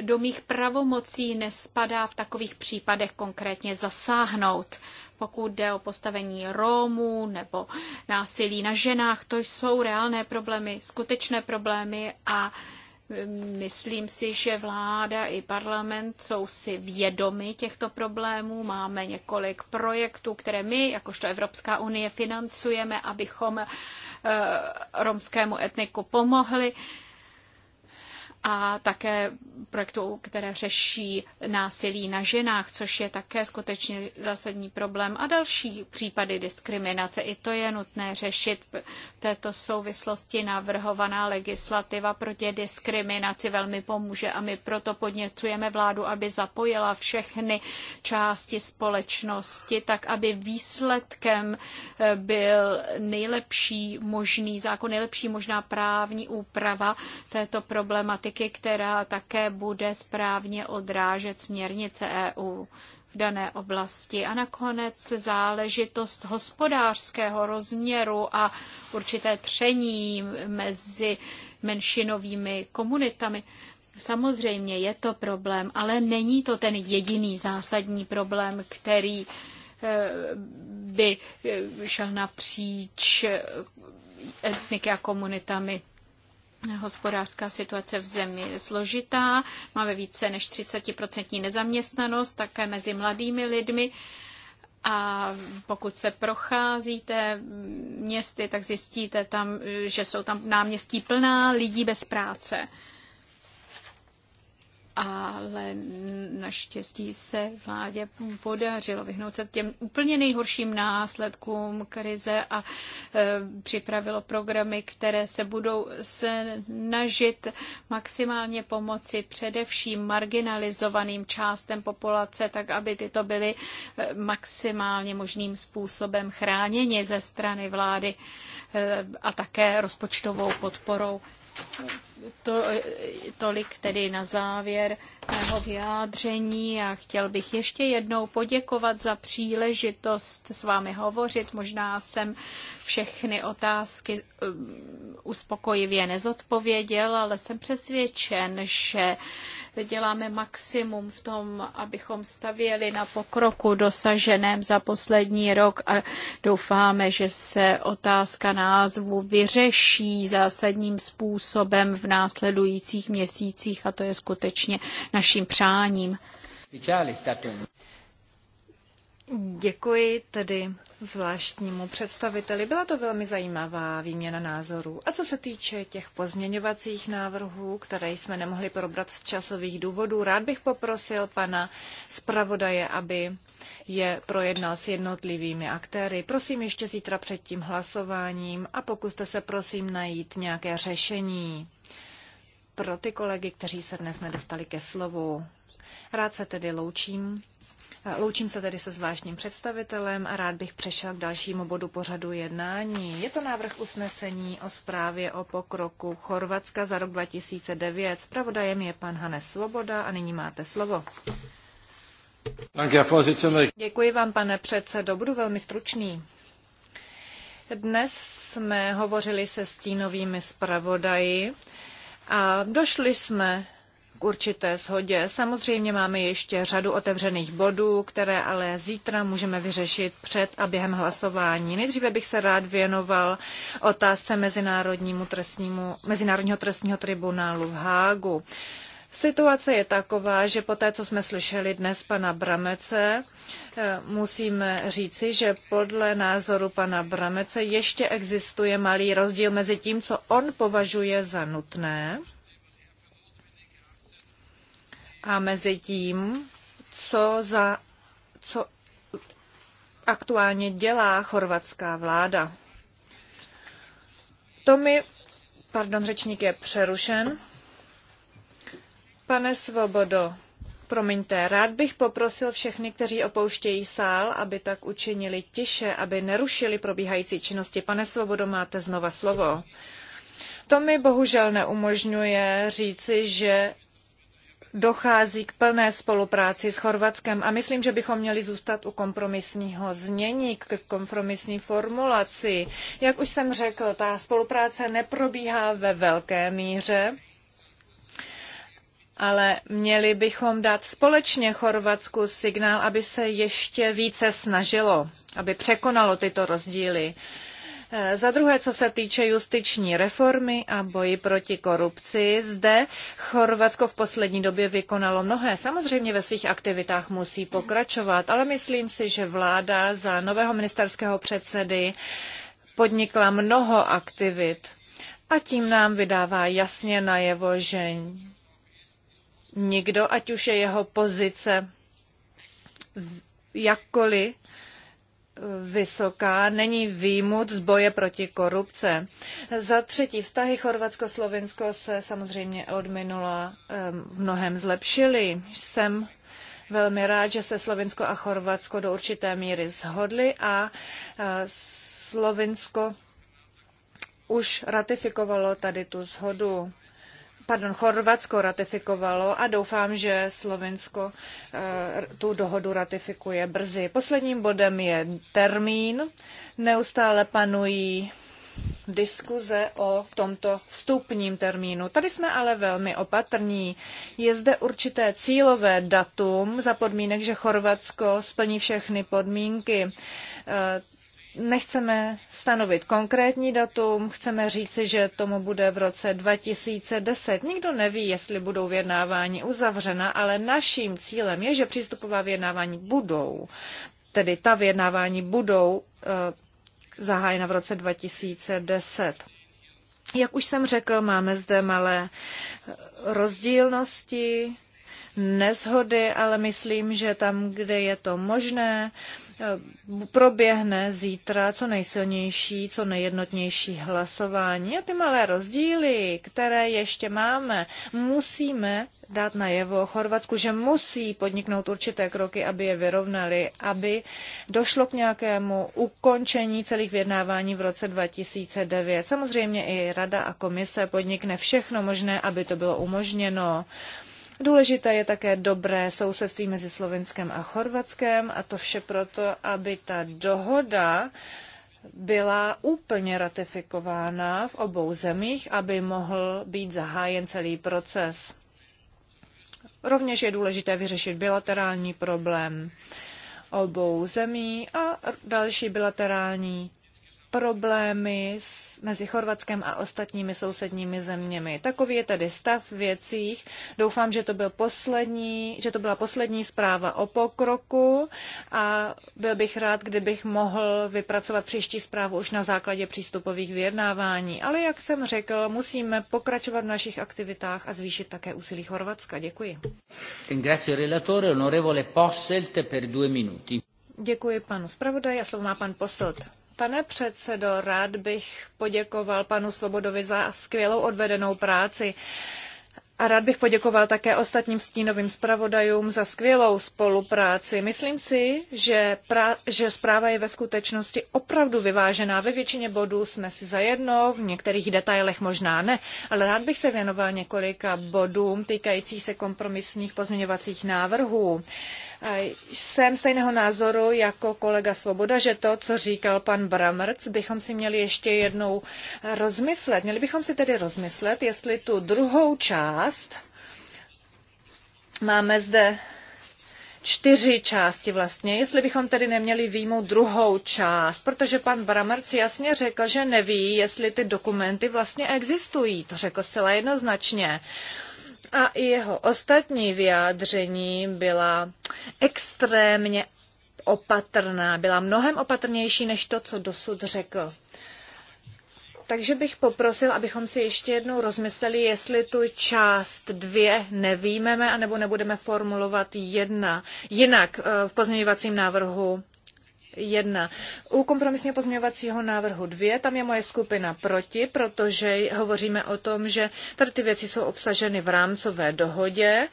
do mých pravomocí nespadá v takových případech konkrétně zasáhnout. Pokud jde o postavení Rómů nebo násilí na ženách, to jsou reálné problémy, skutečné problémy a mm, Myslím si, že vláda i parlament jsou si vědomi těchto problémů. Máme několik projektů, které my, jakožto Evropská unie, financujeme, abychom eh, romskému etniku pomohli a také projektů, které řeší násilí na ženách, což je také skutečně zásadní problém a další případy diskriminace. I to je nutné řešit v této souvislosti. Navrhovaná legislativa proti diskriminaci velmi pomůže a my proto podněcujeme vládu, aby zapojila všechny části společnosti, tak aby výsledkem eh, byl nejlepší možný zákon, nejlepší možná právní úprava této problematiky politiky, která také bude správně odrážet směrnice EU v dané oblasti. A nakonec záležitost hospodářského rozměru a určité tření mezi menšinovými komunitami. Samozřejmě je to problém, ale není to ten jediný zásadní problém, který eh, by eh, šel napříč etniky a komunitami hospodářská situace v zemi je složitá, máme více než 30% nezaměstnanost, také mezi mladými lidmi. A pokud se procházíte městy, tak zjistíte tam, že jsou tam náměstí plná lidí bez práce ale naštěstí se vládě podařilo vyhnout se těm úplně nejhorším následkům krize a e, připravilo programy, které se budou snažit maximálně pomoci především marginalizovaným částem populace, tak aby tyto byly e, maximálně možným způsobem chráněni ze strany vlády e, a také rozpočtovou podporou to, tolik tedy na závěr mého vyjádření a chtěl bych ještě jednou poděkovat za příležitost s vámi hovořit. Možná jsem všechny otázky um, uspokojivě nezodpověděl, ale jsem přesvědčen, že děláme maximum v tom, abychom stavěli na pokroku dosaženém za poslední rok a doufáme, že se otázka názvu vyřeší zásadním způsobem v následujících měsících a to je skutečně naším přáním. Děkuji tedy zvláštnímu představiteli. Byla to velmi zajímavá výměna názorů. A co se týče těch pozměňovacích návrhů, které jsme nemohli probrat z časových důvodů, rád bych poprosil pana zpravodaje, aby je projednal s jednotlivými aktéry. Prosím ještě zítra před tím hlasováním a pokuste se prosím najít nějaké řešení pro ty kolegy, kteří se dnes nedostali ke slovu. Rád se tedy loučím Loučím se tedy se zvláštním představitelem a rád bych přešel k dalšímu bodu pořadu jednání. Je to návrh usnesení o zprávě o pokroku Chorvatska za rok 2009. Spravodajem je pan Hanes Svoboda a nyní máte slovo. Děkuji vám, pane předsedo. Budu velmi stručný. Dnes jsme hovořili se stínovými zpravodaji a došli jsme k určité shodě. Samozřejmě máme ještě řadu otevřených bodů, které ale zítra můžeme vyřešit před a během hlasování. Nejdříve bych se rád věnoval otázce Mezinárodnímu trestnímu, Mezinárodního trestního tribunálu v Hágu. Situace je taková, že po té, co jsme slyšeli dnes pana Bramece, eh, musíme říci, že podle názoru pana Bramece ještě existuje malý rozdíl mezi tím, co on považuje za nutné a mezi tím, co, za, co aktuálně dělá chorvatská vláda. To mi, pardon, řečník je přerušen. Pane Svobodo, promiňte, rád bych poprosil všechny, kteří opouštějí sál, aby tak učinili tiše, aby nerušili probíhající činnosti. Pane Svobodo, máte znova slovo. To mi bohužel neumožňuje říci, že dochází k plné spolupráci s Chorvatskem a myslím, že bychom měli zůstat u kompromisního znění, k kompromisní formulaci. Jak už jsem řekl, ta spolupráce neprobíhá ve velké míře, ale měli bychom dát společně Chorvatsku signál, aby se ještě více snažilo, aby překonalo tyto rozdíly. Uh, Eh, za druhé, co se týče justiční reformy a boji proti korupci, zde Chorvatsko v poslední době vykonalo mnohé. Samozřejmě ve svých aktivitách musí pokračovat, ale myslím si, že vláda za nového ministerského předsedy podnikla mnoho aktivit a tím nám vydává jasně najevo, že nikdo, ať už je jeho pozice jakkoliv, vysoká, není výjimut z boje proti korupce. Za třetí, vztahy Chorvatsko-Slovinsko se samozřejmě od minula v mnohem zlepšily. Jsem velmi rád, že se Slovinsko a Chorvatsko do určité míry zhodly a e, Slovinsko už ratifikovalo tady tu shodu pardon, Chorvatsko ratifikovalo a doufám, že Slovinsko eh, tu dohodu ratifikuje brzy. Posledním bodem je termín. Neustále panují diskuze o tomto vstupním termínu. Tady jsme ale velmi opatrní. Je zde určité cílové datum za podmínek, že Chorvatsko splní všechny podmínky. Eh, Nechceme stanovit konkrétní datum, chceme říci, že tomu bude v roce 2010. Nikdo neví, jestli budou vyjednávání uzavřena, ale naším cílem je, že přístupová vyjednávání budou. Tedy ta vyjednávání budou e, zahájena v roce 2010. Jak už jsem řekl, máme zde malé eh, rozdílnosti, neshody, ale myslím, že tam, kde je to možné, eh, proběhne zítra co nejsilnější, co nejjednotnější hlasování. A ty malé rozdíly, které ještě máme, musíme dát najevo Chorvatsku, že musí podniknout určité kroky, aby je vyrovnali, aby došlo k nějakému ukončení celých vyjednávání v roce 2009. Samozřejmě i Rada a komise podnikne všechno možné, aby to bylo umožněno. Důležité je také dobré sousedství mezi Slovinskem a Chorvatskem a to vše proto, aby ta dohoda byla úplně ratifikována v obou zemích, aby mohl být zahájen celý proces. Rovněž je důležité vyřešit bilaterální problém obou zemí a další bilaterální problémy s, mezi Chorvatskem a ostatními sousedními zeměmi. Takový je tedy stav věcích. Doufám, že to, byl poslední, že to byla poslední zpráva o pokroku a byl bych rád, kdybych mohl vypracovat příští zprávu už na základě přístupových vyjednávání. Ale jak jsem řekl, musíme pokračovat v našich aktivitách a zvýšit také úsilí Chorvatska. Děkuji. relatore, onorevole Posselt, per due minuti. Děkuji panu zpravodaji a slovo má pan Posselt. Pane předsedo, rád bych poděkoval panu Svobodovi za skvělou odvedenou práci. A rád bych poděkoval také ostatním stínovým zpravodajům za skvělou spolupráci. Myslím si, že, pra, že zpráva je ve skutečnosti opravdu vyvážená. Ve většině bodů jsme si zajedno, v některých detailech možná ne, ale rád bych se věnoval několika bodům týkající se kompromisních pozměňovacích návrhů. Uh, jsem stejného názoru jako kolega Svoboda, že to, co říkal pan Bramrc, bychom si měli ještě jednou rozmyslet. Měli bychom si tedy rozmyslet, jestli tu druhou část máme zde čtyři části vlastně, jestli bychom tedy neměli výjmout druhou část, protože pan Bramerc jasně řekl, že neví, jestli ty dokumenty vlastně existují. To řekl zcela jednoznačně. Uh, a i jeho ostatní vyjádření byla extrémně opatrná, byla mnohem opatrnější než to, co dosud řekl. Takže bych poprosil, abychom si ještě jednou rozmysleli, jestli tu část dvě nevýjmeme, anebo nebudeme formulovat jedna. Jinak eh, v pozměňovacím návrhu jedna U kompromisního pozměňovacího návrhu dvě tam je moje skupina proti, protože hovoříme o tom, že tady ty věci jsou obsaženy v rámcové dohodě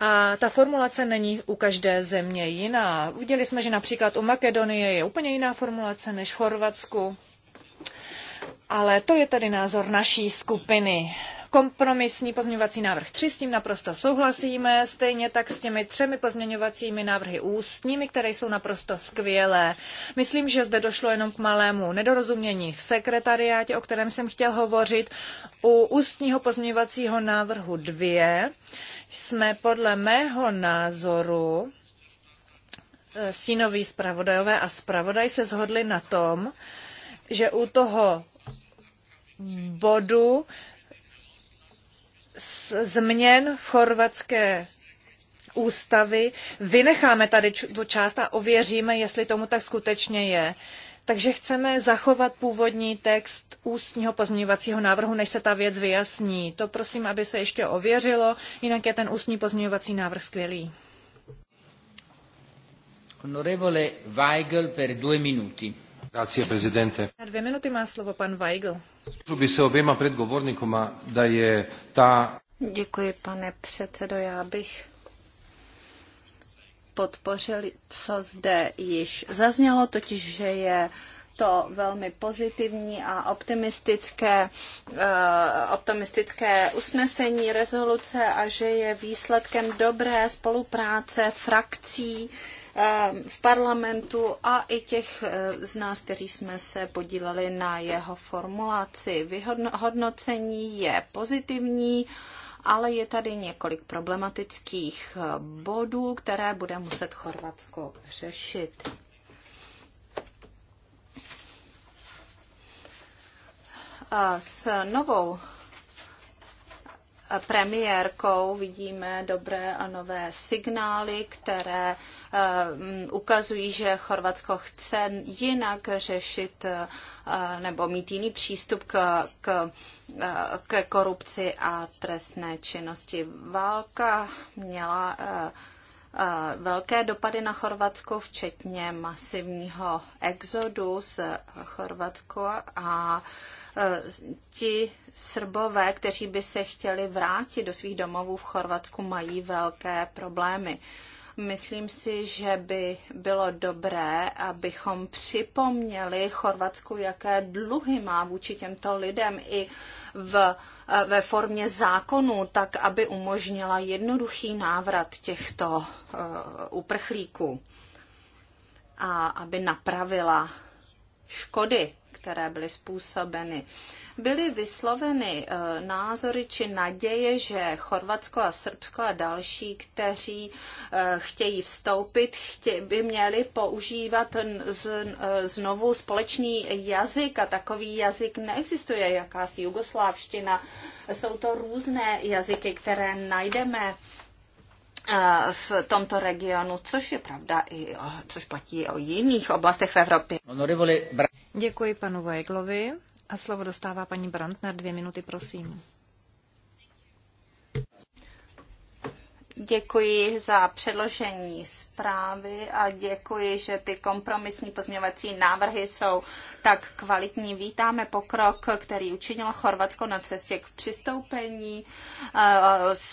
a ta formulace není u každé země jiná. Viděli jsme, že například u Makedonie je úplně jiná formulace než v Chorvatsku. Ale to je tedy názor naší skupiny. Kompromisní pozměňovací návrh 3, s tím naprosto souhlasíme, stejně tak s těmi třemi pozměňovacími návrhy ústními, které jsou naprosto skvělé. Myslím, že zde došlo jenom k malému nedorozumění v sekretariátě, o kterém jsem chtěl hovořit. U ústního pozměňovacího návrhu 2 jsme podle mého názoru eh, sinový zpravodajové a zpravodaj se shodli na tom, že u toho bodu změn v chorvatské ústavy. Vynecháme tady tu část a ověříme, jestli tomu tak skutečně je. Takže chceme zachovat původní text ústního pozměňovacího návrhu, než se ta věc vyjasní. To prosím, aby se ještě ověřilo, jinak je ten ústní pozměňovací návrh skvělý. Honorevole Weigel per due minuti. Grazie, prezidente. Na dvě slovo pan Weigl. By se oběma předgovorníkům, da je ta... Děkuji, pane předsedo. Já bych podpořil, co zde již zaznělo, totiž, že je to velmi pozitivní a optimistické, eh, optimistické usnesení rezoluce a že je výsledkem dobré spolupráce frakcí Eh, v parlamentu a i těch eh, z nás, kteří jsme se podíleli na jeho formulaci. Vyhodnocení je pozitivní, ale je tady několik problematických eh, bodů, které bude muset Chorvatsko řešit. S novou premiérkou vidíme dobré a nové signály, které eh, ukazují, že Chorvatsko chce jinak řešit eh, nebo mít jiný přístup k, k, eh, k korupci a trestné činnosti. Válka měla velké dopady na Chorvatsko, včetně masivního exodu z Chorvatsko a ti Srbové, kteří by se chtěli vrátit do svých domovů v Chorvatsku, mají velké problémy. Myslím si, že by bylo dobré, abychom připomněli Chorvatsku, jaké dluhy má vůči těmto lidem i v, ve formě zákonů, tak aby umožnila jednoduchý návrat těchto uh, uprchlíků a aby napravila škody, které byly způsobeny. Uh, byly vysloveny eh, názory či naděje, že Chorvatsko a Srbsko a další, kteří eh, chtějí vstoupit, by měli používat eh, znovu společný jazyk a takový jazyk neexistuje, jakási jugoslávština. Jsou to různé jazyky, které najdeme v tomto regionu, což je pravda i což platí o jiných oblastech v Evropě. Děkuji panu Vajglovi. A slovo dostává paní Brandt na dvě minuty, prosím. Děkuji za předložení zprávy a děkuji, že ty kompromisní pozměňovací návrhy jsou tak kvalitní. Vítáme pokrok, který učinilo Chorvatsko na cestě k přistoupení. Eh,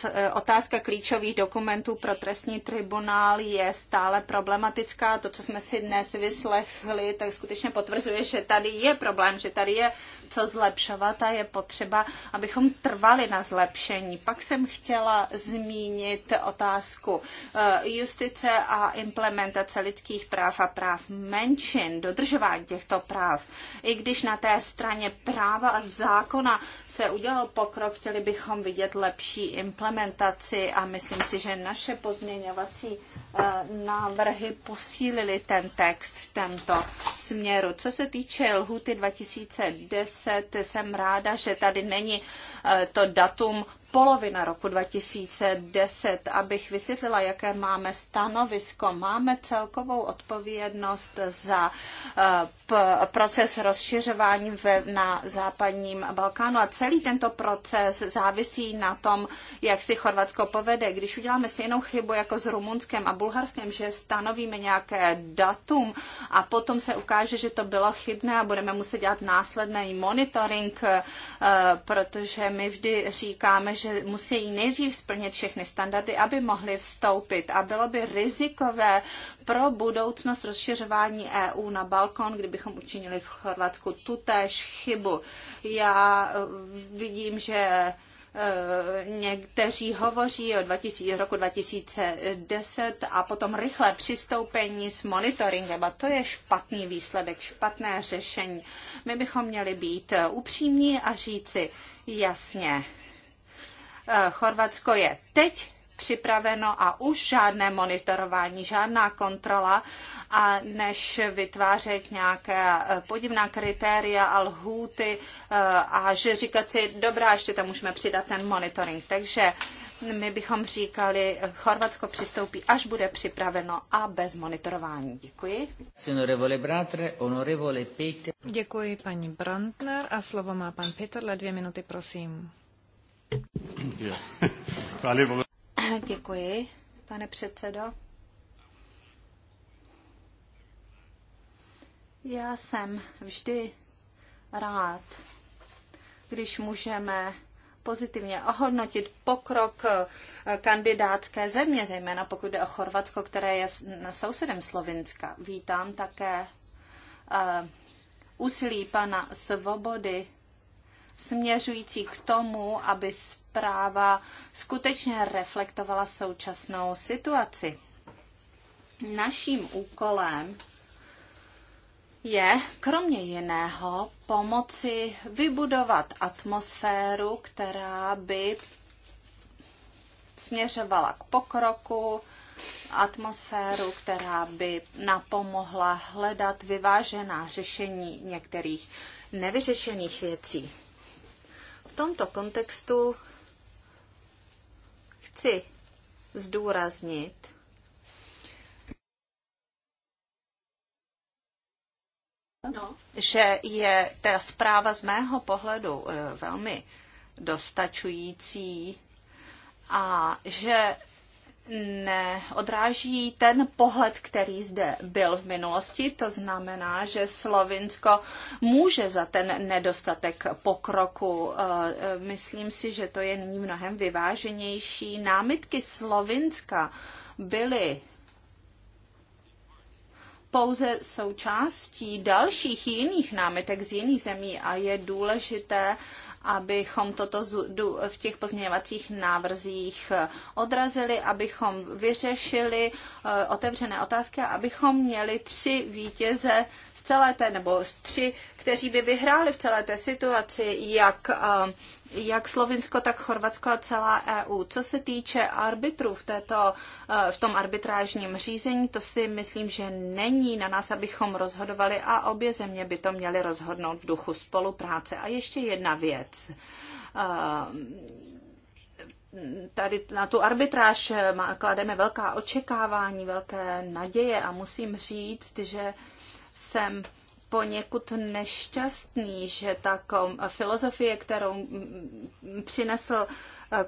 eh, otázka klíčových dokumentů pro trestní tribunál je stále problematická. To, co jsme si dnes vyslechli, tak skutečně potvrzuje, že tady je problém, že tady je co zlepšovat a je potřeba, abychom trvali na zlepšení. Pak jsem chtěla zmínit řešíte otázku eh, justice a implementace lidských práv a práv menšin, dodržování těchto práv. I když na té straně práva a zákona se udělal pokrok, chtěli bychom vidět lepší implementaci a myslím si, že naše pozměňovací eh, návrhy posílili ten text v tomto směru. Co se týče lhuty 2010, jsem ráda, že tady není eh, to datum polovina roku 2010. Abych vysvětlila, jaké máme stanovisko, máme celkovou odpovědnost za eh, proces rozšiřování ve, na západním Balkánu a celý tento proces závisí na tom, jak si Chorvatsko povede. Když uděláme stejnou chybu jako s Rumunskem a Bulharskem, že stanovíme nějaké datum a potom se ukáže, že to bylo chybné a budeme muset dělat následný monitoring, eh, protože my vždy říkáme, že že musí nejdřív splnit všechny standardy, aby mohli vstoupit. A bylo by rizikové pro budoucnost rozšiřování EU na balkon, kdybychom učinili v Chorvatsku tutéž chybu. Já eh, vidím, že eh, někteří hovoří o 2000, roku 2010 a potom rychle přistoupení s monitoringem a to je špatný výsledek, špatné řešení. My bychom měli být eh, upřímní a říci jasně, Eh, Chorvatsko je teď připraveno a už žádné monitorování, žádná kontrola a než vytvářet nějaké eh, podivná kritéria a lhůty eh, a že říkat si, dobrá, ještě tam můžeme přidat ten monitoring. Takže my bychom říkali, Chorvatsko přistoupí, až bude připraveno a bez monitorování. Děkuji. Děkuji paní Brandner a slovo má pan Peter, dvě minuty, prosím. Děkuji, pane předsedo. Já jsem vždy rád, když můžeme pozitivně ohodnotit pokrok kandidátské země, zejména pokud jde o Chorvatsko, které je sousedem Slovinska. Vítám také eh, úsilí pana Svobody směřující k tomu, aby zpráva skutečně reflektovala současnou situaci. Naším úkolem je kromě jiného pomoci vybudovat atmosféru, která by směřovala k pokroku, atmosféru, která by napomohla hledat vyvážená řešení některých nevyřešených věcí. V tomto kontextu chci zdůraznit, No. že je ta zpráva z mého pohledu eh, velmi dostačující a že neodráží ten pohled, který zde byl v minulosti. To znamená, že Slovinsko může za ten nedostatek pokroku. Eh, eh, myslím si, že to je nyní mnohem vyváženější. Námitky Slovinska byly pouze součástí dalších jiných námitek z jiných zemí a je důležité, abychom toto v těch pozměňovacích návrzích eh, odrazili, abychom vyřešili eh, otevřené otázky a abychom měli tři vítěze z celé té, nebo z tři, kteří by vyhráli v celé té situaci, jak eh, jak Slovinsko, tak Chorvatsko a celá EU. Co se týče arbitrů v, této, eh, v tom arbitrážním řízení, to si myslím, že není na nás, abychom rozhodovali a obě země by to měly rozhodnout v duchu spolupráce. A ještě jedna věc eh, tady na tu arbitráž eh, klademe velká očekávání, velké naděje a musím říct, že jsem poněkud nešťastný, že ta kom, filozofie, kterou přinesl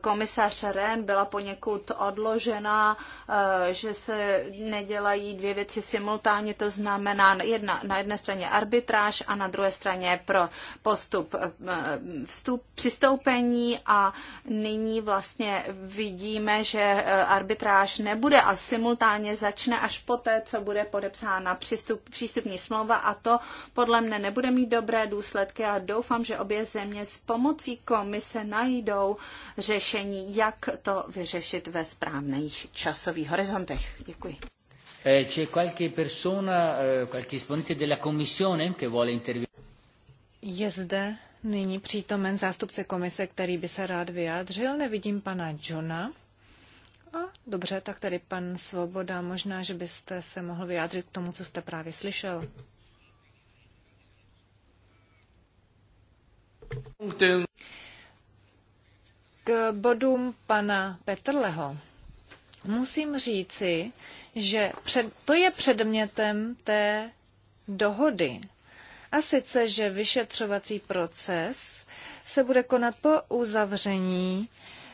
komisař Ren byla poněkud odložena, eh, že se nedělají dvě věci simultánně, to znamená jedna, na jedné straně arbitráž a na druhé straně pro postup eh, vstup, přistoupení a nyní vlastně vidíme, že eh, arbitráž nebude a simultánně začne až poté, co bude podepsána přístupní smlouva a to podle mne nebude mít dobré důsledky a doufám, že obě země s pomocí komise najdou řešení řešení, jak to vyřešit ve správných časových horizontech. Děkuji. Eh, eh, Je zde nyní přítomen zástupce komise, který by se rád vyjádřil. Nevidím pana Johna. A dobře, tak tady pan Svoboda, možná, že byste se mohl vyjádřit k tomu, co jste právě slyšel. K bodům pana Petrleho musím říci, že před, to je předmětem té dohody. A sice, že vyšetřovací proces se bude konat po uzavření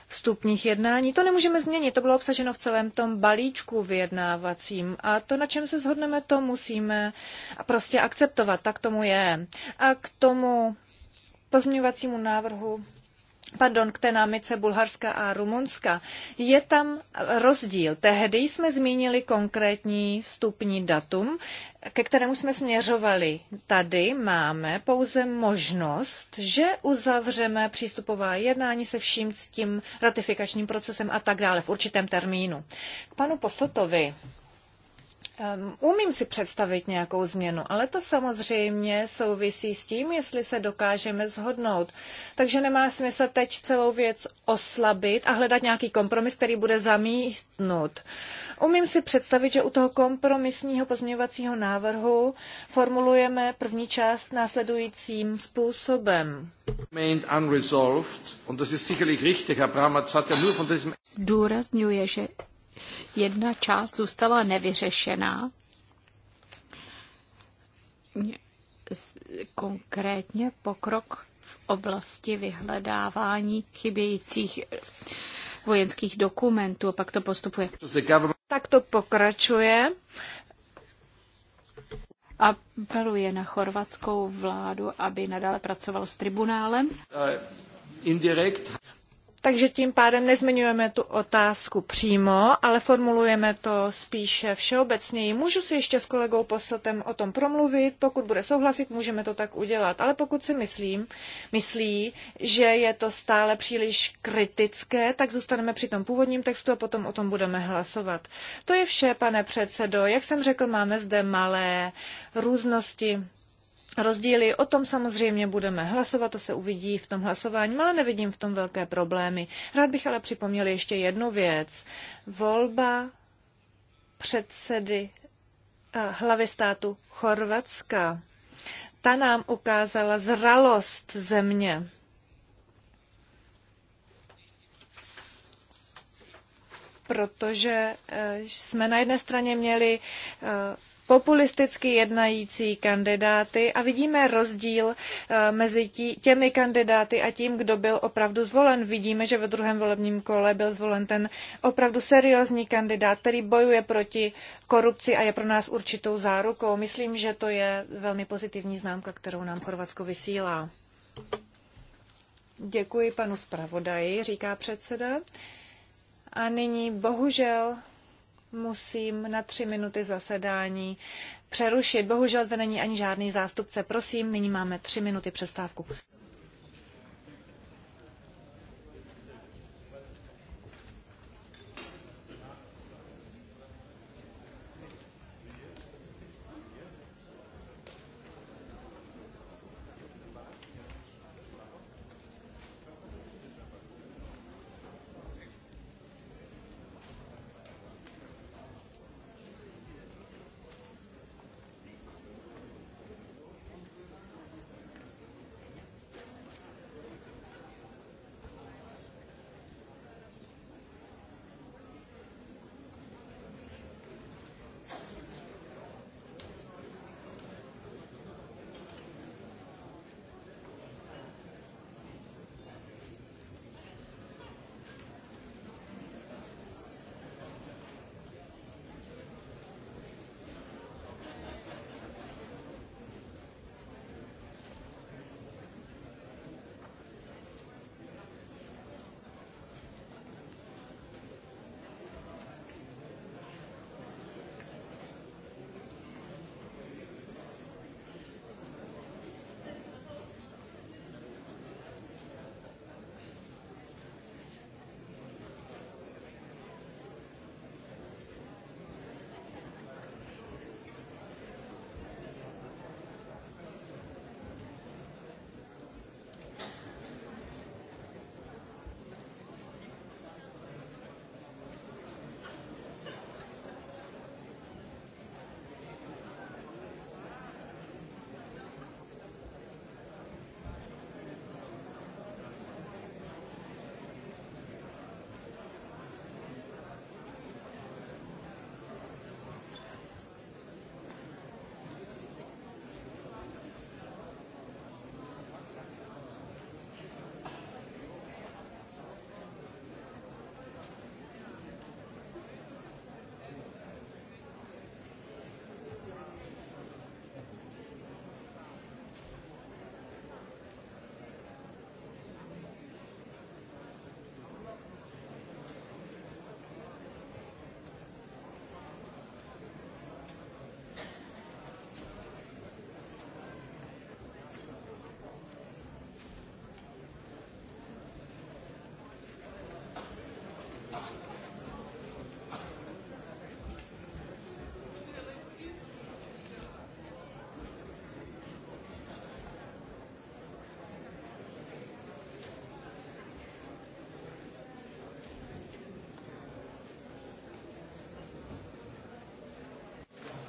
vstupních jednání. To nemůžeme změnit, to bylo obsaženo v celém tom balíčku vyjednávacím a to, na čem se shodneme, to musíme prostě akceptovat, tak tomu je. A k tomu pozměňovacímu návrhu pardon, k té námice Bulharska a Rumunska, je tam rozdíl. Tehdy jsme zmínili konkrétní vstupní datum, ke kterému jsme směřovali. Tady máme pouze možnost, že uzavřeme přístupová jednání se vším s tím ratifikačním procesem a tak dále v určitém termínu. K panu Posotovi Ehm, umím si představit nějakou změnu, ale to samozřejmě souvisí s tím, jestli se dokážeme zhodnout. Takže nemá smysl teď celou věc oslabit a hledat nějaký kompromis, který bude zamítnut. Umím si představit, že u toho kompromisního pozměňovacího návrhu formulujeme první část následujícím způsobem. Zdůrazňuje, že Jedna část zůstala nevyřešená. Konkrétně pokrok v oblasti vyhledávání chybějících vojenských dokumentů. A pak to postupuje. Tak to pokračuje. Apeluje na chorvatskou vládu, aby nadále pracoval s tribunálem. Eh, indirekt. Takže tím pádem nezmiňujeme tu otázku přímo, ale formulujeme to spíše všeobecněji. Můžu si ještě s kolegou Posotem o tom promluvit, pokud bude souhlasit, můžeme to tak udělat. Ale pokud si myslím, myslí, že je to stále příliš kritické, tak zůstaneme při tom původním textu a potom o tom budeme hlasovat. To je vše, pane předsedo. Jak jsem řekl, máme zde malé různosti rozdíly. O tom samozřejmě budeme hlasovat, to se uvidí v tom hlasování, ale nevidím v tom velké problémy. Rád bych ale připomněl ještě jednu věc. Volba předsedy eh, hlavy státu Chorvatska. Ta nám ukázala zralost země. Protože eh, jsme na jedné straně měli eh, populisticky jednající kandidáty a vidíme rozdíl eh, mezi těmi kandidáty a tím, kdo byl opravdu zvolen. Vidíme, že ve druhém volebním kole byl zvolen ten opravdu seriózní kandidát, který bojuje proti korupci a je pro nás určitou zárukou. Myslím, že to je velmi pozitivní známka, kterou nám Chorvatsko vysílá. Děkuji panu zpravodaji, říká předseda. A nyní bohužel musím na tři minuty zasedání přerušit. Bohužel zde není ani žádný zástupce. Prosím, nyní máme tři minuty přestávku.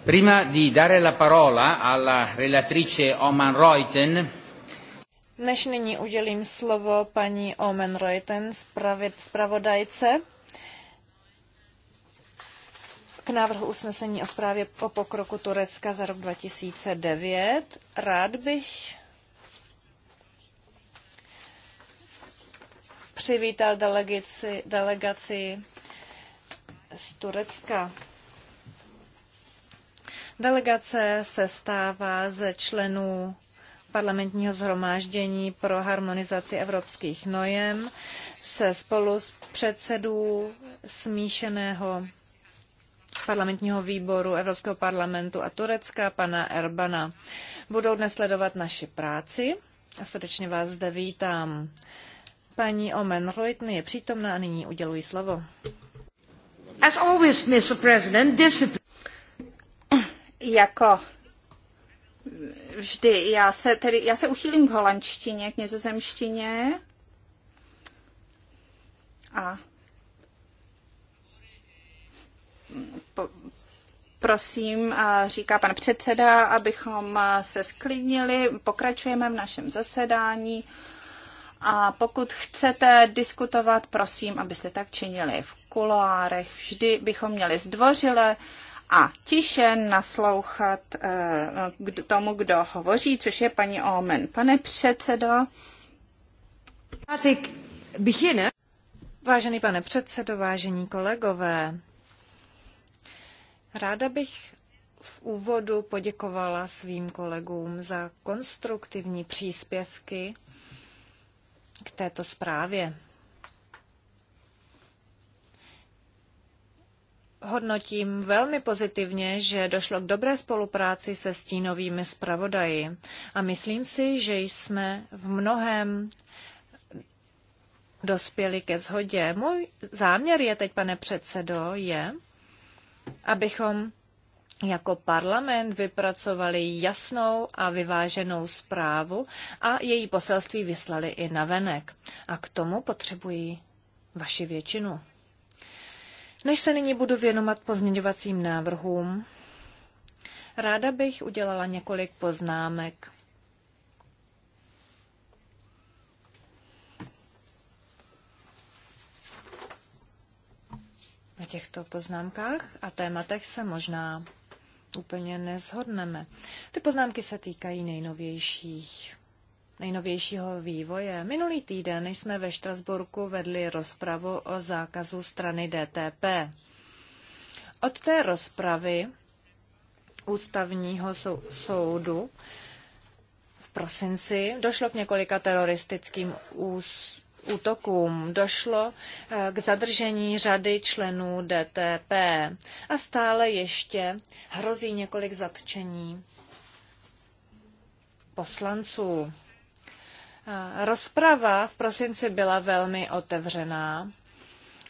Prima di dare la parola alla relatrice Oman Reuten, než nyní udělím slovo paní Omen Reuten, zpravodajce, k návrhu usnesení o zprávě o pokroku Turecka za rok 2009. Rád bych přivítal delegaci, delegaci z Turecka. Delegace se stává ze členů parlamentního zhromáždění pro harmonizaci evropských nojem se spolu s předsedů smíšeného parlamentního výboru Evropského parlamentu a Turecka, pana Erbana. Budou dnes sledovat naši práci a srdečně vás zde vítám. Paní Omen Reutn je přítomná a nyní uděluji slovo. As always, Mr. President, discipline jako vždy, já se, tedy, já se uchýlím k holandštině, k nizozemštině. A po, prosím, říká pan předseda, abychom se sklidnili. Pokračujeme v našem zasedání. A pokud chcete diskutovat, prosím, abyste tak činili v kuloárech. Vždy bychom měli zdvořile uh, a tiše naslouchat eh, k tomu, kdo hovoří, což je paní Omen. Pane předsedo. Eh? Vážený pane předsedo, vážení kolegové, ráda bych v úvodu poděkovala svým kolegům za konstruktivní příspěvky k této zprávě. hodnotím velmi pozitivně, že došlo k dobré spolupráci se stínovými zpravodaji a myslím si, že jsme v mnohem dospěli ke shodě. Můj záměr je teď, pane předsedo, je, abychom jako parlament vypracovali jasnou a vyváženou zprávu a její poselství vyslali i na venek. A k tomu potřebují vaši většinu. Než se nyní budu věnovat pozměňovacím návrhům, ráda bych udělala několik poznámek. Na těchto poznámkách a tématech se možná úplně nezhodneme. Ty poznámky se týkají nejnovějších nejnovějšího vývoje. Minulý týden jsme ve Štrasburku vedli rozpravu o zákazu strany DTP. Od té rozpravy ústavního soudu v prosinci došlo k několika teroristickým ús útokům. Došlo eh, k zadržení řady členů DTP a stále ještě hrozí několik zatčení poslanců. Rozprava v prosinci byla velmi otevřená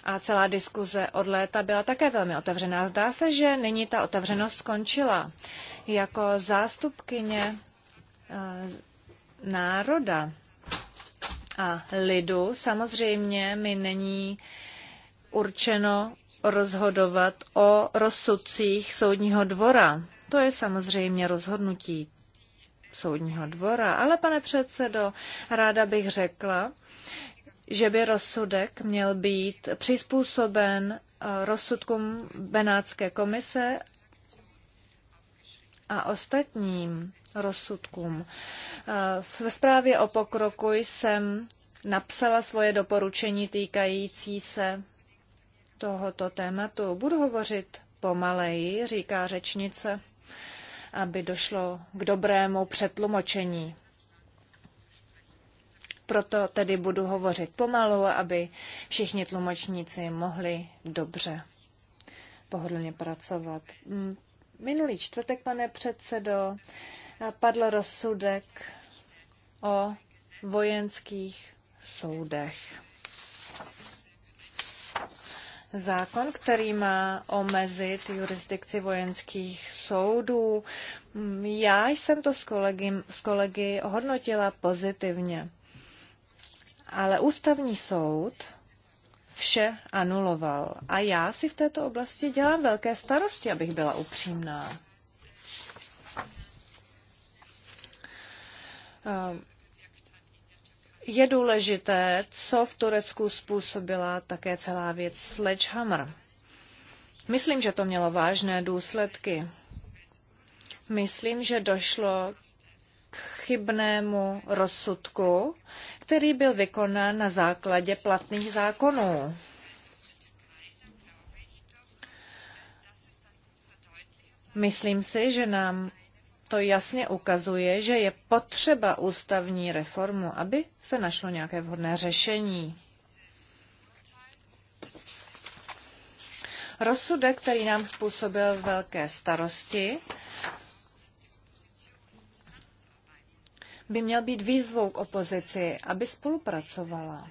a celá diskuze od léta byla také velmi otevřená. Zdá se, že nyní ta otevřenost skončila. Jako zástupkyně eh, národa a lidu samozřejmě mi není určeno rozhodovat o rozsudcích soudního dvora. To je samozřejmě rozhodnutí soudního dvora. Ale, pane předsedo, ráda bych řekla, že by rozsudek měl být přizpůsoben eh, rozsudkům Benátské komise a ostatním rozsudkům. Eh, ve zprávě o pokroku jsem napsala svoje doporučení týkající se tohoto tématu. Budu hovořit pomaleji, říká řečnice aby došlo k dobrému přetlumočení. Proto tedy budu hovořit pomalu, aby všichni tlumočníci mohli dobře pohodlně pracovat. Minulý čtvrtek, pane předsedo, padl rozsudek o vojenských soudech zákon, který má omezit jurisdikci vojenských soudů. Já jsem to s kolegy, s kolegy hodnotila pozitivně. Ale ústavní soud vše anuloval. A já si v této oblasti dělám velké starosti, abych byla upřímná. Um je důležité, co v Turecku způsobila také celá věc Sledgehammer. Myslím, že to mělo vážné důsledky. Myslím, že došlo k chybnému rozsudku, který byl vykonán na základě platných zákonů. Myslím si, že nám to jasně ukazuje, že je potřeba ústavní reformu, aby se našlo nějaké vhodné řešení. Rozsudek, který nám způsobil velké starosti, by měl být výzvou k opozici, aby spolupracovala.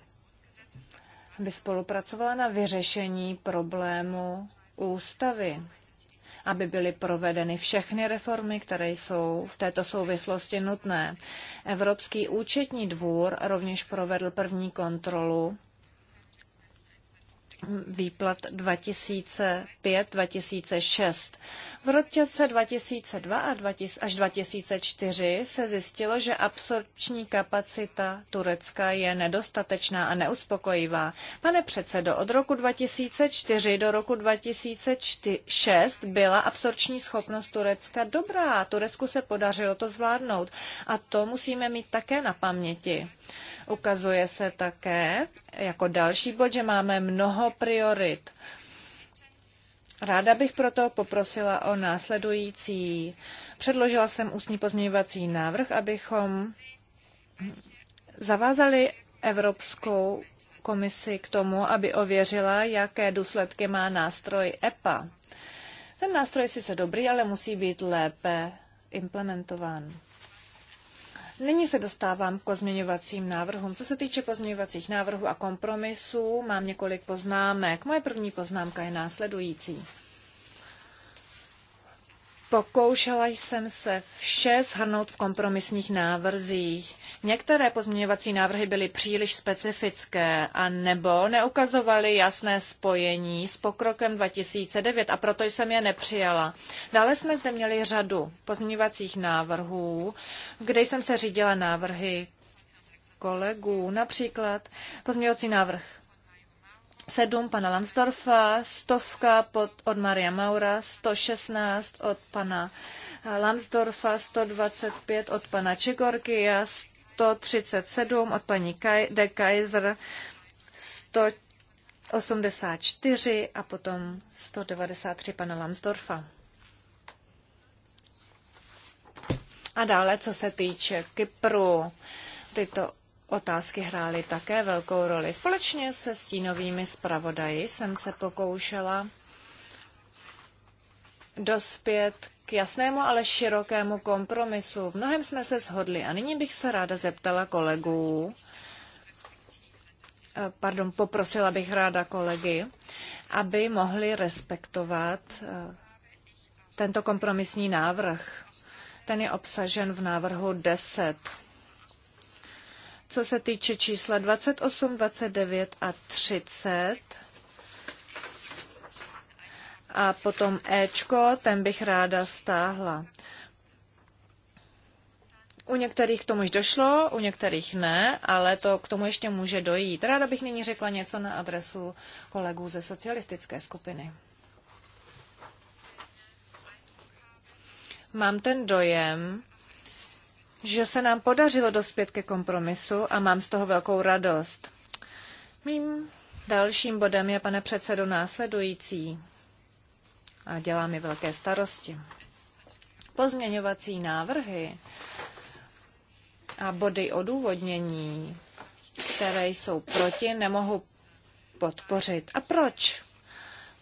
Aby spolupracovala na vyřešení problému ústavy aby byly provedeny všechny reformy, které jsou v této souvislosti nutné. Evropský účetní dvůr rovněž provedl první kontrolu výplat 2005-2006. V roce 2002 až 2004 se zjistilo, že absorpční kapacita Turecka je nedostatečná a neuspokojivá. Pane předsedo, od roku 2004 do roku 2006 byla absorpční schopnost Turecka dobrá. Turecku se podařilo to zvládnout a to musíme mít také na paměti. Ukazuje se také jako další bod, že máme mnoho priorit. Ráda bych proto poprosila o následující. Předložila jsem ústní pozměňovací návrh, abychom zavázali Evropskou komisi k tomu, aby ověřila, jaké důsledky má nástroj EPA. Ten nástroj je sice dobrý, ale musí být lépe implementován. Nyní se dostávám k pozměňovacím návrhům. Co se týče pozměňovacích návrhů a kompromisů, mám několik poznámek. Moje první poznámka je následující. Pokoušela jsem se vše shrnout v kompromisních návrzích. Některé pozměňovací návrhy byly příliš specifické a nebo neukazovaly jasné spojení s pokrokem 2009 a proto jsem je nepřijala. Dále jsme zde měli řadu pozměňovacích návrhů, kde jsem se řídila návrhy kolegů, například pozměňovací návrh 7 pana Lambsdorfa, stovka pod, od Maria Maura, 116 od pana Lambsdorfa, 125 od pana Čegorgia, 137 od paní de Kaiser, 184 a potom 193 pana Lambsdorfa. A dále, co se týče Kypru, tyto otázky hrály také velkou roli. Společně se stínovými zpravodaji jsem se pokoušela dospět k jasnému, ale širokému kompromisu. V mnohem jsme se shodli a nyní bych se ráda zeptala kolegů, eh, pardon, poprosila bych ráda kolegy, aby mohli respektovat eh, tento kompromisní návrh. Ten je obsažen v návrhu 10 co se týče čísla 28, 29 a 30. A potom Ečko, ten bych ráda stáhla. U některých k tomu již došlo, u některých ne, ale to k tomu ještě může dojít. Ráda bych nyní řekla něco na adresu kolegů ze socialistické skupiny. Mám ten dojem, že se nám podařilo dospět ke kompromisu a mám z toho velkou radost. Mým dalším bodem je, pane předsedo, následující a dělá mi velké starosti. Pozměňovací návrhy a body odůvodnění, které jsou proti, nemohu podpořit. A proč?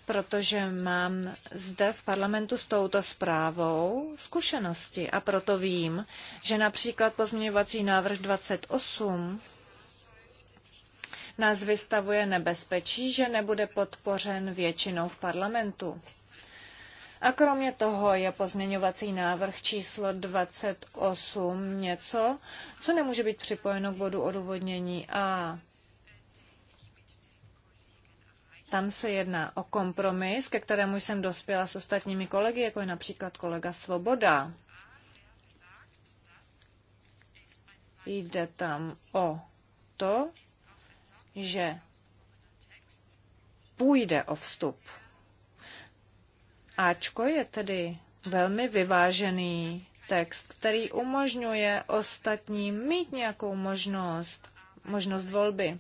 protože mám zde v parlamentu s touto zprávou zkušenosti a proto vím, že například pozměňovací návrh 28 nás vystavuje nebezpečí, že nebude podpořen většinou v parlamentu. A kromě toho je pozměňovací návrh číslo 28 něco, co nemůže být připojeno k bodu odůvodnění A. Tam se jedná o kompromis, ke kterému jsem dospěla s ostatními kolegy, jako je například kolega Svoboda. Jde tam o to, že půjde o vstup. Ačko je tedy velmi vyvážený text, který umožňuje ostatním mít nějakou možnost, možnost volby.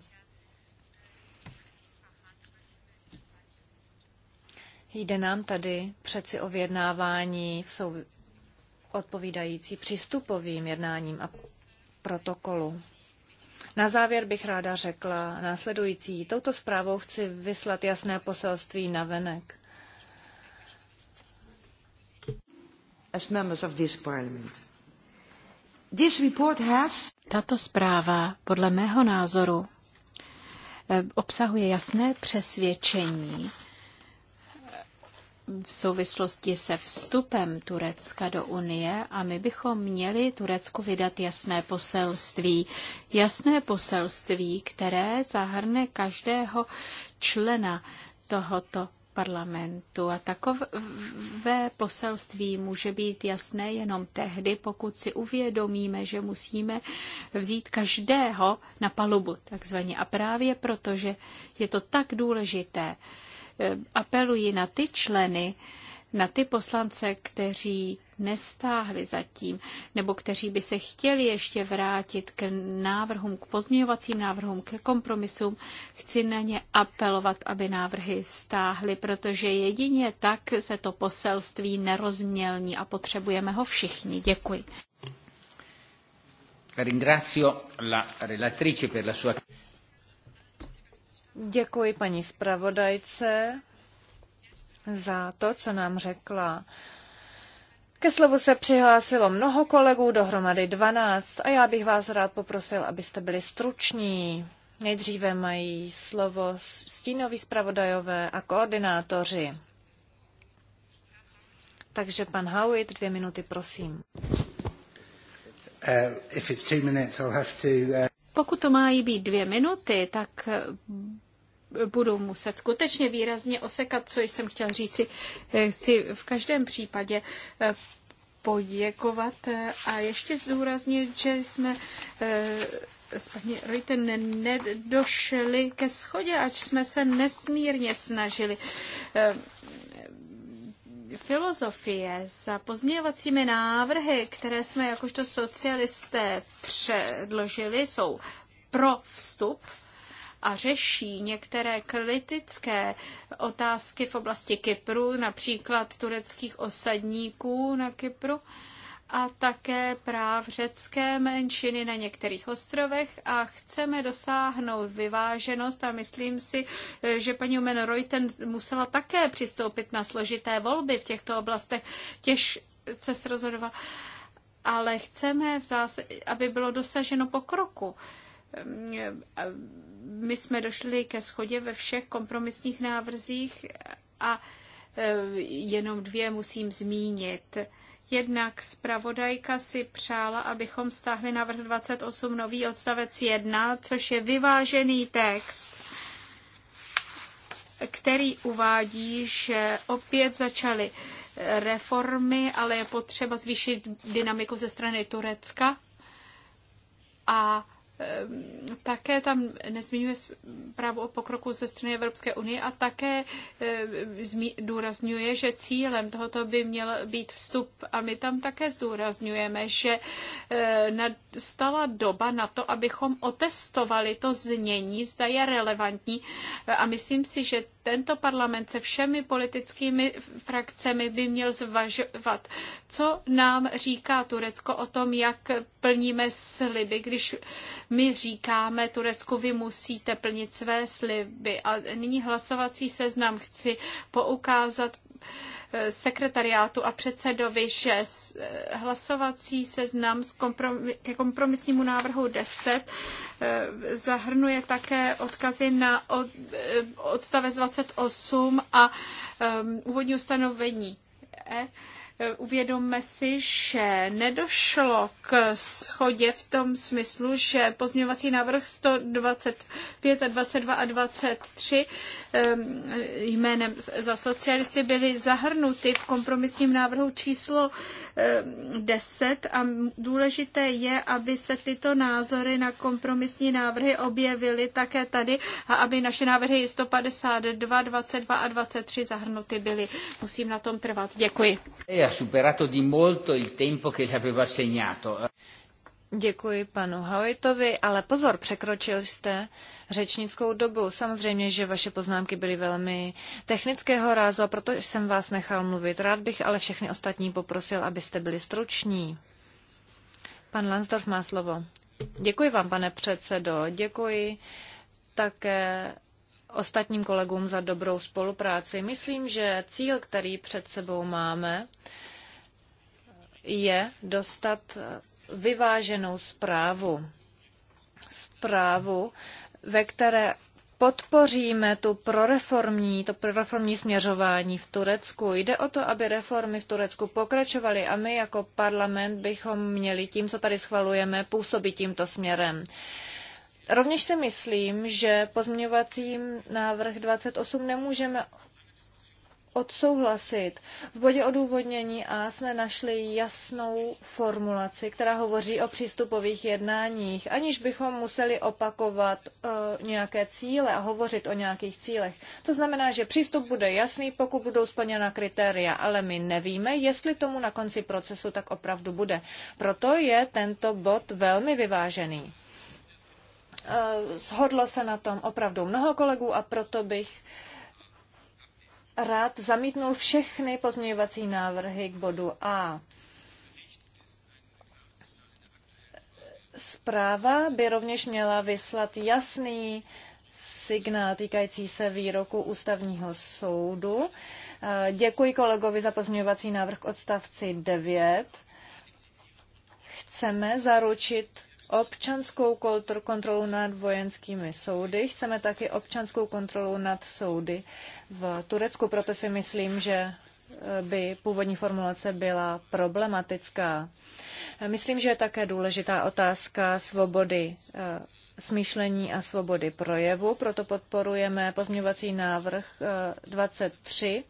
Jde nám tady přeci o vyjednávání v sou... odpovídající přístupovým jednáním a protokolu. Na závěr bych ráda řekla následující. Touto zprávou chci vyslat jasné poselství na venek. As members of this parliament. This report has... Tato zpráva, podle mého názoru, eh, obsahuje jasné přesvědčení, v souvislosti se vstupem Turecka do Unie a my bychom měli Turecku vydat jasné poselství. Jasné poselství, které zahrne každého člena tohoto parlamentu. A takové poselství může být jasné jenom tehdy, pokud si uvědomíme, že musíme vzít každého na palubu, takzvaně. A právě protože je to tak důležité, Eh, apeluji na ty členy, na ty poslance, kteří nestáhli zatím, nebo kteří by se chtěli ještě vrátit k návrhům, k pozměňovacím návrhům, ke kompromisům, chci na ně apelovat, aby návrhy stáhly, protože jedině tak se to poselství nerozmělní a potřebujeme ho všichni. Děkuji. Ringrazio la relatrice per la sua... Děkuji paní zpravodajce za to, co nám řekla. Ke slovu se přihlásilo mnoho kolegů, dohromady 12, a já bych vás rád poprosil, abyste byli struční. Nejdříve mají slovo stínoví zpravodajové a koordinátoři. Takže pan Howitt, dvě minuty, prosím. Uh, if it's two minutes, I'll have to, uh... Pokud to mají být dvě minuty, tak budu muset skutečně výrazně osekat, co jsem chtěl říci. Chci v každém případě eh, poděkovat eh, a ještě zdůraznit, že jsme eh, s paní Reuten nedošli ke schodě, ač jsme se nesmírně snažili filozofie za pozměňovacími návrhy, které jsme jakožto socialisté předložili, jsou pro vstup a řeší některé kritické otázky v oblasti Kypru, například tureckých osadníků na Kypru a také práv řecké menšiny na některých ostrovech a chceme dosáhnout vyváženost a myslím si, že paní Umen Reuten musela také přistoupit na složité volby v těchto oblastech. Těžce se rozhodovala. Ale chceme, v zásad, aby bylo dosaženo pokroku my jsme došli ke schodě ve všech kompromisních návrzích a e, jenom dvě musím zmínit. Jednak zpravodajka si přála, abychom stáhli návrh 28 nový odstavec 1, což je vyvážený text, který uvádí, že opět začaly reformy, ale je potřeba zvýšit dynamiku ze strany Turecka a Ehm, také tam nezmiňuje právo o pokroku ze strany Evropské unie a také ehm, důrazňuje, že cílem tohoto by měl být vstup. A my tam také zdůrazňujeme, že ehm, nastala doba na to, abychom otestovali to znění, zda je relevantní. A myslím si, že tento parlament se všemi politickými frakcemi by měl zvažovat, co nám říká Turecko o tom, jak plníme sliby, když my říkáme Turecku, vy musíte plnit své sliby. A nyní hlasovací seznam chci poukázat sekretariátu a předsedovi, že eh, hlasovací seznam ke kompromisnímu návrhu 10 eh, zahrnuje také odkazy na eh, odstavec 28 a úvodní ustanovení E Uvědomme si, že nedošlo k schodě v tom smyslu, že pozměňovací návrh 125 a 22 a 23 jménem za socialisty byly zahrnuty v kompromisním návrhu číslo 10 a důležité je, aby se tyto názory na kompromisní návrhy objevily také tady a aby naše návrhy 152, 22 a 23 zahrnuty byly. Musím na tom trvat. Děkuji. Je superato di molto il tempo che gli aveva segnato. Děkuji panu Hojtovi, ale pozor, překročil jste řečnickou dobu. Samozřejmě, že vaše poznámky byly velmi technického rázu a proto jsem vás nechal mluvit. Rád bych ale všechny ostatní poprosil, abyste byli struční. Pan Lansdorf má slovo. Děkuji vám, pane předsedo. Děkuji také ostatním kolegům za dobrou spolupráci. Myslím, že cíl, který před sebou máme, je dostat vyváženou zprávu. Zprávu, ve které podpoříme tu proreformní, to proreformní směřování v Turecku. Jde o to, aby reformy v Turecku pokračovaly a my jako parlament bychom měli tím, co tady schvalujeme, působit tímto směrem. Rovněž si myslím, že pozměňovacím návrh 28 nemůžeme odsouhlasit. V bodě odůvodnění A jsme našli jasnou formulaci, která hovoří o přístupových jednáních, aniž bychom museli opakovat eh, nějaké cíle a hovořit o nějakých cílech. To znamená, že přístup bude jasný, pokud budou splněna kritéria, ale my nevíme, jestli tomu na konci procesu tak opravdu bude. Proto je tento bod velmi vyvážený. Eh, shodlo se na tom opravdu mnoho kolegů a proto bych rád zamítnul všechny pozměňovací návrhy k bodu A. Zpráva by rovněž měla vyslat jasný signál týkající se výroku ústavního soudu. Eh, děkuji kolegovi za pozměňovací návrh k odstavci 9. Chceme zaručit občanskou kontrolu nad vojenskými soudy, chceme taky občanskou kontrolu nad soudy v Turecku, proto si myslím, že eh, by původní formulace byla problematická. Myslím, že je také důležitá otázka svobody eh, smýšlení a svobody projevu, proto podporujeme pozměňovací návrh 23 eh,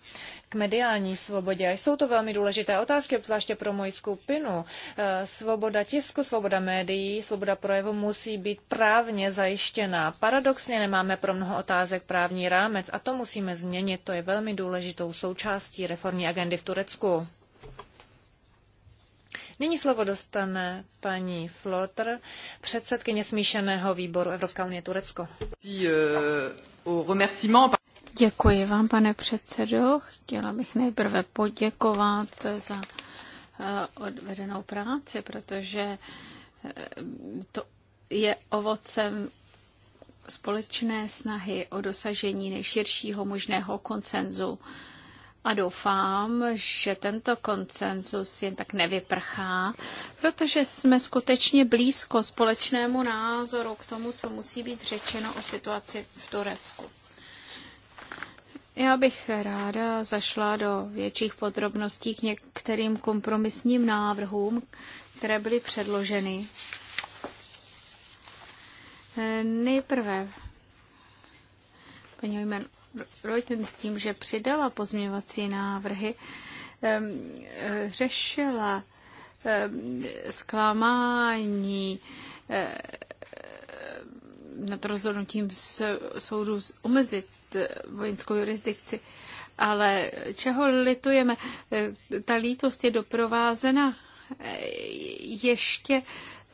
k mediální svobodě. A Jsou to velmi důležité otázky, obzvláště pro moji skupinu. Eh, svoboda tisku, svoboda médií, svoboda projevu musí být právně zajištěná. Paradoxně nemáme pro mnoho otázek právní rámec a to musíme změnit. To je velmi důležitou součástí reformní agendy v Turecku. Nyní slovo dostane paní Flotr, předsedkyně smíšeného výboru Evropská unie Turecko. Eh, Děkuji vám, pane předsedo. Chtěla bych nejprve poděkovat za eh, odvedenou práci, protože eh, to je ovocem společné snahy o dosažení nejširšího možného koncenzu a doufám, že tento koncenzus jen tak nevyprchá, protože jsme skutečně blízko společnému názoru k tomu, co musí být řečeno o situaci v Turecku. Já bych ráda zašla do větších podrobností k některým kompromisním návrhům, které byly předloženy. Nejprve, paní jmenu, Reuters s tím, že přidala pozměvací návrhy, eh, řešila zklamání eh, nad rozhodnutím soudu omezit eh, vojenskou jurisdikci. Ale čeho litujeme? Ta lítost je doprovázena ještě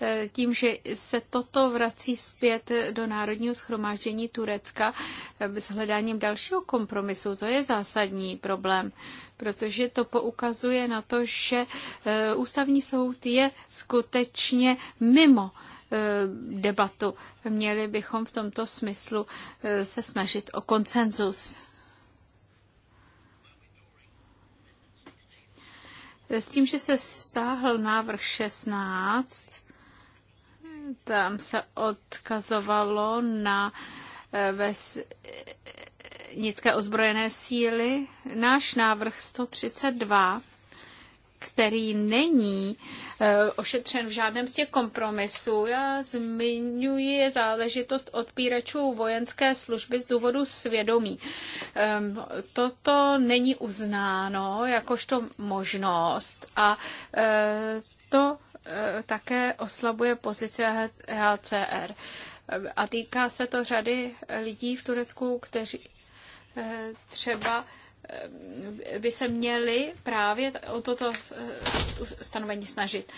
Eh, tím, že se toto vrací zpět do Národního schromáždění Turecka eh, s hledáním dalšího kompromisu. To je zásadní problém, protože to poukazuje na to, že eh, ústavní soud je skutečně mimo debatu. Měli bychom v tomto smyslu se snažit o konsenzus. S tím, že se stáhl návrh 16, tam se odkazovalo na eh, ves, eh, nické ozbrojené síly. Náš návrh 132, který není eh, ošetřen v žádném z těch kompromisů. Já zmiňuji záležitost odpíračů vojenské služby z důvodu svědomí. Ehm, toto není uznáno jakožto možnost a to Eh, také oslabuje pozici HCR. A týká se to řady lidí v Turecku, kteří eh, třeba eh, by se měli právě o toto stanovení snažit.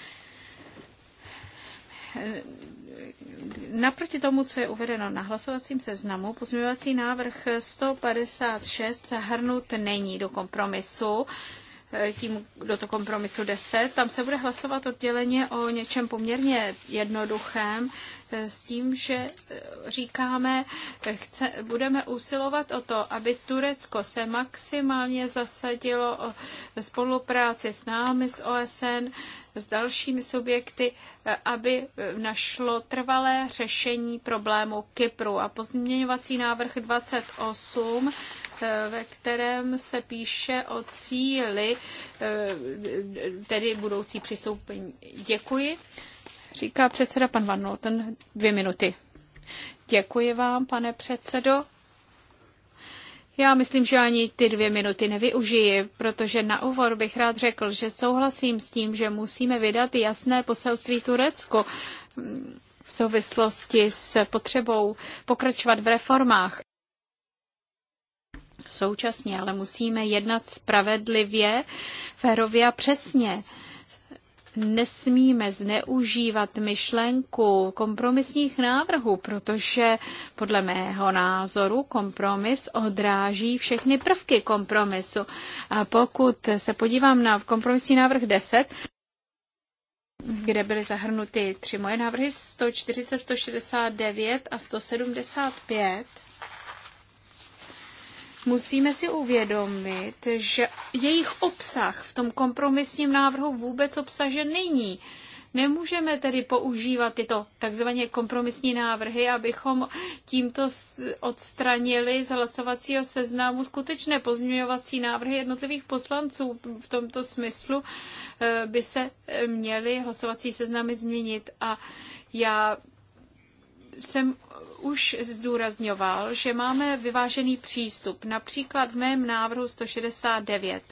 Naproti tomu, co je uvedeno na hlasovacím seznamu, pozměňovací návrh 156 zahrnut není do kompromisu tím do toho kompromisu 10. Tam se bude hlasovat odděleně o něčem poměrně jednoduchém, eh, s tím, že eh, říkáme, eh, chce, budeme usilovat o to, aby Turecko se maximálně zasadilo o spolupráci s námi, s OSN, s dalšími subjekty, aby našlo trvalé řešení problému Kypru. A pozměňovací návrh 28 ve kterém se píše o cíli, eh, tedy budoucí přistoupení. Děkuji, říká předseda pan Van ten dvě minuty. Děkuji vám, pane předsedo. Já myslím, že ani ty dvě minuty nevyužiji, protože na úvod bych rád řekl, že souhlasím s tím, že musíme vydat jasné poselství Turecku v souvislosti s potřebou pokračovat v reformách Současně ale musíme jednat spravedlivě, férově a přesně nesmíme zneužívat myšlenku kompromisních návrhů, protože podle mého názoru kompromis odráží všechny prvky kompromisu. A pokud se podívám na kompromisní návrh 10, kde byly zahrnuty tři moje návrhy 140, 169 a 175, musíme si uvědomit, že jejich obsah v tom kompromisním návrhu vůbec obsažen není. Nemůžeme tedy používat tyto takzvané kompromisní návrhy, abychom tímto odstranili z hlasovacího seznamu skutečné pozměňovací návrhy jednotlivých poslanců. V tomto smyslu eh, by se měly hlasovací seznamy změnit a já jsem už zdůrazňoval, že máme vyvážený přístup. Například v mém návrhu 169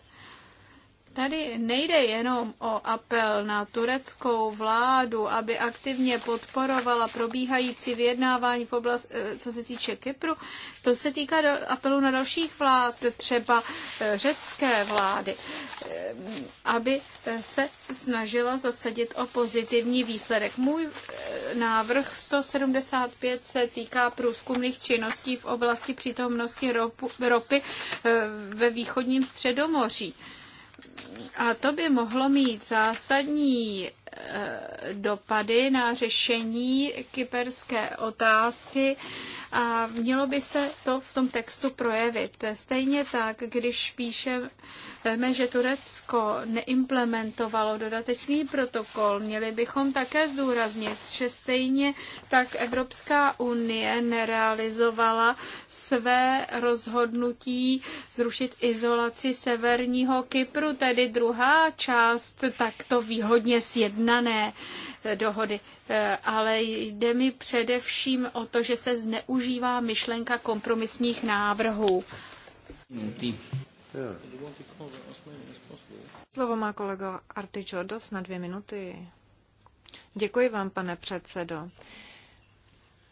Tady nejde jenom o apel na tureckou vládu, aby aktivně podporovala probíhající vyjednávání v oblast, eh, co se týče Kypru. To se týká apelu na dalších vlád, třeba eh, řecké vlády, eh, aby se snažila zasadit o pozitivní výsledek. Můj návrh 175 se týká průzkumných činností v oblasti přítomnosti ropy ve východním středomoří. A to by mohlo mít zásadní dopady na řešení kyperské otázky a mělo by se to v tom textu projevit. Stejně tak, když píšeme, že Turecko neimplementovalo dodatečný protokol, měli bychom také zdůraznit, že stejně tak Evropská unie nerealizovala své rozhodnutí zrušit izolaci severního Kypru, tedy druhá část takto výhodně sjednotila vyrovnané eh, dohody, eh, ale jde mi především o to, že se zneužívá myšlenka kompromisních návrhů. Slovo má kolega Artičodos na dvě minuty. Děkuji vám, pane předsedo.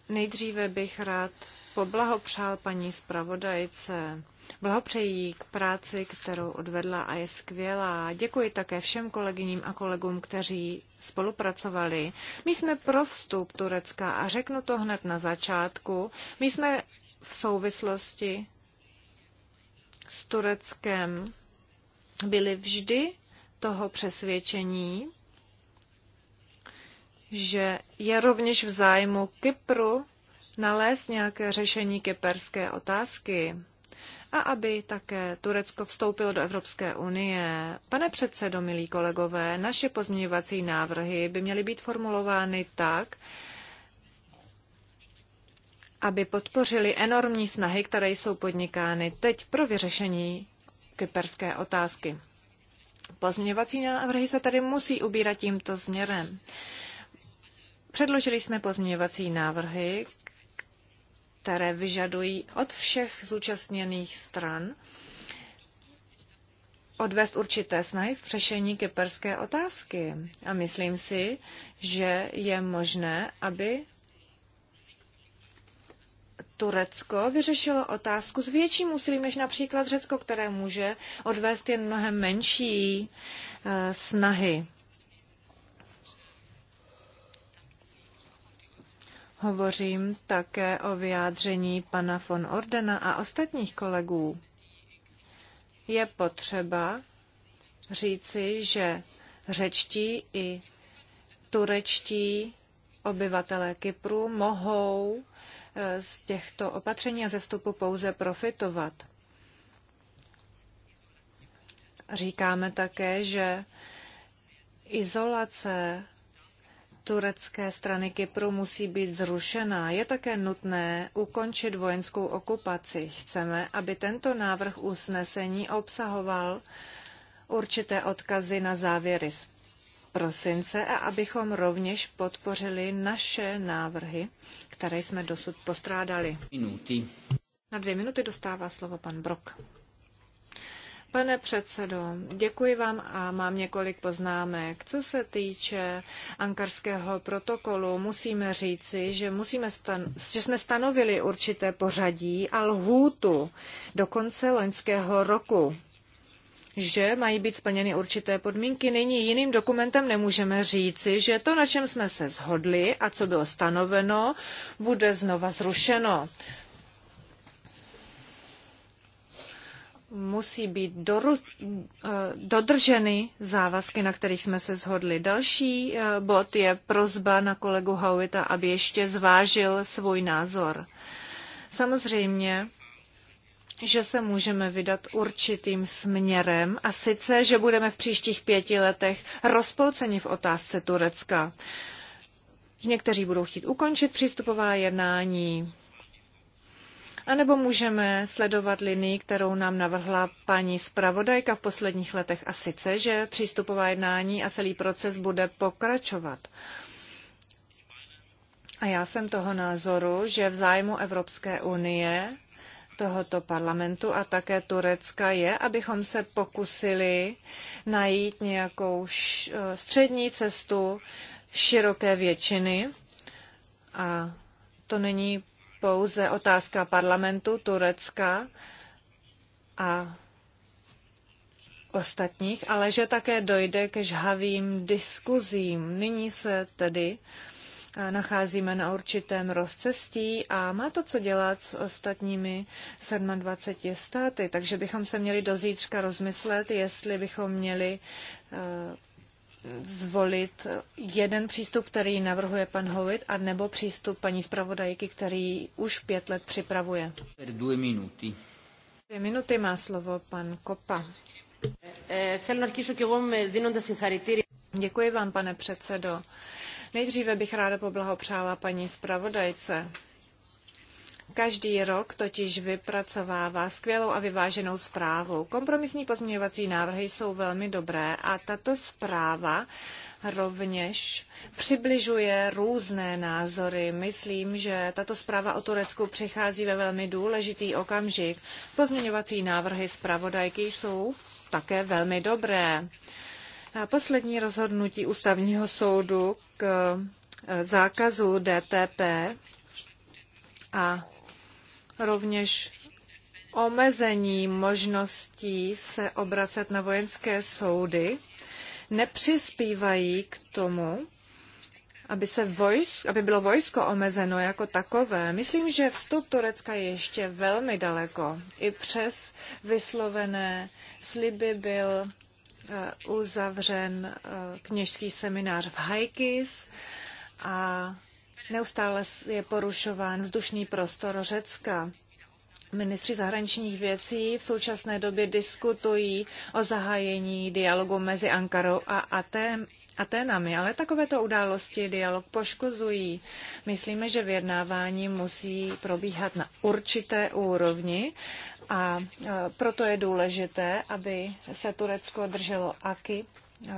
Nejdříve bych rád poblahopřál paní zpravodajce. Blahopřeji k práci, kterou odvedla a je skvělá. Děkuji také všem kolegyním a kolegům, kteří spolupracovali. My jsme pro vstup Turecka a řeknu to hned na začátku. My jsme v souvislosti s Tureckem byli vždy toho přesvědčení, že je rovněž v zájmu Kypru nalézt nějaké řešení kyperské otázky a aby také Turecko vstoupilo do Evropské unie. Pane předsedo, milí kolegové, naše pozměňovací návrhy by měly být formulovány tak, aby podpořili enormní snahy, které jsou podnikány teď pro vyřešení kyperské otázky. Pozměňovací návrhy se tady musí ubírat tímto směrem. Předložili jsme pozměňovací návrhy, které vyžadují od všech zúčastněných stran odvést určité snahy v řešení kyperské otázky. A myslím si, že je možné, aby Turecko vyřešilo otázku s větším úsilím než například Řecko, které může odvést jen mnohem menší eh, snahy. Hovořím také o vyjádření pana von Ordena a ostatních kolegů. Je potřeba říci, že řečtí i turečtí obyvatelé Kypru mohou eh, z těchto opatření a ze vstupu pouze profitovat. Říkáme také, že izolace turecké strany Kypru musí být zrušena. Je také nutné ukončit vojenskou okupaci. Chceme, aby tento návrh usnesení obsahoval určité odkazy na závěry z prosince a abychom rovněž podpořili naše návrhy, které jsme dosud postrádali. Minuty. Na dvě minuty dostává slovo pan Brok. Pane předsedo, děkuji vám a mám několik poznámek. Co se týče ankarského protokolu, musíme říci, že, musíme stan- že jsme stanovili určité pořadí a lhůtu do konce loňského roku že mají být splněny určité podmínky. Nyní jiným dokumentem nemůžeme říci, že to, na čem jsme se shodli a co bylo stanoveno, bude znova zrušeno. musí být doru, eh, dodrženy závazky, na kterých jsme se shodli. Další eh, bod je prozba na kolegu Howita, aby ještě zvážil svůj názor. Samozřejmě, že se můžeme vydat určitým směrem a sice, že budeme v příštích pěti letech rozpolceni v otázce Turecka. Někteří budou chtít ukončit přístupová jednání, anebo můžeme sledovat linii, kterou nám navrhla paní zpravodajka v posledních letech a sice, že přístupová jednání a celý proces bude pokračovat. A já jsem toho názoru, že v zájmu Evropské unie, tohoto parlamentu a také Turecka je, abychom se pokusili najít nějakou eh, střední cestu široké většiny. A to není pouze otázka parlamentu Turecka a ostatních, ale že také dojde ke žhavým diskuzím. Nyní se tedy eh, nacházíme na určitém rozcestí a má to co dělat s ostatními 27 státy. Takže bychom se měli do zítřka rozmyslet, jestli bychom měli eh, zvolit jeden přístup, který navrhuje pan Howitt, a nebo přístup paní zpravodajky, který už pět let připravuje. Dvě minuty. Dvě minuty má slovo pan Kopa. Eh, eh, Děkuji vám, pane předsedo. Nejdříve bych ráda poblahopřála paní zpravodajce. Každý rok totiž vypracovává skvělou a vyváženou zprávu. Kompromisní pozměňovací návrhy jsou velmi dobré a tato zpráva rovněž přibližuje různé názory. Myslím, že tato zpráva o Turecku přichází ve velmi důležitý okamžik. Pozměňovací návrhy zpravodajky jsou také velmi dobré. A poslední rozhodnutí ústavního soudu k e, zákazu DTP a rovněž omezení možností se obracet na vojenské soudy nepřispívají k tomu, aby, se vojsk, aby bylo vojsko omezeno jako takové. Myslím, že vstup Turecka je ještě velmi daleko. I přes vyslovené sliby byl eh, uzavřen eh, kněžský seminář v Haikis a Neustále je porušován vzdušný prostor Řecka. Ministři zahraničních věcí v současné době diskutují o zahájení dialogu mezi Ankarou a Atem, Aténami, ale takovéto události dialog poškozují. Myslíme, že vyjednávání musí probíhat na určité úrovni a e, proto je důležité, aby se Turecko drželo AKY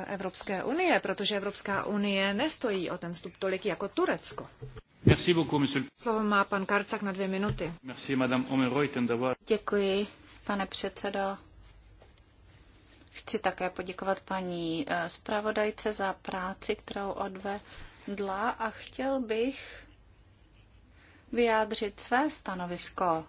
Evropské unie, protože Evropská unie nestojí o ten vstup tolik jako Turecko. Merci beaucoup, monsieur. Slovo má pan Karcak na dvě minuty. Merci, madame Děkuji, pane předsedo. Chci také poděkovat paní eh, zpravodajce za práci, kterou odvedla a chtěl bych vyjádřit své stanovisko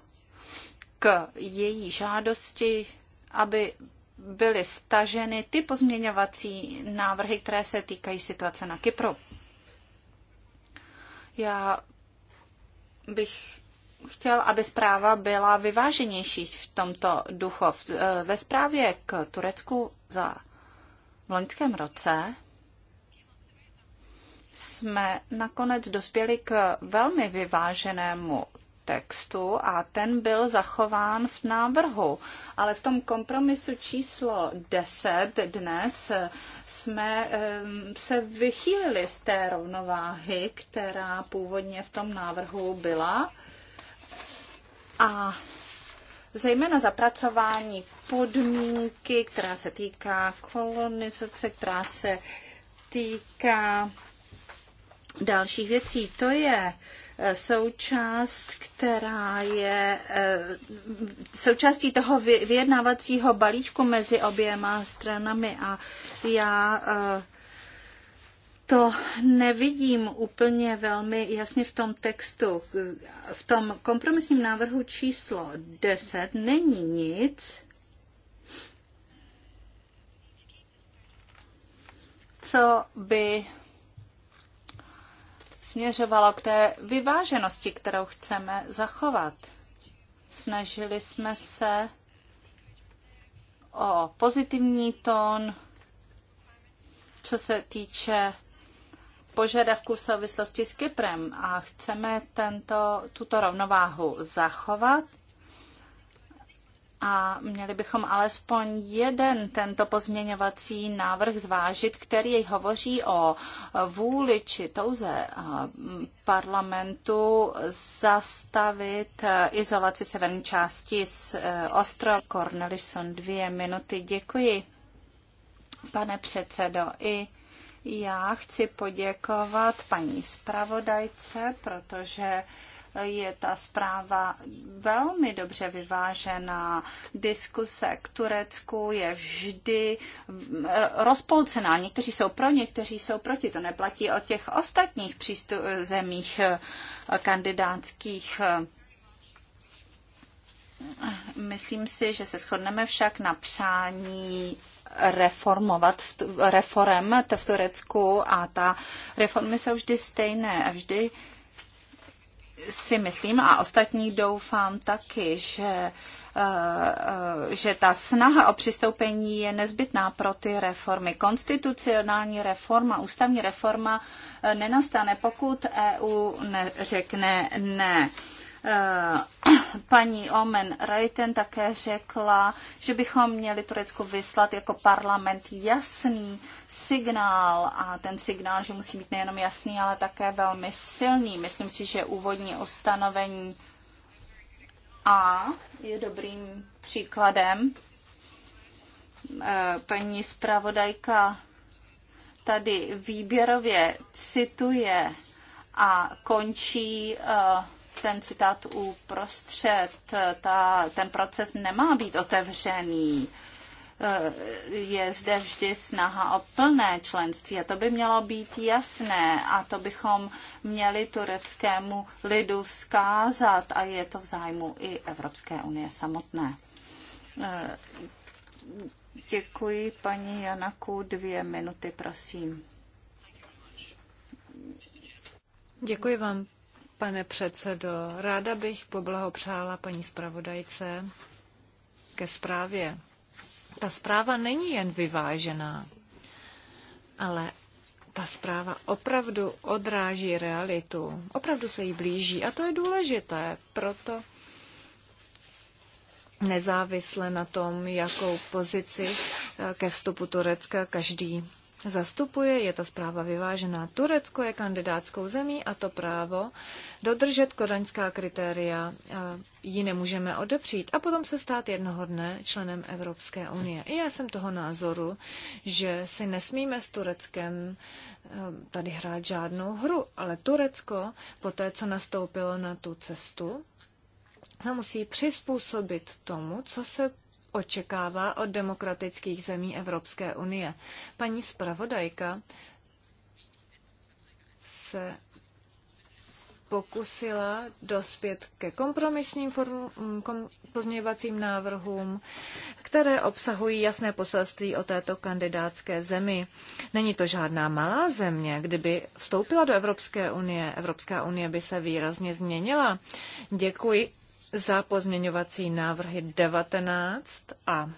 k její žádosti, aby byly staženy ty pozměňovací návrhy, které se týkají situace na Kypru. Já bych chtěl, aby zpráva byla vyváženější v tomto duchu. Ve zprávě k Turecku za v loňském roce jsme nakonec dospěli k velmi vyváženému textu a ten byl zachován v návrhu. Ale v tom kompromisu číslo 10 dnes eh, jsme eh, se vychýlili z té rovnováhy, která původně v tom návrhu byla. A zejména zapracování podmínky, která se týká kolonizace, která se týká dalších věcí. To je uh, Eh, součást, která je eh, součástí toho vyjednávacího balíčku mezi oběma stranami a já eh, to nevidím úplně velmi jasně v tom textu. V tom kompromisním návrhu číslo 10 není nic, co by směřovalo k té vyváženosti, kterou chceme zachovat. Snažili jsme se o pozitivní tón, co se týče požadavků v souvislosti s Kyprem a chceme tento, tuto rovnováhu zachovat a měli bychom alespoň jeden tento pozměňovací návrh zvážit, který hovoří o vůli či touze mm, parlamentu zastavit e, izolaci severní části z e, ostro. Cornelison. Dvě minuty. Děkuji, pane předsedo. I já chci poděkovat paní zpravodajce, protože je ta zpráva velmi dobře vyvážená. Diskuse k Turecku je vždy rozpolcená. Někteří jsou pro, někteří jsou proti. To neplatí o těch ostatních zemích eh, kandidátských Myslím si, že se shodneme však na přání reformovat v, v Turecku a ta reformy jsou vždy stejné a vždy si myslím a ostatní doufám taky, že eh, eh, že ta snaha o přistoupení je nezbytná pro ty reformy. Konstitucionální reforma, ústavní reforma eh, nenastane, pokud EU neřekne ne. Eh, paní Omen Reiten také řekla, že bychom měli Turecku vyslat jako parlament jasný signál a ten signál, že musí být nejenom jasný, ale také velmi silný. Myslím si, že úvodní ustanovení A je dobrým příkladem. Eh, paní zpravodajka tady výběrově cituje a končí uh, ten citát uprostřed, ta, ten proces nemá být otevřený eh, je zde vždy snaha o plné členství a to by mělo být jasné a to bychom měli tureckému lidu vzkázat a je to v zájmu i Evropské unie samotné. Eh, děkuji paní Janaku, dvě minuty, prosím. Děkuji vám, pane předsedo. Ráda bych poblahopřála paní zpravodajce ke zprávě. Ta zpráva není jen vyvážená, ale ta zpráva opravdu odráží realitu, opravdu se jí blíží a to je důležité, proto nezávisle na tom, jakou pozici ke vstupu Turecka každý zastupuje, je ta zpráva vyvážená. Turecko je kandidátskou zemí a to právo dodržet kodaňská kritéria ji nemůžeme odepřít a potom se stát jednoho dne členem Evropské unie. I já jsem toho názoru, že si nesmíme s Tureckem tady hrát žádnou hru, ale Turecko po té, co nastoupilo na tu cestu, se musí přizpůsobit tomu, co se očekává od demokratických zemí Evropské unie. Paní zpravodajka se pokusila dospět ke kompromisním formu, mm, kom, pozměňovacím návrhům, které obsahují jasné poselství o této kandidátské zemi. Není to žádná malá země. Kdyby vstoupila do Evropské unie, Evropská unie by se výrazně změnila. Děkuji za pozměňovací návrhy 19 a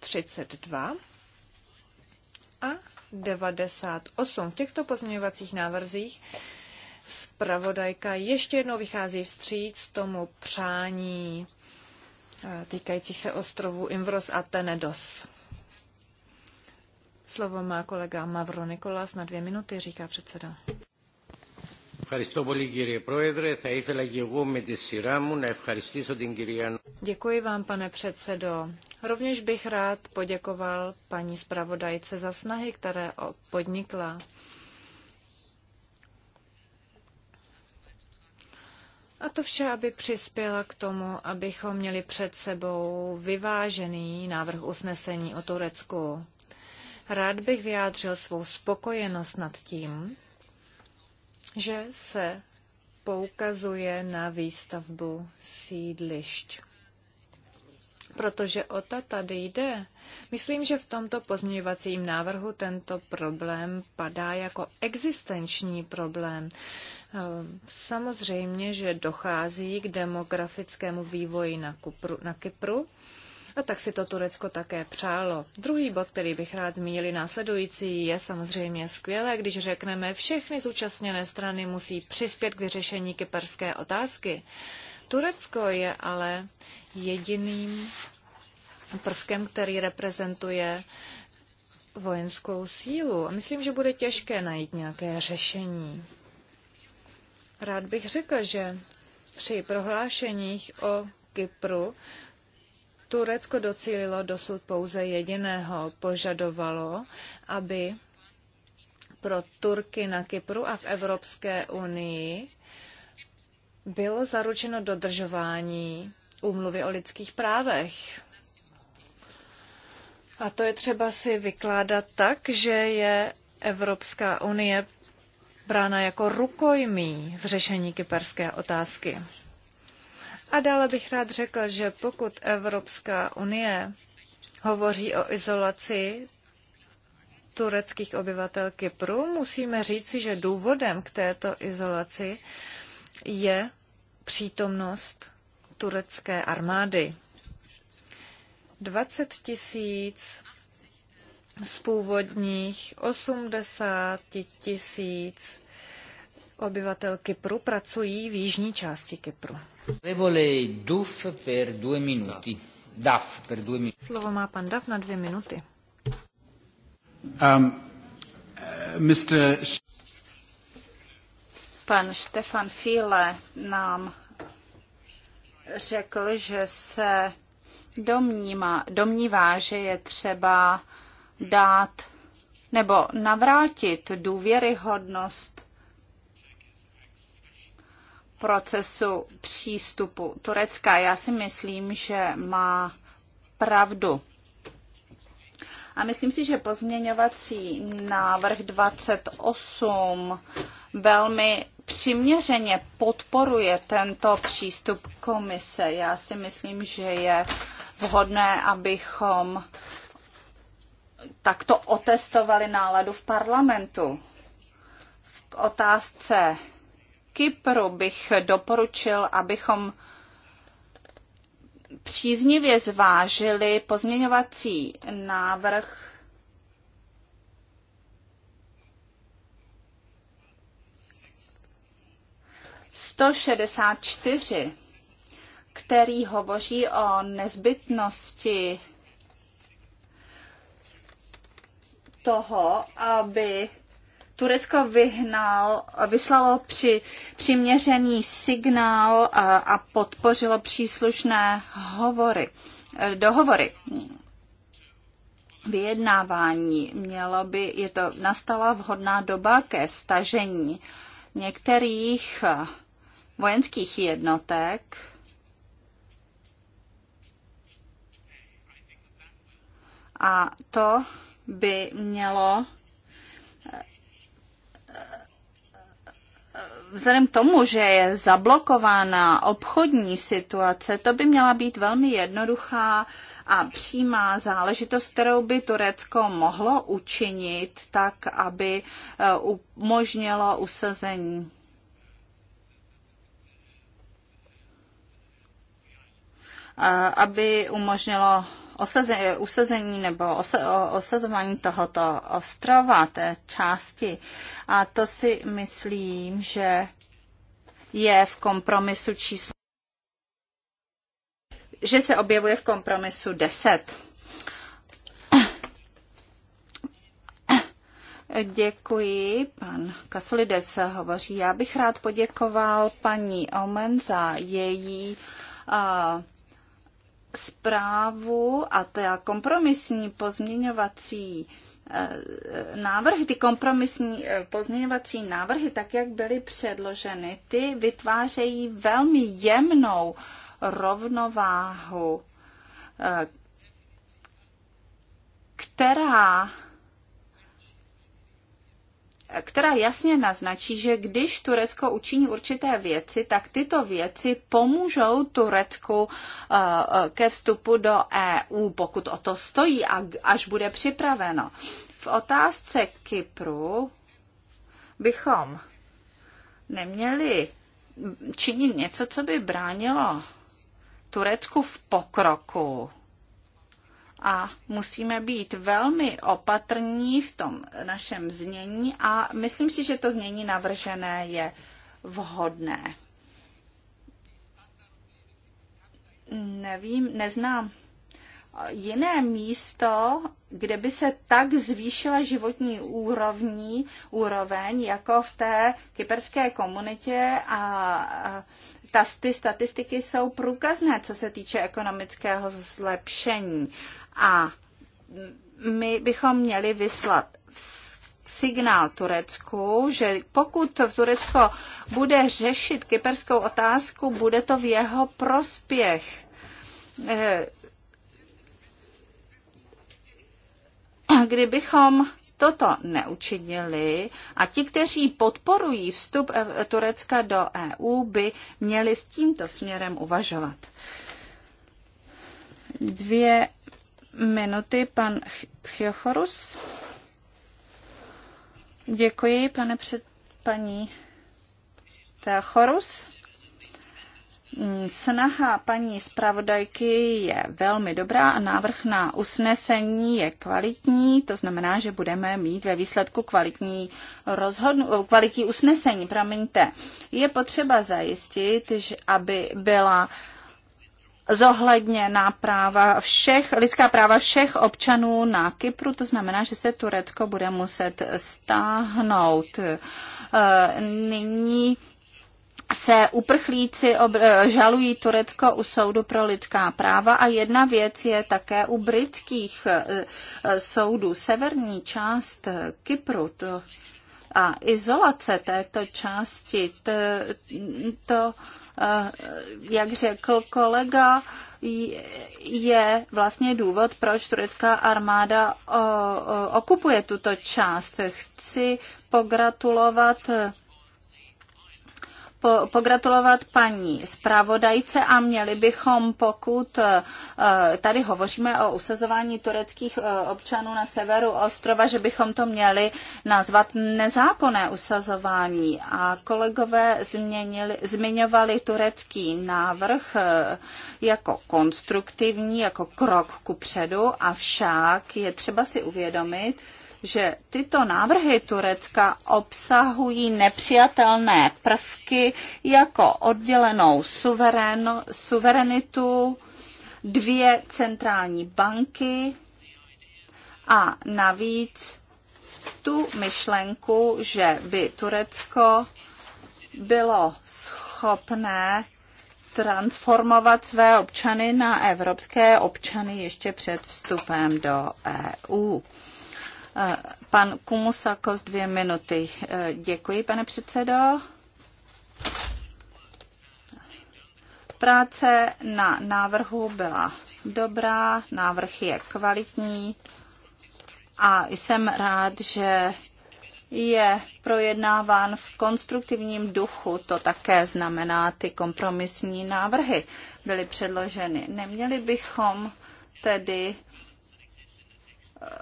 32 a 98. V těchto pozměňovacích návrzích zpravodajka ještě jednou vychází vstříc tomu přání eh, týkajících se ostrovů Imvros a Tenedos. Slovo má kolega Mavro Nikolas na dvě minuty, říká předseda. Děkuji vám, pane předsedo. Rovněž bych rád poděkoval paní zpravodajce za snahy, které podnikla. A to vše, aby přispěla k tomu, abychom měli před sebou vyvážený návrh usnesení o Turecku. Rád bych vyjádřil svou spokojenost nad tím, že se poukazuje na výstavbu sídlišť. Protože o ta tady jde, myslím, že v tomto pozměňovacím návrhu tento problém padá jako existenční problém. Ehm, samozřejmě, že dochází k demografickému vývoji na, Kupru, na Kypru a tak si to Turecko také přálo. Druhý bod, který bych rád zmínil následující, je samozřejmě skvělé, když řekneme, všechny zúčastněné strany musí přispět k vyřešení kyperské otázky. Turecko je ale jediným prvkem, který reprezentuje vojenskou sílu. A myslím, že bude těžké najít nějaké řešení. Rád bych řekl, že při prohlášeních o Kypru Turecko docílilo dosud pouze jediného. Požadovalo, aby pro Turky na Kypru a v Evropské unii bylo zaručeno dodržování úmluvy o lidských právech. A to je třeba si vykládat tak, že je Evropská unie brána jako rukojmí v řešení kyperské otázky. A dále bych rád řekl, že pokud Evropská unie hovoří o izolaci tureckých obyvatel Kypru, musíme říci, že důvodem k této izolaci je přítomnost turecké armády. 20 tisíc z původních 80 tisíc obyvatel Kypru pracují v jižní části Kypru. Slovo má pan Daf na dvě minuty. Um, uh, Mr. Pan Štefan File nám řekl, že se domnívá, domnívá, že je třeba dát nebo navrátit důvěryhodnost procesu přístupu Turecka. Já si myslím, že má pravdu. A myslím si, že pozměňovací návrh 28 velmi přiměřeně podporuje tento přístup komise. Já si myslím, že je vhodné, abychom takto otestovali náladu v parlamentu. K otázce Kypru bych doporučil, abychom příznivě zvážili pozměňovací návrh který hovoří o nezbytnosti toho, aby Turecko vyhnal, vyslalo při, přiměřený signál a podpořilo příslušné hovory, e, dohovory vyjednávání. Mělo by, je to, nastala vhodná doba ke stažení některých e, vojenských jednotek. A to by mělo vzhledem k tomu, že je zablokována obchodní situace, to by měla být velmi jednoduchá a přímá záležitost, kterou by Turecko mohlo učinit tak, aby eh, umožnilo usazení eh, aby umožnilo osazení, usazení nebo osa, osazování tohoto ostrova, té části. A to si myslím, že je v kompromisu číslo že se objevuje v kompromisu 10. Děkuji, pan Kasulides hovoří. Já bych rád poděkoval paní Omen za její uh, zprávu a ta jako kompromisní pozměňovací eh, návrhy, ty kompromisní eh, pozměňovací návrhy, tak jak byly předloženy, ty vytvářejí velmi jemnou rovnováhu, eh, která která jasně naznačí, že když Turecko učiní určité věci, tak tyto věci pomůžou Turecku eh, eh, ke vstupu do EU, pokud o to stojí a až bude připraveno. V otázce Kypru bychom neměli činit něco, co by bránilo Turecku v pokroku a musíme být velmi opatrní v tom našem znění a myslím si, že to znění navržené je vhodné. Nevím, neznám jiné místo, kde by se tak zvýšila životní úrovní, úroveň, jako v té kyperské komunitě a, a ta, ty statistiky jsou průkazné, co se týče ekonomického zlepšení. A my bychom měli vyslat signál Turecku, že pokud Turecko bude řešit kyperskou otázku, bude to v jeho prospěch. Eh, kdybychom toto neučinili a ti, kteří podporují vstup Turecka do EU, by měli s tímto směrem uvažovat. Dvě minuty pan Chiochorus. Děkuji, pane před paní Chorus. Snaha paní zpravodajky je velmi dobrá a návrh na usnesení je kvalitní, to znamená, že budeme mít ve výsledku kvalitní, rozhodnu, kvalitní usnesení. Promiňte. Je potřeba zajistit, že aby byla uh, zohledněna práva všech, lidská práva všech občanů na Kypru, to znamená, že se Turecko bude muset stáhnout. Eh, nyní se uprchlíci eh, žalují Turecko u soudu pro lidská práva a jedna věc je také u britských eh, soudů. Severní část Kypru to, a izolace této části, to, to Eh, jak řekl kolega, je vlastně důvod, proč turecká armáda eh, okupuje tuto část. Chci pogratulovat po, pogratulovat paní zpravodajce a měli bychom, pokud eh, tady hovoříme o usazování tureckých eh, občanů na severu ostrova, že bychom to měli nazvat nezákonné usazování. A kolegové změnili, zmiňovali turecký návrh eh, jako konstruktivní, jako krok ku předu, avšak je třeba si uvědomit, že tyto návrhy Turecka obsahují nepřijatelné prvky jako oddělenou suverén, suverenitu, dvě centrální banky a navíc tu myšlenku, že by Turecko bylo schopné transformovat své občany na evropské občany ještě před vstupem do EU. Eh, pan Kumusakos dvě minuty. Eh, děkuji, pane předsedo práce na návrhu byla dobrá, návrh je kvalitní a jsem rád, že je projednáván v konstruktivním duchu. To také znamená, ty kompromisní návrhy byly předloženy. Neměli bychom tedy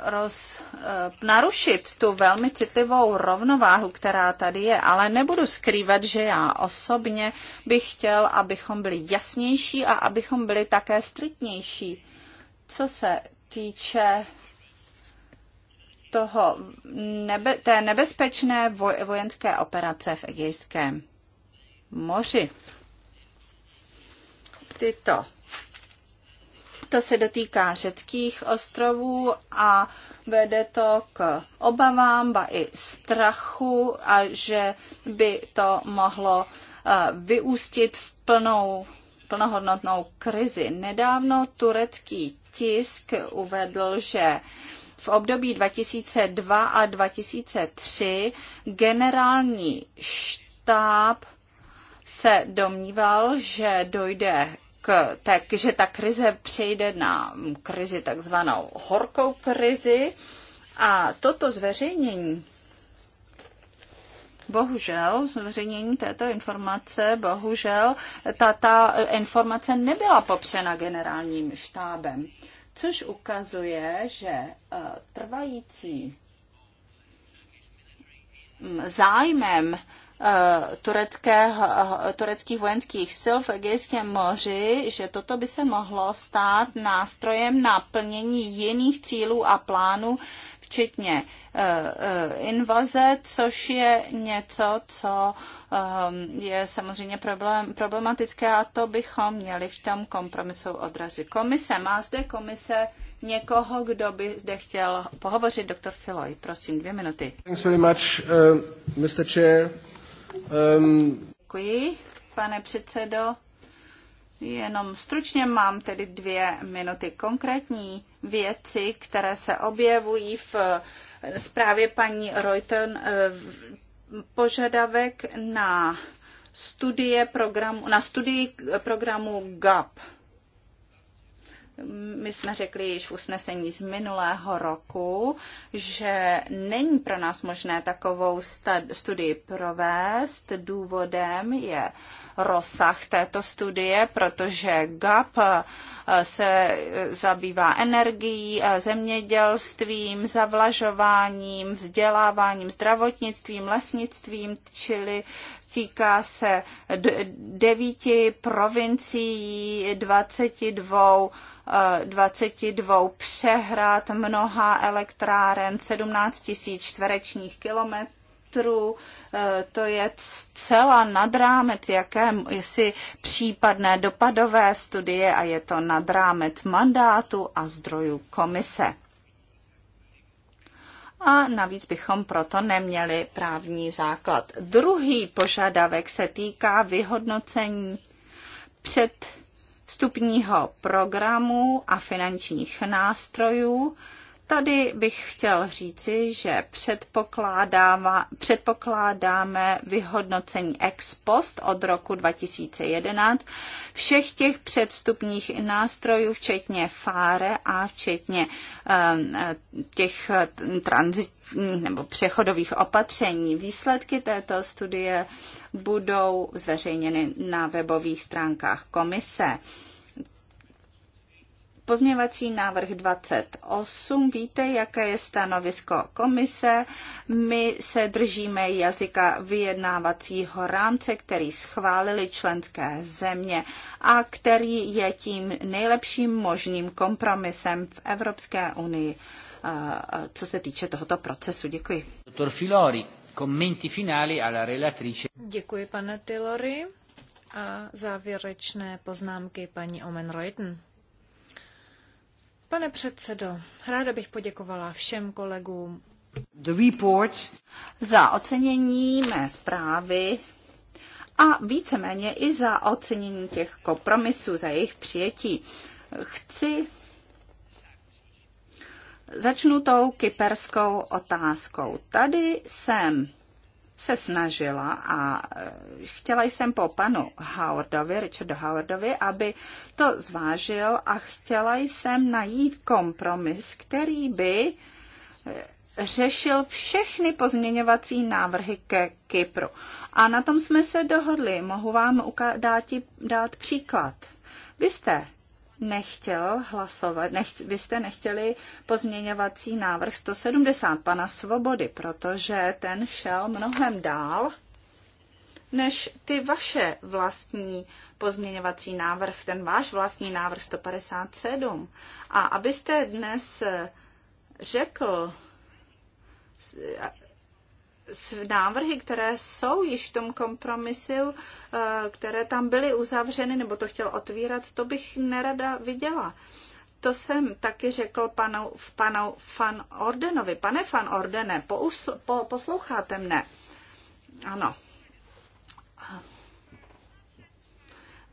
roz, eh, narušit tu velmi citlivou rovnováhu, která tady je, ale nebudu skrývat, že já osobně bych chtěl, abychom byli jasnější a abychom byli také striktnější. Co se týče toho nebe, té nebezpečné vojenské operace v Egejském moři. Tyto to se dotýká řeckých ostrovů a vede to k obavám, ba i strachu, a že by to mohlo eh, vyústit v plnou, plnohodnotnou krizi. Nedávno turecký tisk uvedl, že v období 2002 a 2003 generální štáb se domníval, že dojde takže že ta krize přejde na krizi takzvanou horkou krizi a toto zveřejnění Bohužel, zveřejnění této informace, bohužel, ta, ta informace nebyla popřena generálním štábem, což ukazuje, že e, trvající zájmem Eh, turecké, tureckých vojenských sil v Egejském moři, že toto by se mohlo stát nástrojem na plnění jiných cílů a plánů, včetně eh, eh, invaze, což je něco, co je samozřejmě problém, problematické a to bychom měli v tom kompromisu odrazit. Komise, má zde komise někoho, kdo by zde chtěl pohovořit? Doktor Filoj, prosím, dvě minuty. Thanks very much, uh, Mr. Chair. Um... Děkuji, pane předsedo. Jenom stručně mám tedy dvě minuty konkrétní věci, které se objevují v eh, zprávě paní Reuton eh, požadavek na studie programu, na studii programu GAP my jsme řekli již v usnesení z minulého roku, že není pro nás možné takovou studii provést. Důvodem je rozsah této studie, protože GAP eh, se eh, zabývá energií, eh, zemědělstvím, zavlažováním, vzděláváním, zdravotnictvím, lesnictvím, čili týká se devíti provincií, 22 22 eh, přehrad, mnoha elektráren, 17 tisíc čtverečních kilometrů. Eh, to je celá nad rámec jaké, jestli případné dopadové studie a je to nad rámec mandátu a zdrojů komise a navíc bychom proto neměli právní základ. Druhý požadavek se týká vyhodnocení předstupního programu a finančních nástrojů Tady bych chtěl říci, že předpokládáme, předpokládáme vyhodnocení ex post od roku 2011 všech těch předstupních nástrojů, včetně fáre a včetně ehm, těch eh, transitních nebo přechodových opatření. Výsledky této studie budou zveřejněny na webových stránkách komise. Pozměvací návrh 28. Víte, jaké je stanovisko komise? My se držíme jazyka vyjednávacího rámce, který schválili členské země a který je tím nejlepším možným kompromisem v Evropské unii, eh, co se týče tohoto procesu. Děkuji. Doktor Filori, commenti a la relatrice. Děkuji, pane Tilori. A závěrečné poznámky paní Omen Reuten. Pane předsedo, ráda bych poděkovala všem kolegům The report. za ocenění mé zprávy a víceméně i za ocenění těch kompromisů, za jejich přijetí. Chci Začnu tou kyperskou otázkou. Tady jsem se snažila a e, chtěla jsem po panu Howardovi, Richardu Howardovi, aby to zvážil a chtěla jsem najít kompromis, který by e, řešil všechny pozměňovací návrhy ke Kypru. A na tom jsme se dohodli. Mohu vám dát, dát příklad. Vy jste nechtěl hlasovat, nech, vy jste nechtěli pozměňovací návrh 170 pana Svobody, protože ten šel mnohem dál než ty vaše vlastní pozměňovací návrh, ten váš vlastní návrh 157. A abyste dnes řekl, s návrhy, které jsou již v tom kompromisu, eh, které tam byly uzavřeny, nebo to chtěl otvírat, to bych nerada viděla. To jsem taky řekl panu, panu Fan Ordenovi. Pane Fan Ordene, pousl, po, posloucháte mne? Ano.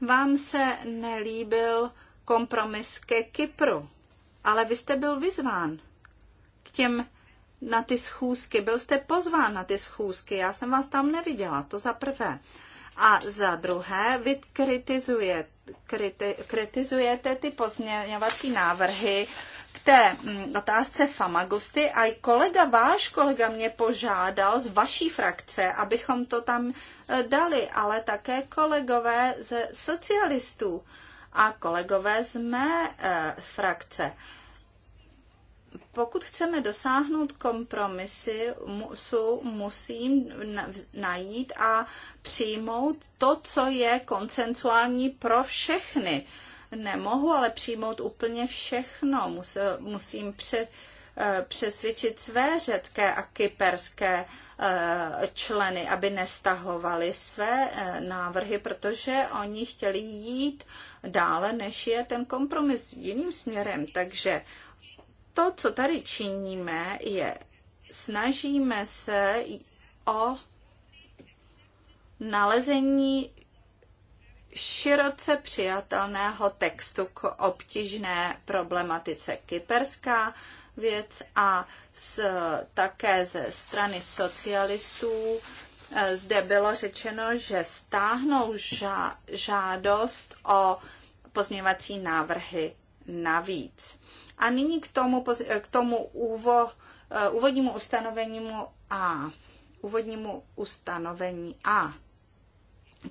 Vám se nelíbil kompromis ke Kypru, ale vy jste byl vyzván k těm na ty schůzky. Byl jste pozván na ty schůzky, já jsem vás tam neviděla, to za prvé. A za druhé, vy kritizuje, kriti, kritizujete ty pozměňovací návrhy k té mm, otázce Famagusty a kolega, váš kolega mě požádal z vaší frakce, abychom to tam e, dali, ale také kolegové ze socialistů a kolegové z mé e, frakce. Pokud chceme dosáhnout kompromisy, musu, musím najít a přijmout to, co je koncensuální pro všechny. Nemohu ale přijmout úplně všechno. Mus, musím pře, eh, přesvědčit své řecké a kyperské eh, členy, aby nestahovali své eh, návrhy, protože oni chtěli jít dále, než je ten kompromis jiným směrem. Takže to, co tady činíme, je snažíme se o nalezení široce přijatelného textu k obtížné problematice kyperská věc a z, také ze strany socialistů eh, zde bylo řečeno, že stáhnou ža, žádost o pozměňovací návrhy navíc. A nyní k tomu, eh, k tomu úvo, eh, úvodnímu ustanovení A. Úvodnímu ustanovení A.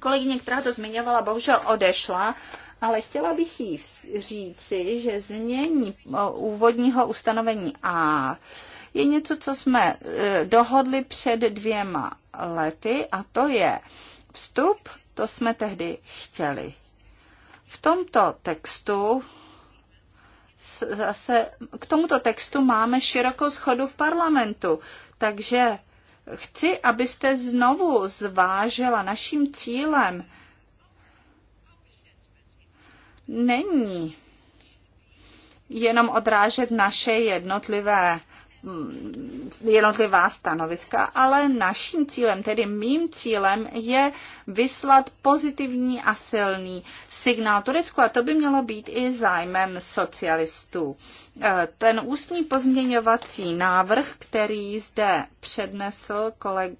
Kolegyně, která to zmiňovala, bohužel odešla, ale chtěla bych jí říci, že změní eh, úvodního ustanovení A je něco, co jsme dohodli před dvěma lety a to je vstup, to jsme tehdy chtěli. V tomto textu zase k tomuto textu máme širokou schodu v parlamentu, takže chci, abyste znovu zvážila naším cílem není jenom odrážet naše jednotlivé Mm, jednotlivá stanoviska, ale naším cílem, tedy mým cílem, je vyslat pozitivní a silný signál Turecku a to by mělo být i zájmem socialistů. E, ten ústní pozměňovací návrh, který zde přednesl koleg,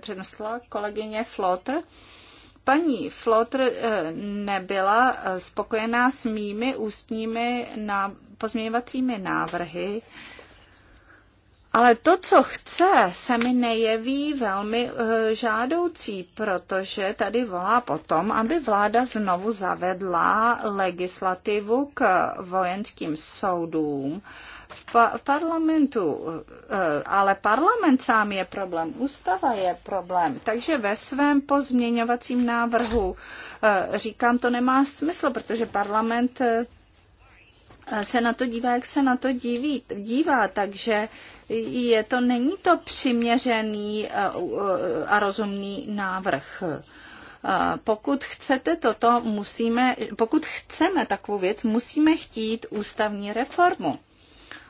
přednesla kolegyně Flotr, paní Flotr e, nebyla e, spokojená s mými ústními na pozměňovacími návrhy, ale to, co chce, se mi nejeví velmi eh, žádoucí, protože tady volá potom, aby vláda znovu zavedla legislativu k vojenským soudům v, pa- parlamentu. Eh, ale parlament sám je problém, ústava je problém. Takže ve svém pozměňovacím návrhu eh, říkám, to nemá smysl, protože parlament se na to dívá, jak se na to díví, dívá, takže je to, není to přiměřený eh, a rozumný návrh eh, pokud chcete toto, musíme, pokud chceme takovou věc, musíme chtít ústavní reformu,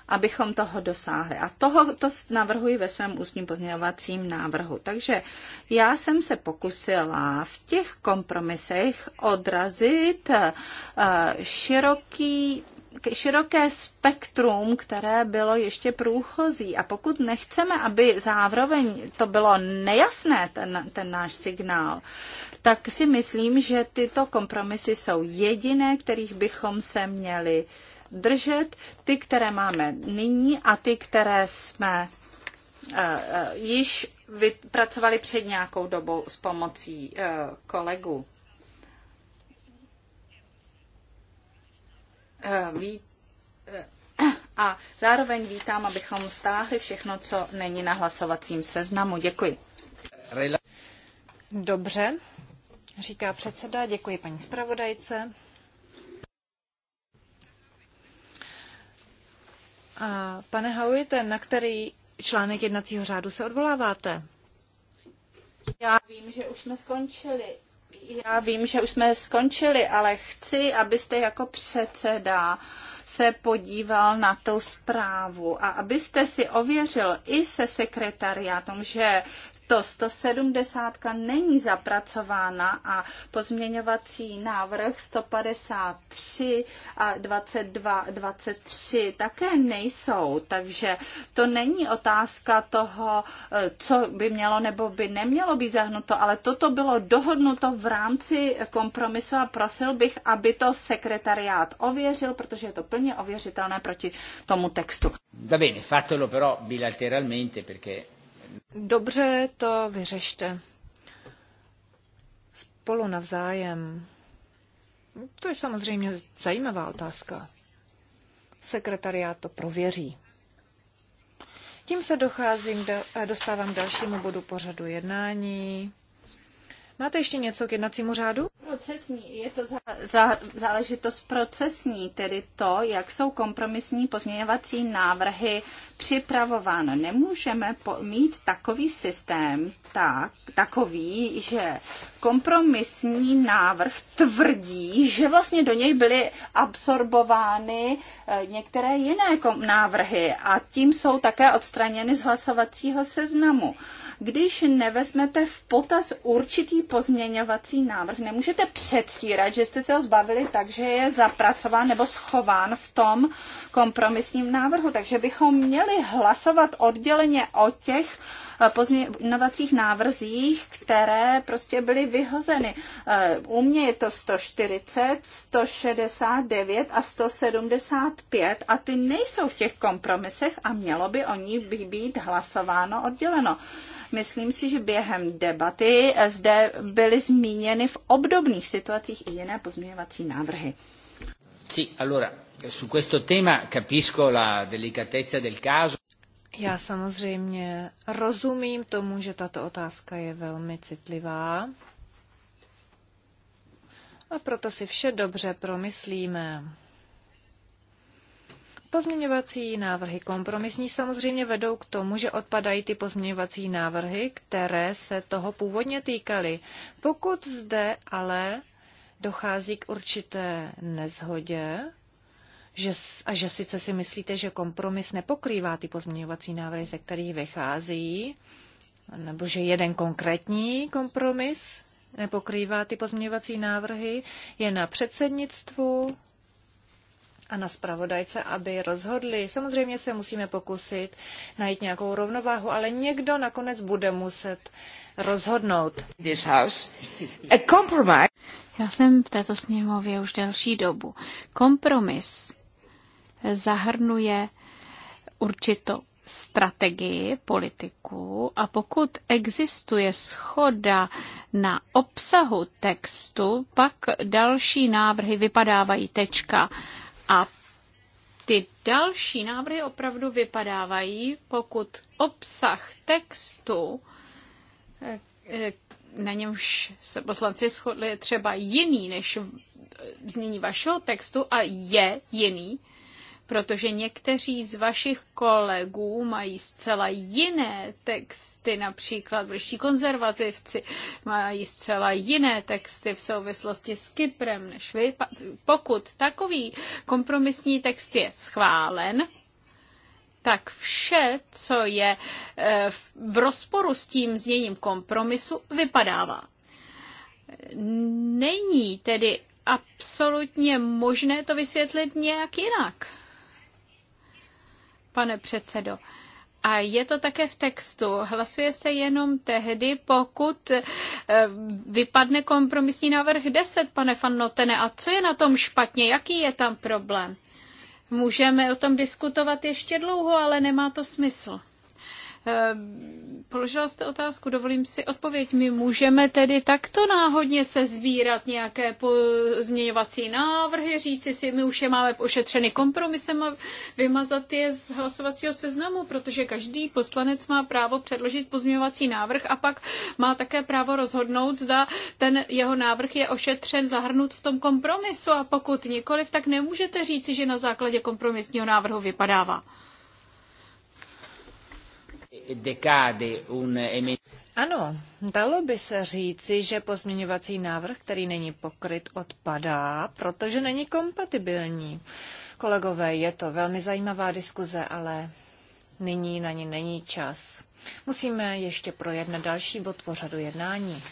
abychom toho dosáhli. A toho to navrhuji ve svém ústním pozměňovacím návrhu. Takže já jsem se pokusila v těch kompromisech odrazit eh, široký široké spektrum, které bylo ještě průchozí. A pokud nechceme, aby zároveň to bylo nejasné, ten, ten náš signál, tak si myslím, že tyto kompromisy jsou jediné, kterých bychom se měli držet, ty, které máme nyní a ty, které jsme uh, uh, již vypracovali před nějakou dobou s pomocí uh, kolegů. Eh, eh, a zároveň vítám, abychom stáhli všechno, co není na hlasovacím seznamu. Děkuji. Dobře, říká předseda. Děkuji paní zpravodajce. A pane Haujte, na který článek jednacího řádu se odvoláváte? Já vím, že už jsme skončili. Já vím, že už jsme skončili, ale chci, abyste jako předseda se podíval na tu zprávu a abyste si ověřil i se sekretariátem, že to 170 není zapracována a pozměňovací návrh 153 a 22, 23 také nejsou, takže to není otázka toho, eh, co by mělo nebo by nemělo být zahnuto, ale toto bylo dohodnuto v rámci kompromisu a prosil bych, aby to sekretariát ověřil, protože je to plně ověřitelné proti tomu textu. Va bene, fatelo però bilateralmente perché Dobře, to vyřešte. Spolu navzájem. To je samozřejmě zajímavá otázka. Sekretariát to prověří. Tím se docházím, dostávám k dalšímu bodu pořadu jednání. Máte ještě něco k jednacímu řádu? Procesní, je to za, za, záležitost procesní, tedy to, jak jsou kompromisní pozměňovací návrhy připravovány. Nemůžeme po, mít takový systém, tak, takový, že kompromisní návrh tvrdí, že vlastně do něj byly absorbovány eh, některé jiné návrhy a tím jsou také odstraněny z hlasovacího seznamu když nevezmete v potaz určitý pozměňovací návrh, nemůžete předstírat, že jste se ho zbavili tak, že je zapracován nebo schován v tom kompromisním návrhu. Takže bychom měli hlasovat odděleně o těch pozměňovacích návrzích, které prostě byly vyhozeny. Eh, u mě je to 140, 169 a 175 a ty nejsou v těch kompromisech a mělo by o ní být hlasováno odděleno. Myslím si, že během debaty eh, zde byly zmíněny v obdobných situacích i jiné pozměňovací návrhy. Sì, allora, eh, su questo tema capisco la delicatezza del caso. Já samozřejmě rozumím tomu, že tato otázka je velmi citlivá a proto si vše dobře promyslíme. Pozměňovací návrhy kompromisní samozřejmě vedou k tomu, že odpadají ty pozměňovací návrhy, které se toho původně týkaly. Pokud zde ale dochází k určité nezhodě, že, a že sice si myslíte, že kompromis nepokrývá ty pozměňovací návrhy, ze kterých vychází, nebo že jeden konkrétní kompromis nepokrývá ty pozměňovací návrhy, je na předsednictvu a na spravodajce, aby rozhodli. Samozřejmě se musíme pokusit najít nějakou rovnováhu, ale někdo nakonec bude muset rozhodnout. This house. A Já jsem v této sněmově už delší dobu. Kompromis zahrnuje určitou strategii politiků a pokud existuje schoda na obsahu textu, pak další návrhy vypadávají tečka a ty další návrhy opravdu vypadávají, pokud obsah textu, eh, eh, na němž se poslanci shodli, je třeba jiný než znění vašeho textu a je jiný, protože někteří z vašich kolegů mají zcela jiné texty, například vrští konzervativci mají zcela jiné texty v souvislosti s Kyprem než vy. Pokud takový kompromisní text je schválen, tak vše, co je eh, v rozporu s tím zněním kompromisu, vypadává. Není tedy absolutně možné to vysvětlit nějak jinak pane předsedo. A je to také v textu. Hlasuje se jenom tehdy, pokud eh, vypadne kompromisní návrh 10, pane van Notene. A co je na tom špatně? Jaký je tam problém? Můžeme o tom diskutovat ještě dlouho, ale nemá to smysl. Eh, položila jste otázku, dovolím si odpověď. My můžeme tedy takto náhodně se sbírat nějaké změňovací návrhy, říci si, my už je máme ošetřeny kompromisem a vymazat je z hlasovacího seznamu, protože každý poslanec má právo předložit pozměňovací návrh a pak má také právo rozhodnout, zda ten jeho návrh je ošetřen, zahrnut v tom kompromisu a pokud nikoliv, tak nemůžete říci, že na základě kompromisního návrhu vypadává dekády un Ano, dalo by se říci, že pozměňovací návrh, který není pokryt, odpadá, protože není kompatibilní. Kolegové, je to velmi zajímavá diskuze, ale nyní na ní není čas. Musíme ještě projednat další bod pořadu jednání.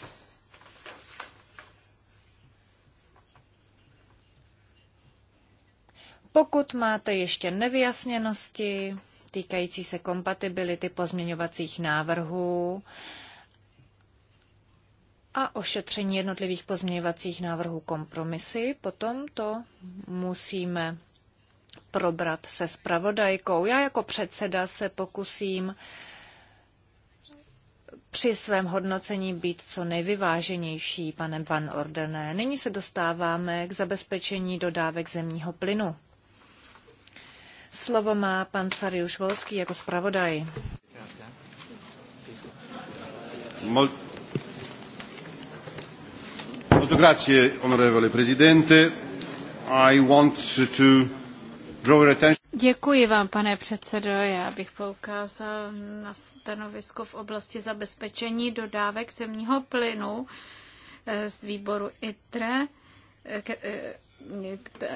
Pokud máte ještě nevyjasněnosti, týkající se kompatibility pozměňovacích návrhů a ošetření jednotlivých pozměňovacích návrhů kompromisy. Potom to musíme probrat se spravodajkou. Já jako předseda se pokusím při svém hodnocení být co nejvyváženější, pane Van Ordené. Nyní se dostáváme k zabezpečení dodávek zemního plynu. Slovo má pan Sariuš Volský jako zpravodaj. Molto grazie, onorevole presidente. I want to draw your attention. Děkuji vám, pane předsedo. Já bych poukázal na stanovisko v oblasti zabezpečení dodávek zemního plynu eh, z výboru ITRE eh, eh,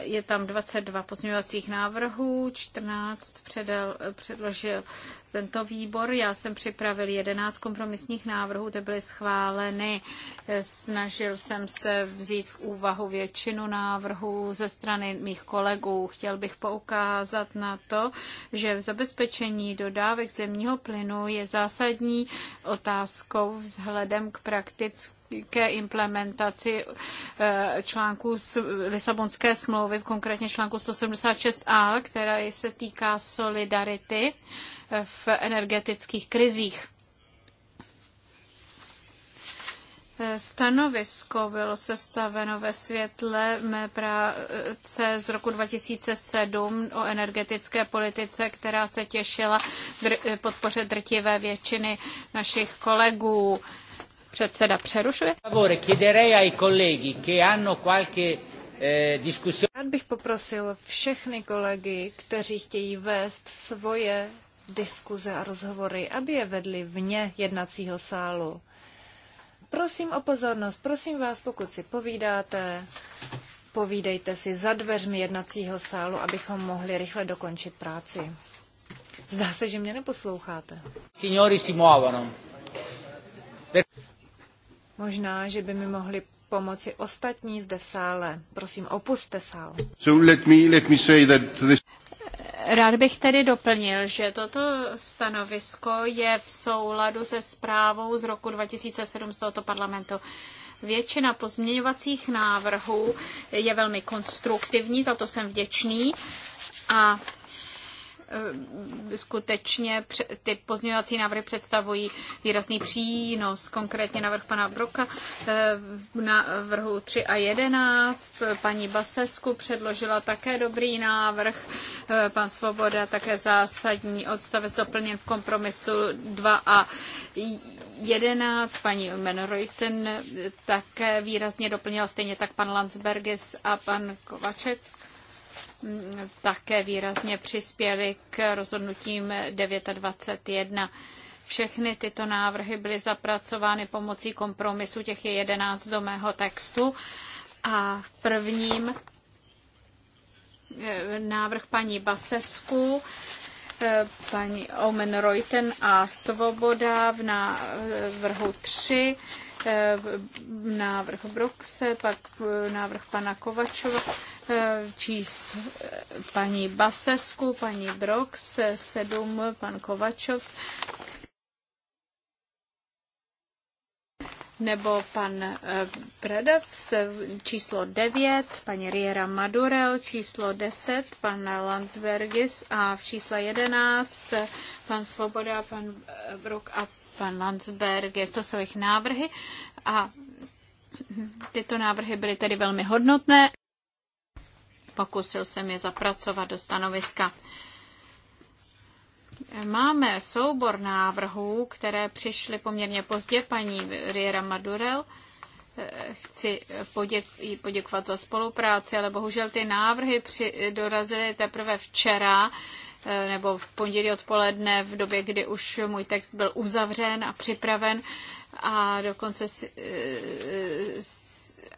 je tam 22 pozměňovacích návrhů, 14 předal, předložil tento výbor. Já jsem připravil 11 kompromisních návrhů, ty byly schváleny. Snažil jsem se vzít v úvahu většinu návrhů ze strany mých kolegů. Chtěl bych poukázat na to, že v zabezpečení dodávek zemního plynu je zásadní otázkou vzhledem k praktickým ke implementaci eh, článku z Lisabonské smlouvy, konkrétně článku 176a, která se týká solidarity v energetických krizích. Stanovisko bylo sestaveno ve světle mé práce z roku 2007 o energetické politice, která se těšila dr- podpoře drtivé většiny našich kolegů. Předseda přerušuje. Eh, Rád bych poprosil všechny kolegy, kteří chtějí vést svoje diskuze a rozhovory, aby je vedli vně jednacího sálu. Prosím o pozornost, prosím vás, pokud si povídáte, povídejte si za dveřmi jednacího sálu, abychom mohli rychle dokončit práci. Zdá se, že mě neposloucháte. Signori si muovono. Možná, že by mi mohli pomoci ostatní zde v sále. Prosím, opuste sál. So let me, let me say that this... Rád bych tedy doplnil, že toto stanovisko je v souladu se zprávou z roku 2007 z tohoto parlamentu. Většina pozměňovacích návrhů je velmi konstruktivní, za to jsem vděčný. A Eh, skutečně ty pozměňovací návrhy představují výrazný přínos, konkrétně návrh pana Broka eh, na vrhu 3 a 11. Paní Basesku předložila také dobrý návrh, eh, pan Svoboda také zásadní odstavec doplněn v kompromisu 2 a 11, paní Menreuten také výrazně doplnila, stejně tak pan Landsbergis a pan Kovaček také výrazně přispěly k rozhodnutím 921. Všechny tyto návrhy byly zapracovány pomocí kompromisu, těch je 11 do mého textu. A v prvním eh, návrh paní Basesku, eh, paní Omen Reuten a Svoboda v návrhu 3 Eh, návrh Brokse, pak eh, návrh pana Kovačova, eh, čís paní Basesku, paní Brox, sedm pan Kovačovs, nebo pan Predat číslo 9, paní Riera Madurel číslo 10, pan Landsbergis a v čísle 11 pan Svoboda, pan Brok a pan Landsberg, je to jsou jejich návrhy a tyto návrhy byly tedy velmi hodnotné. Pokusil jsem je zapracovat do stanoviska. Máme soubor návrhů, které přišly poměrně pozdě paní Riera Madurel. Chci poděk- poděkovat za spolupráci, ale bohužel ty návrhy při- dorazily teprve včera Eh, nebo v pondělí odpoledne v době, kdy už můj text byl uzavřen a připraven a dokonce eh,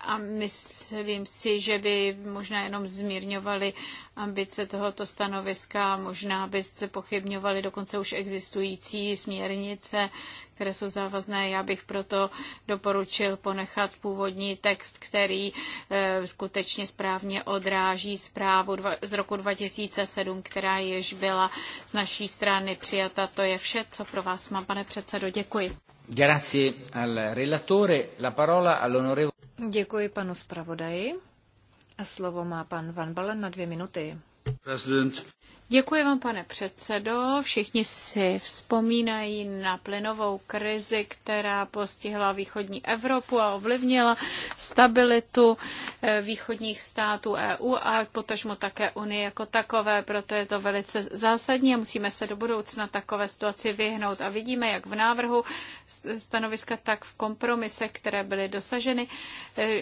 a myslím si, že by možná jenom zmírňovali ambice tohoto stanoviska, možná by se pochybňovali dokonce už existující směrnice, které jsou závazné. Já bych proto doporučil ponechat původní text, který eh, skutečně správně odráží zprávu z roku 2007, která již byla z naší strany přijata. To je vše, co pro vás mám, pane předsedo. Děkuji. Grazie al relatore. La parola all'onorevole. Děkuji panu zpravodaji. A slovo má pan Van Balen na dvě minuty. Děkuji vám, pane předsedo. Všichni si vzpomínají na plynovou krizi, která postihla východní Evropu a ovlivnila stabilitu eh, východních států EU a potažmo také Unie jako takové. Proto je to velice zásadní a musíme se do budoucna takové situaci vyhnout. A vidíme, jak v návrhu stanoviska, tak v kompromisech, které byly dosaženy, eh,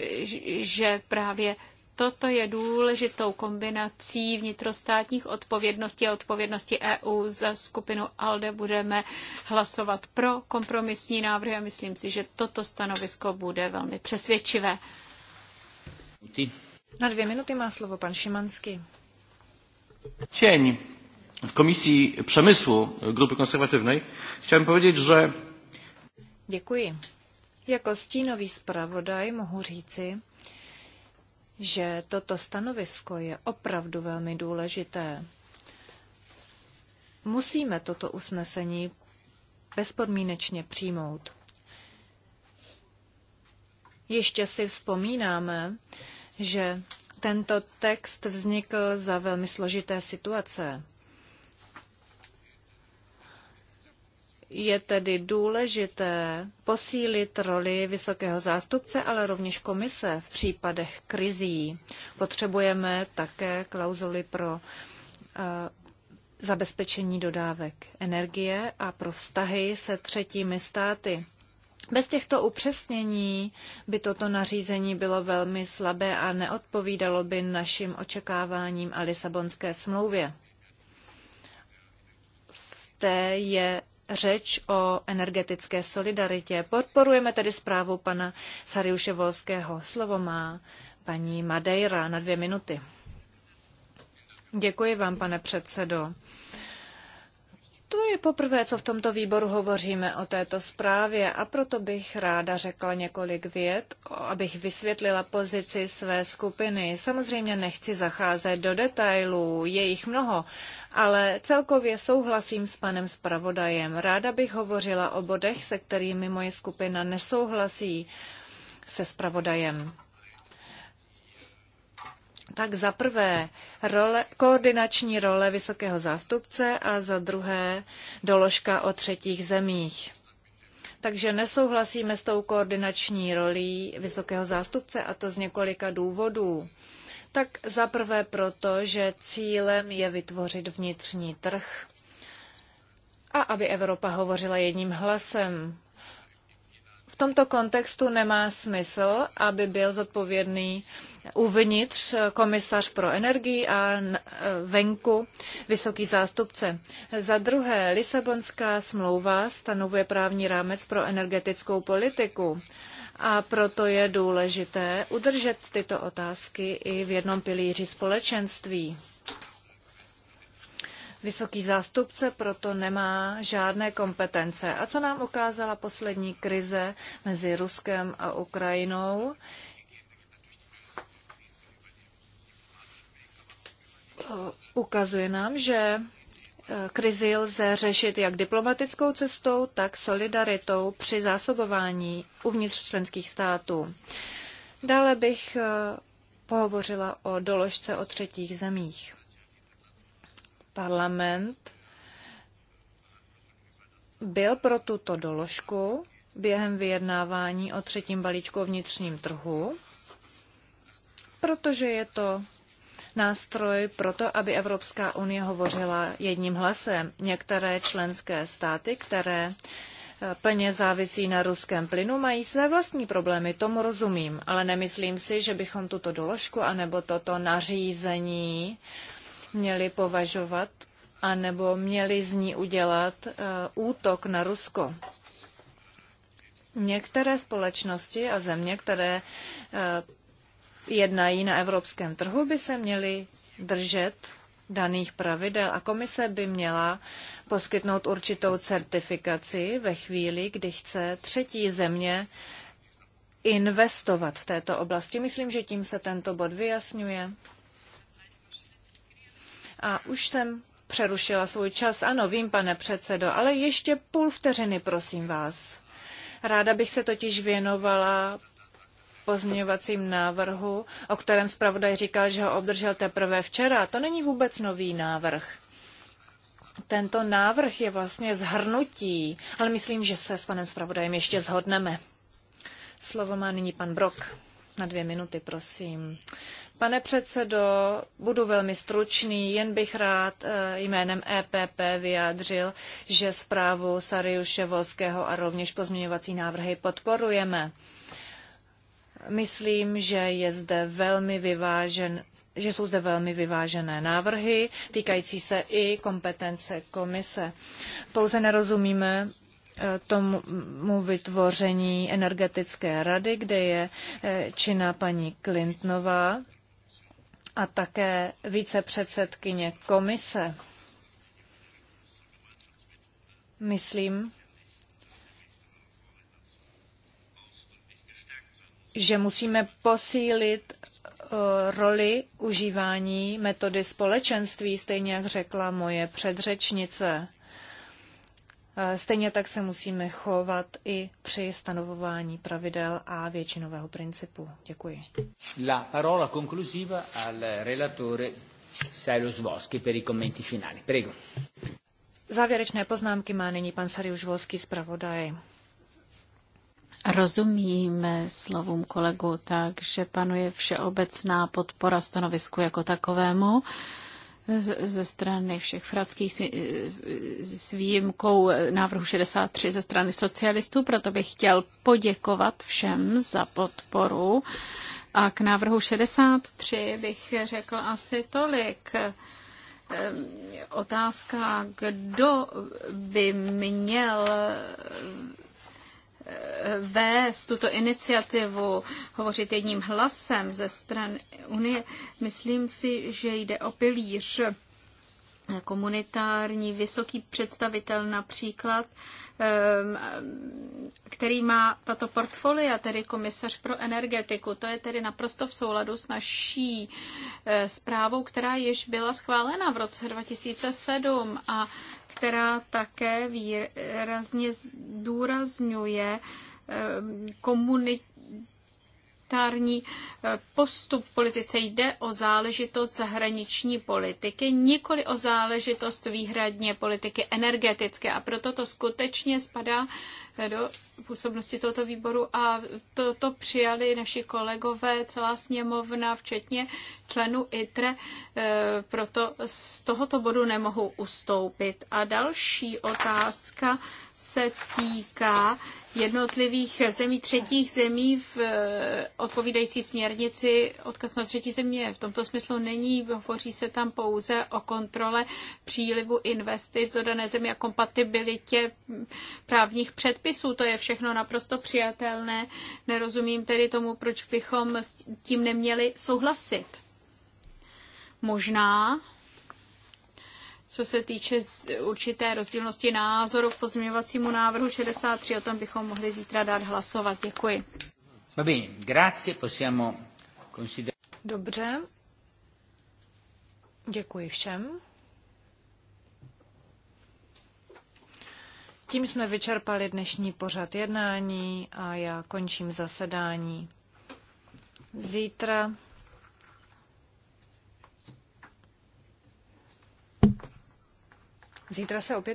že právě toto je důležitou kombinací vnitrostátních odpovědností a odpovědnosti EU za skupinu ALDE. Budeme hlasovat pro kompromisní návrhy a myslím si, že toto stanovisko bude velmi přesvědčivé. Na dvě minuty má slovo pan Šimanský. Cień w Komisji Przemysłu Grupy Konserwatywnej chciałem powiedzieć, że... Děkuji. Jako stínový zpravodaj mohu říci, že toto stanovisko je opravdu velmi důležité. Musíme toto usnesení bezpodmínečně přijmout. Ještě si vzpomínáme, že tento text vznikl za velmi složité situace. Je tedy důležité posílit roli vysokého zástupce, ale rovněž komise v případech krizí. Potřebujeme také klauzuly pro uh, zabezpečení dodávek energie a pro vztahy se třetími státy. Bez těchto upřesnění by toto nařízení bylo velmi slabé a neodpovídalo by našim očekáváním a Lisabonské smlouvě. V té je řeč o energetické solidaritě. Podporujeme tedy zprávu pana Sariuše Volského. Slovo má paní Madeira na dvě minuty. Děkuji vám, pane předsedo. To je poprvé, co v tomto výboru hovoříme o této zprávě a proto bych ráda řekla několik vět, abych vysvětlila pozici své skupiny. Samozřejmě nechci zacházet do detailů, je jich mnoho, ale celkově souhlasím s panem zpravodajem. Ráda bych hovořila o bodech, se kterými moje skupina nesouhlasí se zpravodajem tak za prvé role, koordinační role vysokého zástupce a za druhé doložka o třetích zemích. Takže nesouhlasíme s tou koordinační rolí vysokého zástupce a to z několika důvodů. Tak za prvé proto, že cílem je vytvořit vnitřní trh a aby Evropa hovořila jedním hlasem v tomto kontextu nemá smysl, aby byl zodpovědný uvnitř komisař pro energii a e, venku vysoký zástupce. Za druhé, Lisabonská smlouva stanovuje právní rámec pro energetickou politiku a proto je důležité udržet tyto otázky i v jednom pilíři společenství. Vysoký zástupce proto nemá žádné kompetence. A co nám ukázala poslední krize mezi Ruskem a Ukrajinou? Ukazuje nám, že eh, krizi lze řešit jak diplomatickou cestou, tak solidaritou při zásobování uvnitř členských států. Dále bych eh, pohovořila o doložce o třetích zemích parlament byl pro tuto doložku během vyjednávání o třetím balíčku o vnitřním trhu, protože je to nástroj pro to, aby Evropská unie hovořila jedním hlasem. Některé členské státy, které eh, plně závisí na ruském plynu, mají své vlastní problémy, tomu rozumím, ale nemyslím si, že bychom tuto doložku anebo toto nařízení měli považovat, anebo měli z ní udělat eh, útok na Rusko. Některé společnosti a země, které eh, jednají na evropském trhu, by se měly držet daných pravidel a komise by měla poskytnout určitou certifikaci ve chvíli, kdy chce třetí země investovat v této oblasti. Myslím, že tím se tento bod vyjasňuje. A už jsem přerušila svůj čas. Ano, vím, pane předsedo, ale ještě půl vteřiny, prosím vás. Ráda bych se totiž věnovala pozměňovacím návrhu, o kterém zpravodaj říkal, že ho obdržel teprve včera. To není vůbec nový návrh. Tento návrh je vlastně zhrnutí, ale myslím, že se s panem zpravodajem ještě zhodneme. Slovo má nyní pan Brok na dvě minuty, prosím. Pane předsedo, budu velmi stručný, jen bych rád eh, jménem EPP vyjádřil, že zprávu Sariuše Volského a rovněž pozměňovací návrhy podporujeme. Myslím, že je zde velmi vyvážen, že jsou zde velmi vyvážené návrhy týkající se i kompetence komise. Pouze nerozumíme tomu vytvoření energetické rady, kde je eh, činá paní Clintonová a také vicepředsedkyně komise. Myslím, že musíme posílit eh, roli užívání metody společenství, stejně jak řekla moje předřečnice. Stejně tak se musíme chovat i při stanovování pravidel a většinového principu. Děkuji. La parola conclusiva al relatore Cyrus Vosky per i commenti finali. Prego. Závěrečné poznámky má nyní pan Sariuš Volský zpravodaj. Rozumíme slovům kolegu tak, že panuje všeobecná podpora stanovisku jako takovému ze strany všech fratských s výjimkou návrhu 63 ze strany socialistů, proto bych chtěl poděkovat všem za podporu. A k návrhu 63 bych řekl asi tolik ehm, otázka, kdo by měl vést tuto iniciativu, hovořit jedním hlasem ze stran Unie, myslím si, že jde o pilíř komunitární, vysoký představitel například Ehm, který má tato portfolia, tedy komisař pro energetiku. To je tedy naprosto v souladu s naší eh, zprávou, která již byla schválena v roce 2007 a která také výrazně zdůrazňuje ehm, komunitní komunitární eh, postup v politice jde o záležitost zahraniční politiky, nikoli o záležitost výhradně politiky energetické. A proto to skutečně spadá eh, do působnosti tohoto výboru a to, to přijali naši kolegové, celá sněmovna, včetně členů ITRE, eh, proto z tohoto bodu nemohu ustoupit. A další otázka se týká jednotlivých zemí, třetích zemí v eh, odpovídající směrnici odkaz na třetí země. V tomto smyslu není, hovoří se tam pouze o kontrole přílivu investic do dané země a kompatibilitě právních předpisů. To je všechno naprosto přijatelné. Nerozumím tedy tomu, proč bychom s tím neměli souhlasit. Možná co se týče určité rozdílnosti názoru k pozměňovacímu návrhu 63, o tom bychom mohli zítra dát hlasovat. Děkuji. Dobře. Děkuji všem. Tím jsme vyčerpali dnešní pořad jednání a já končím zasedání. Zítra Zítra se opět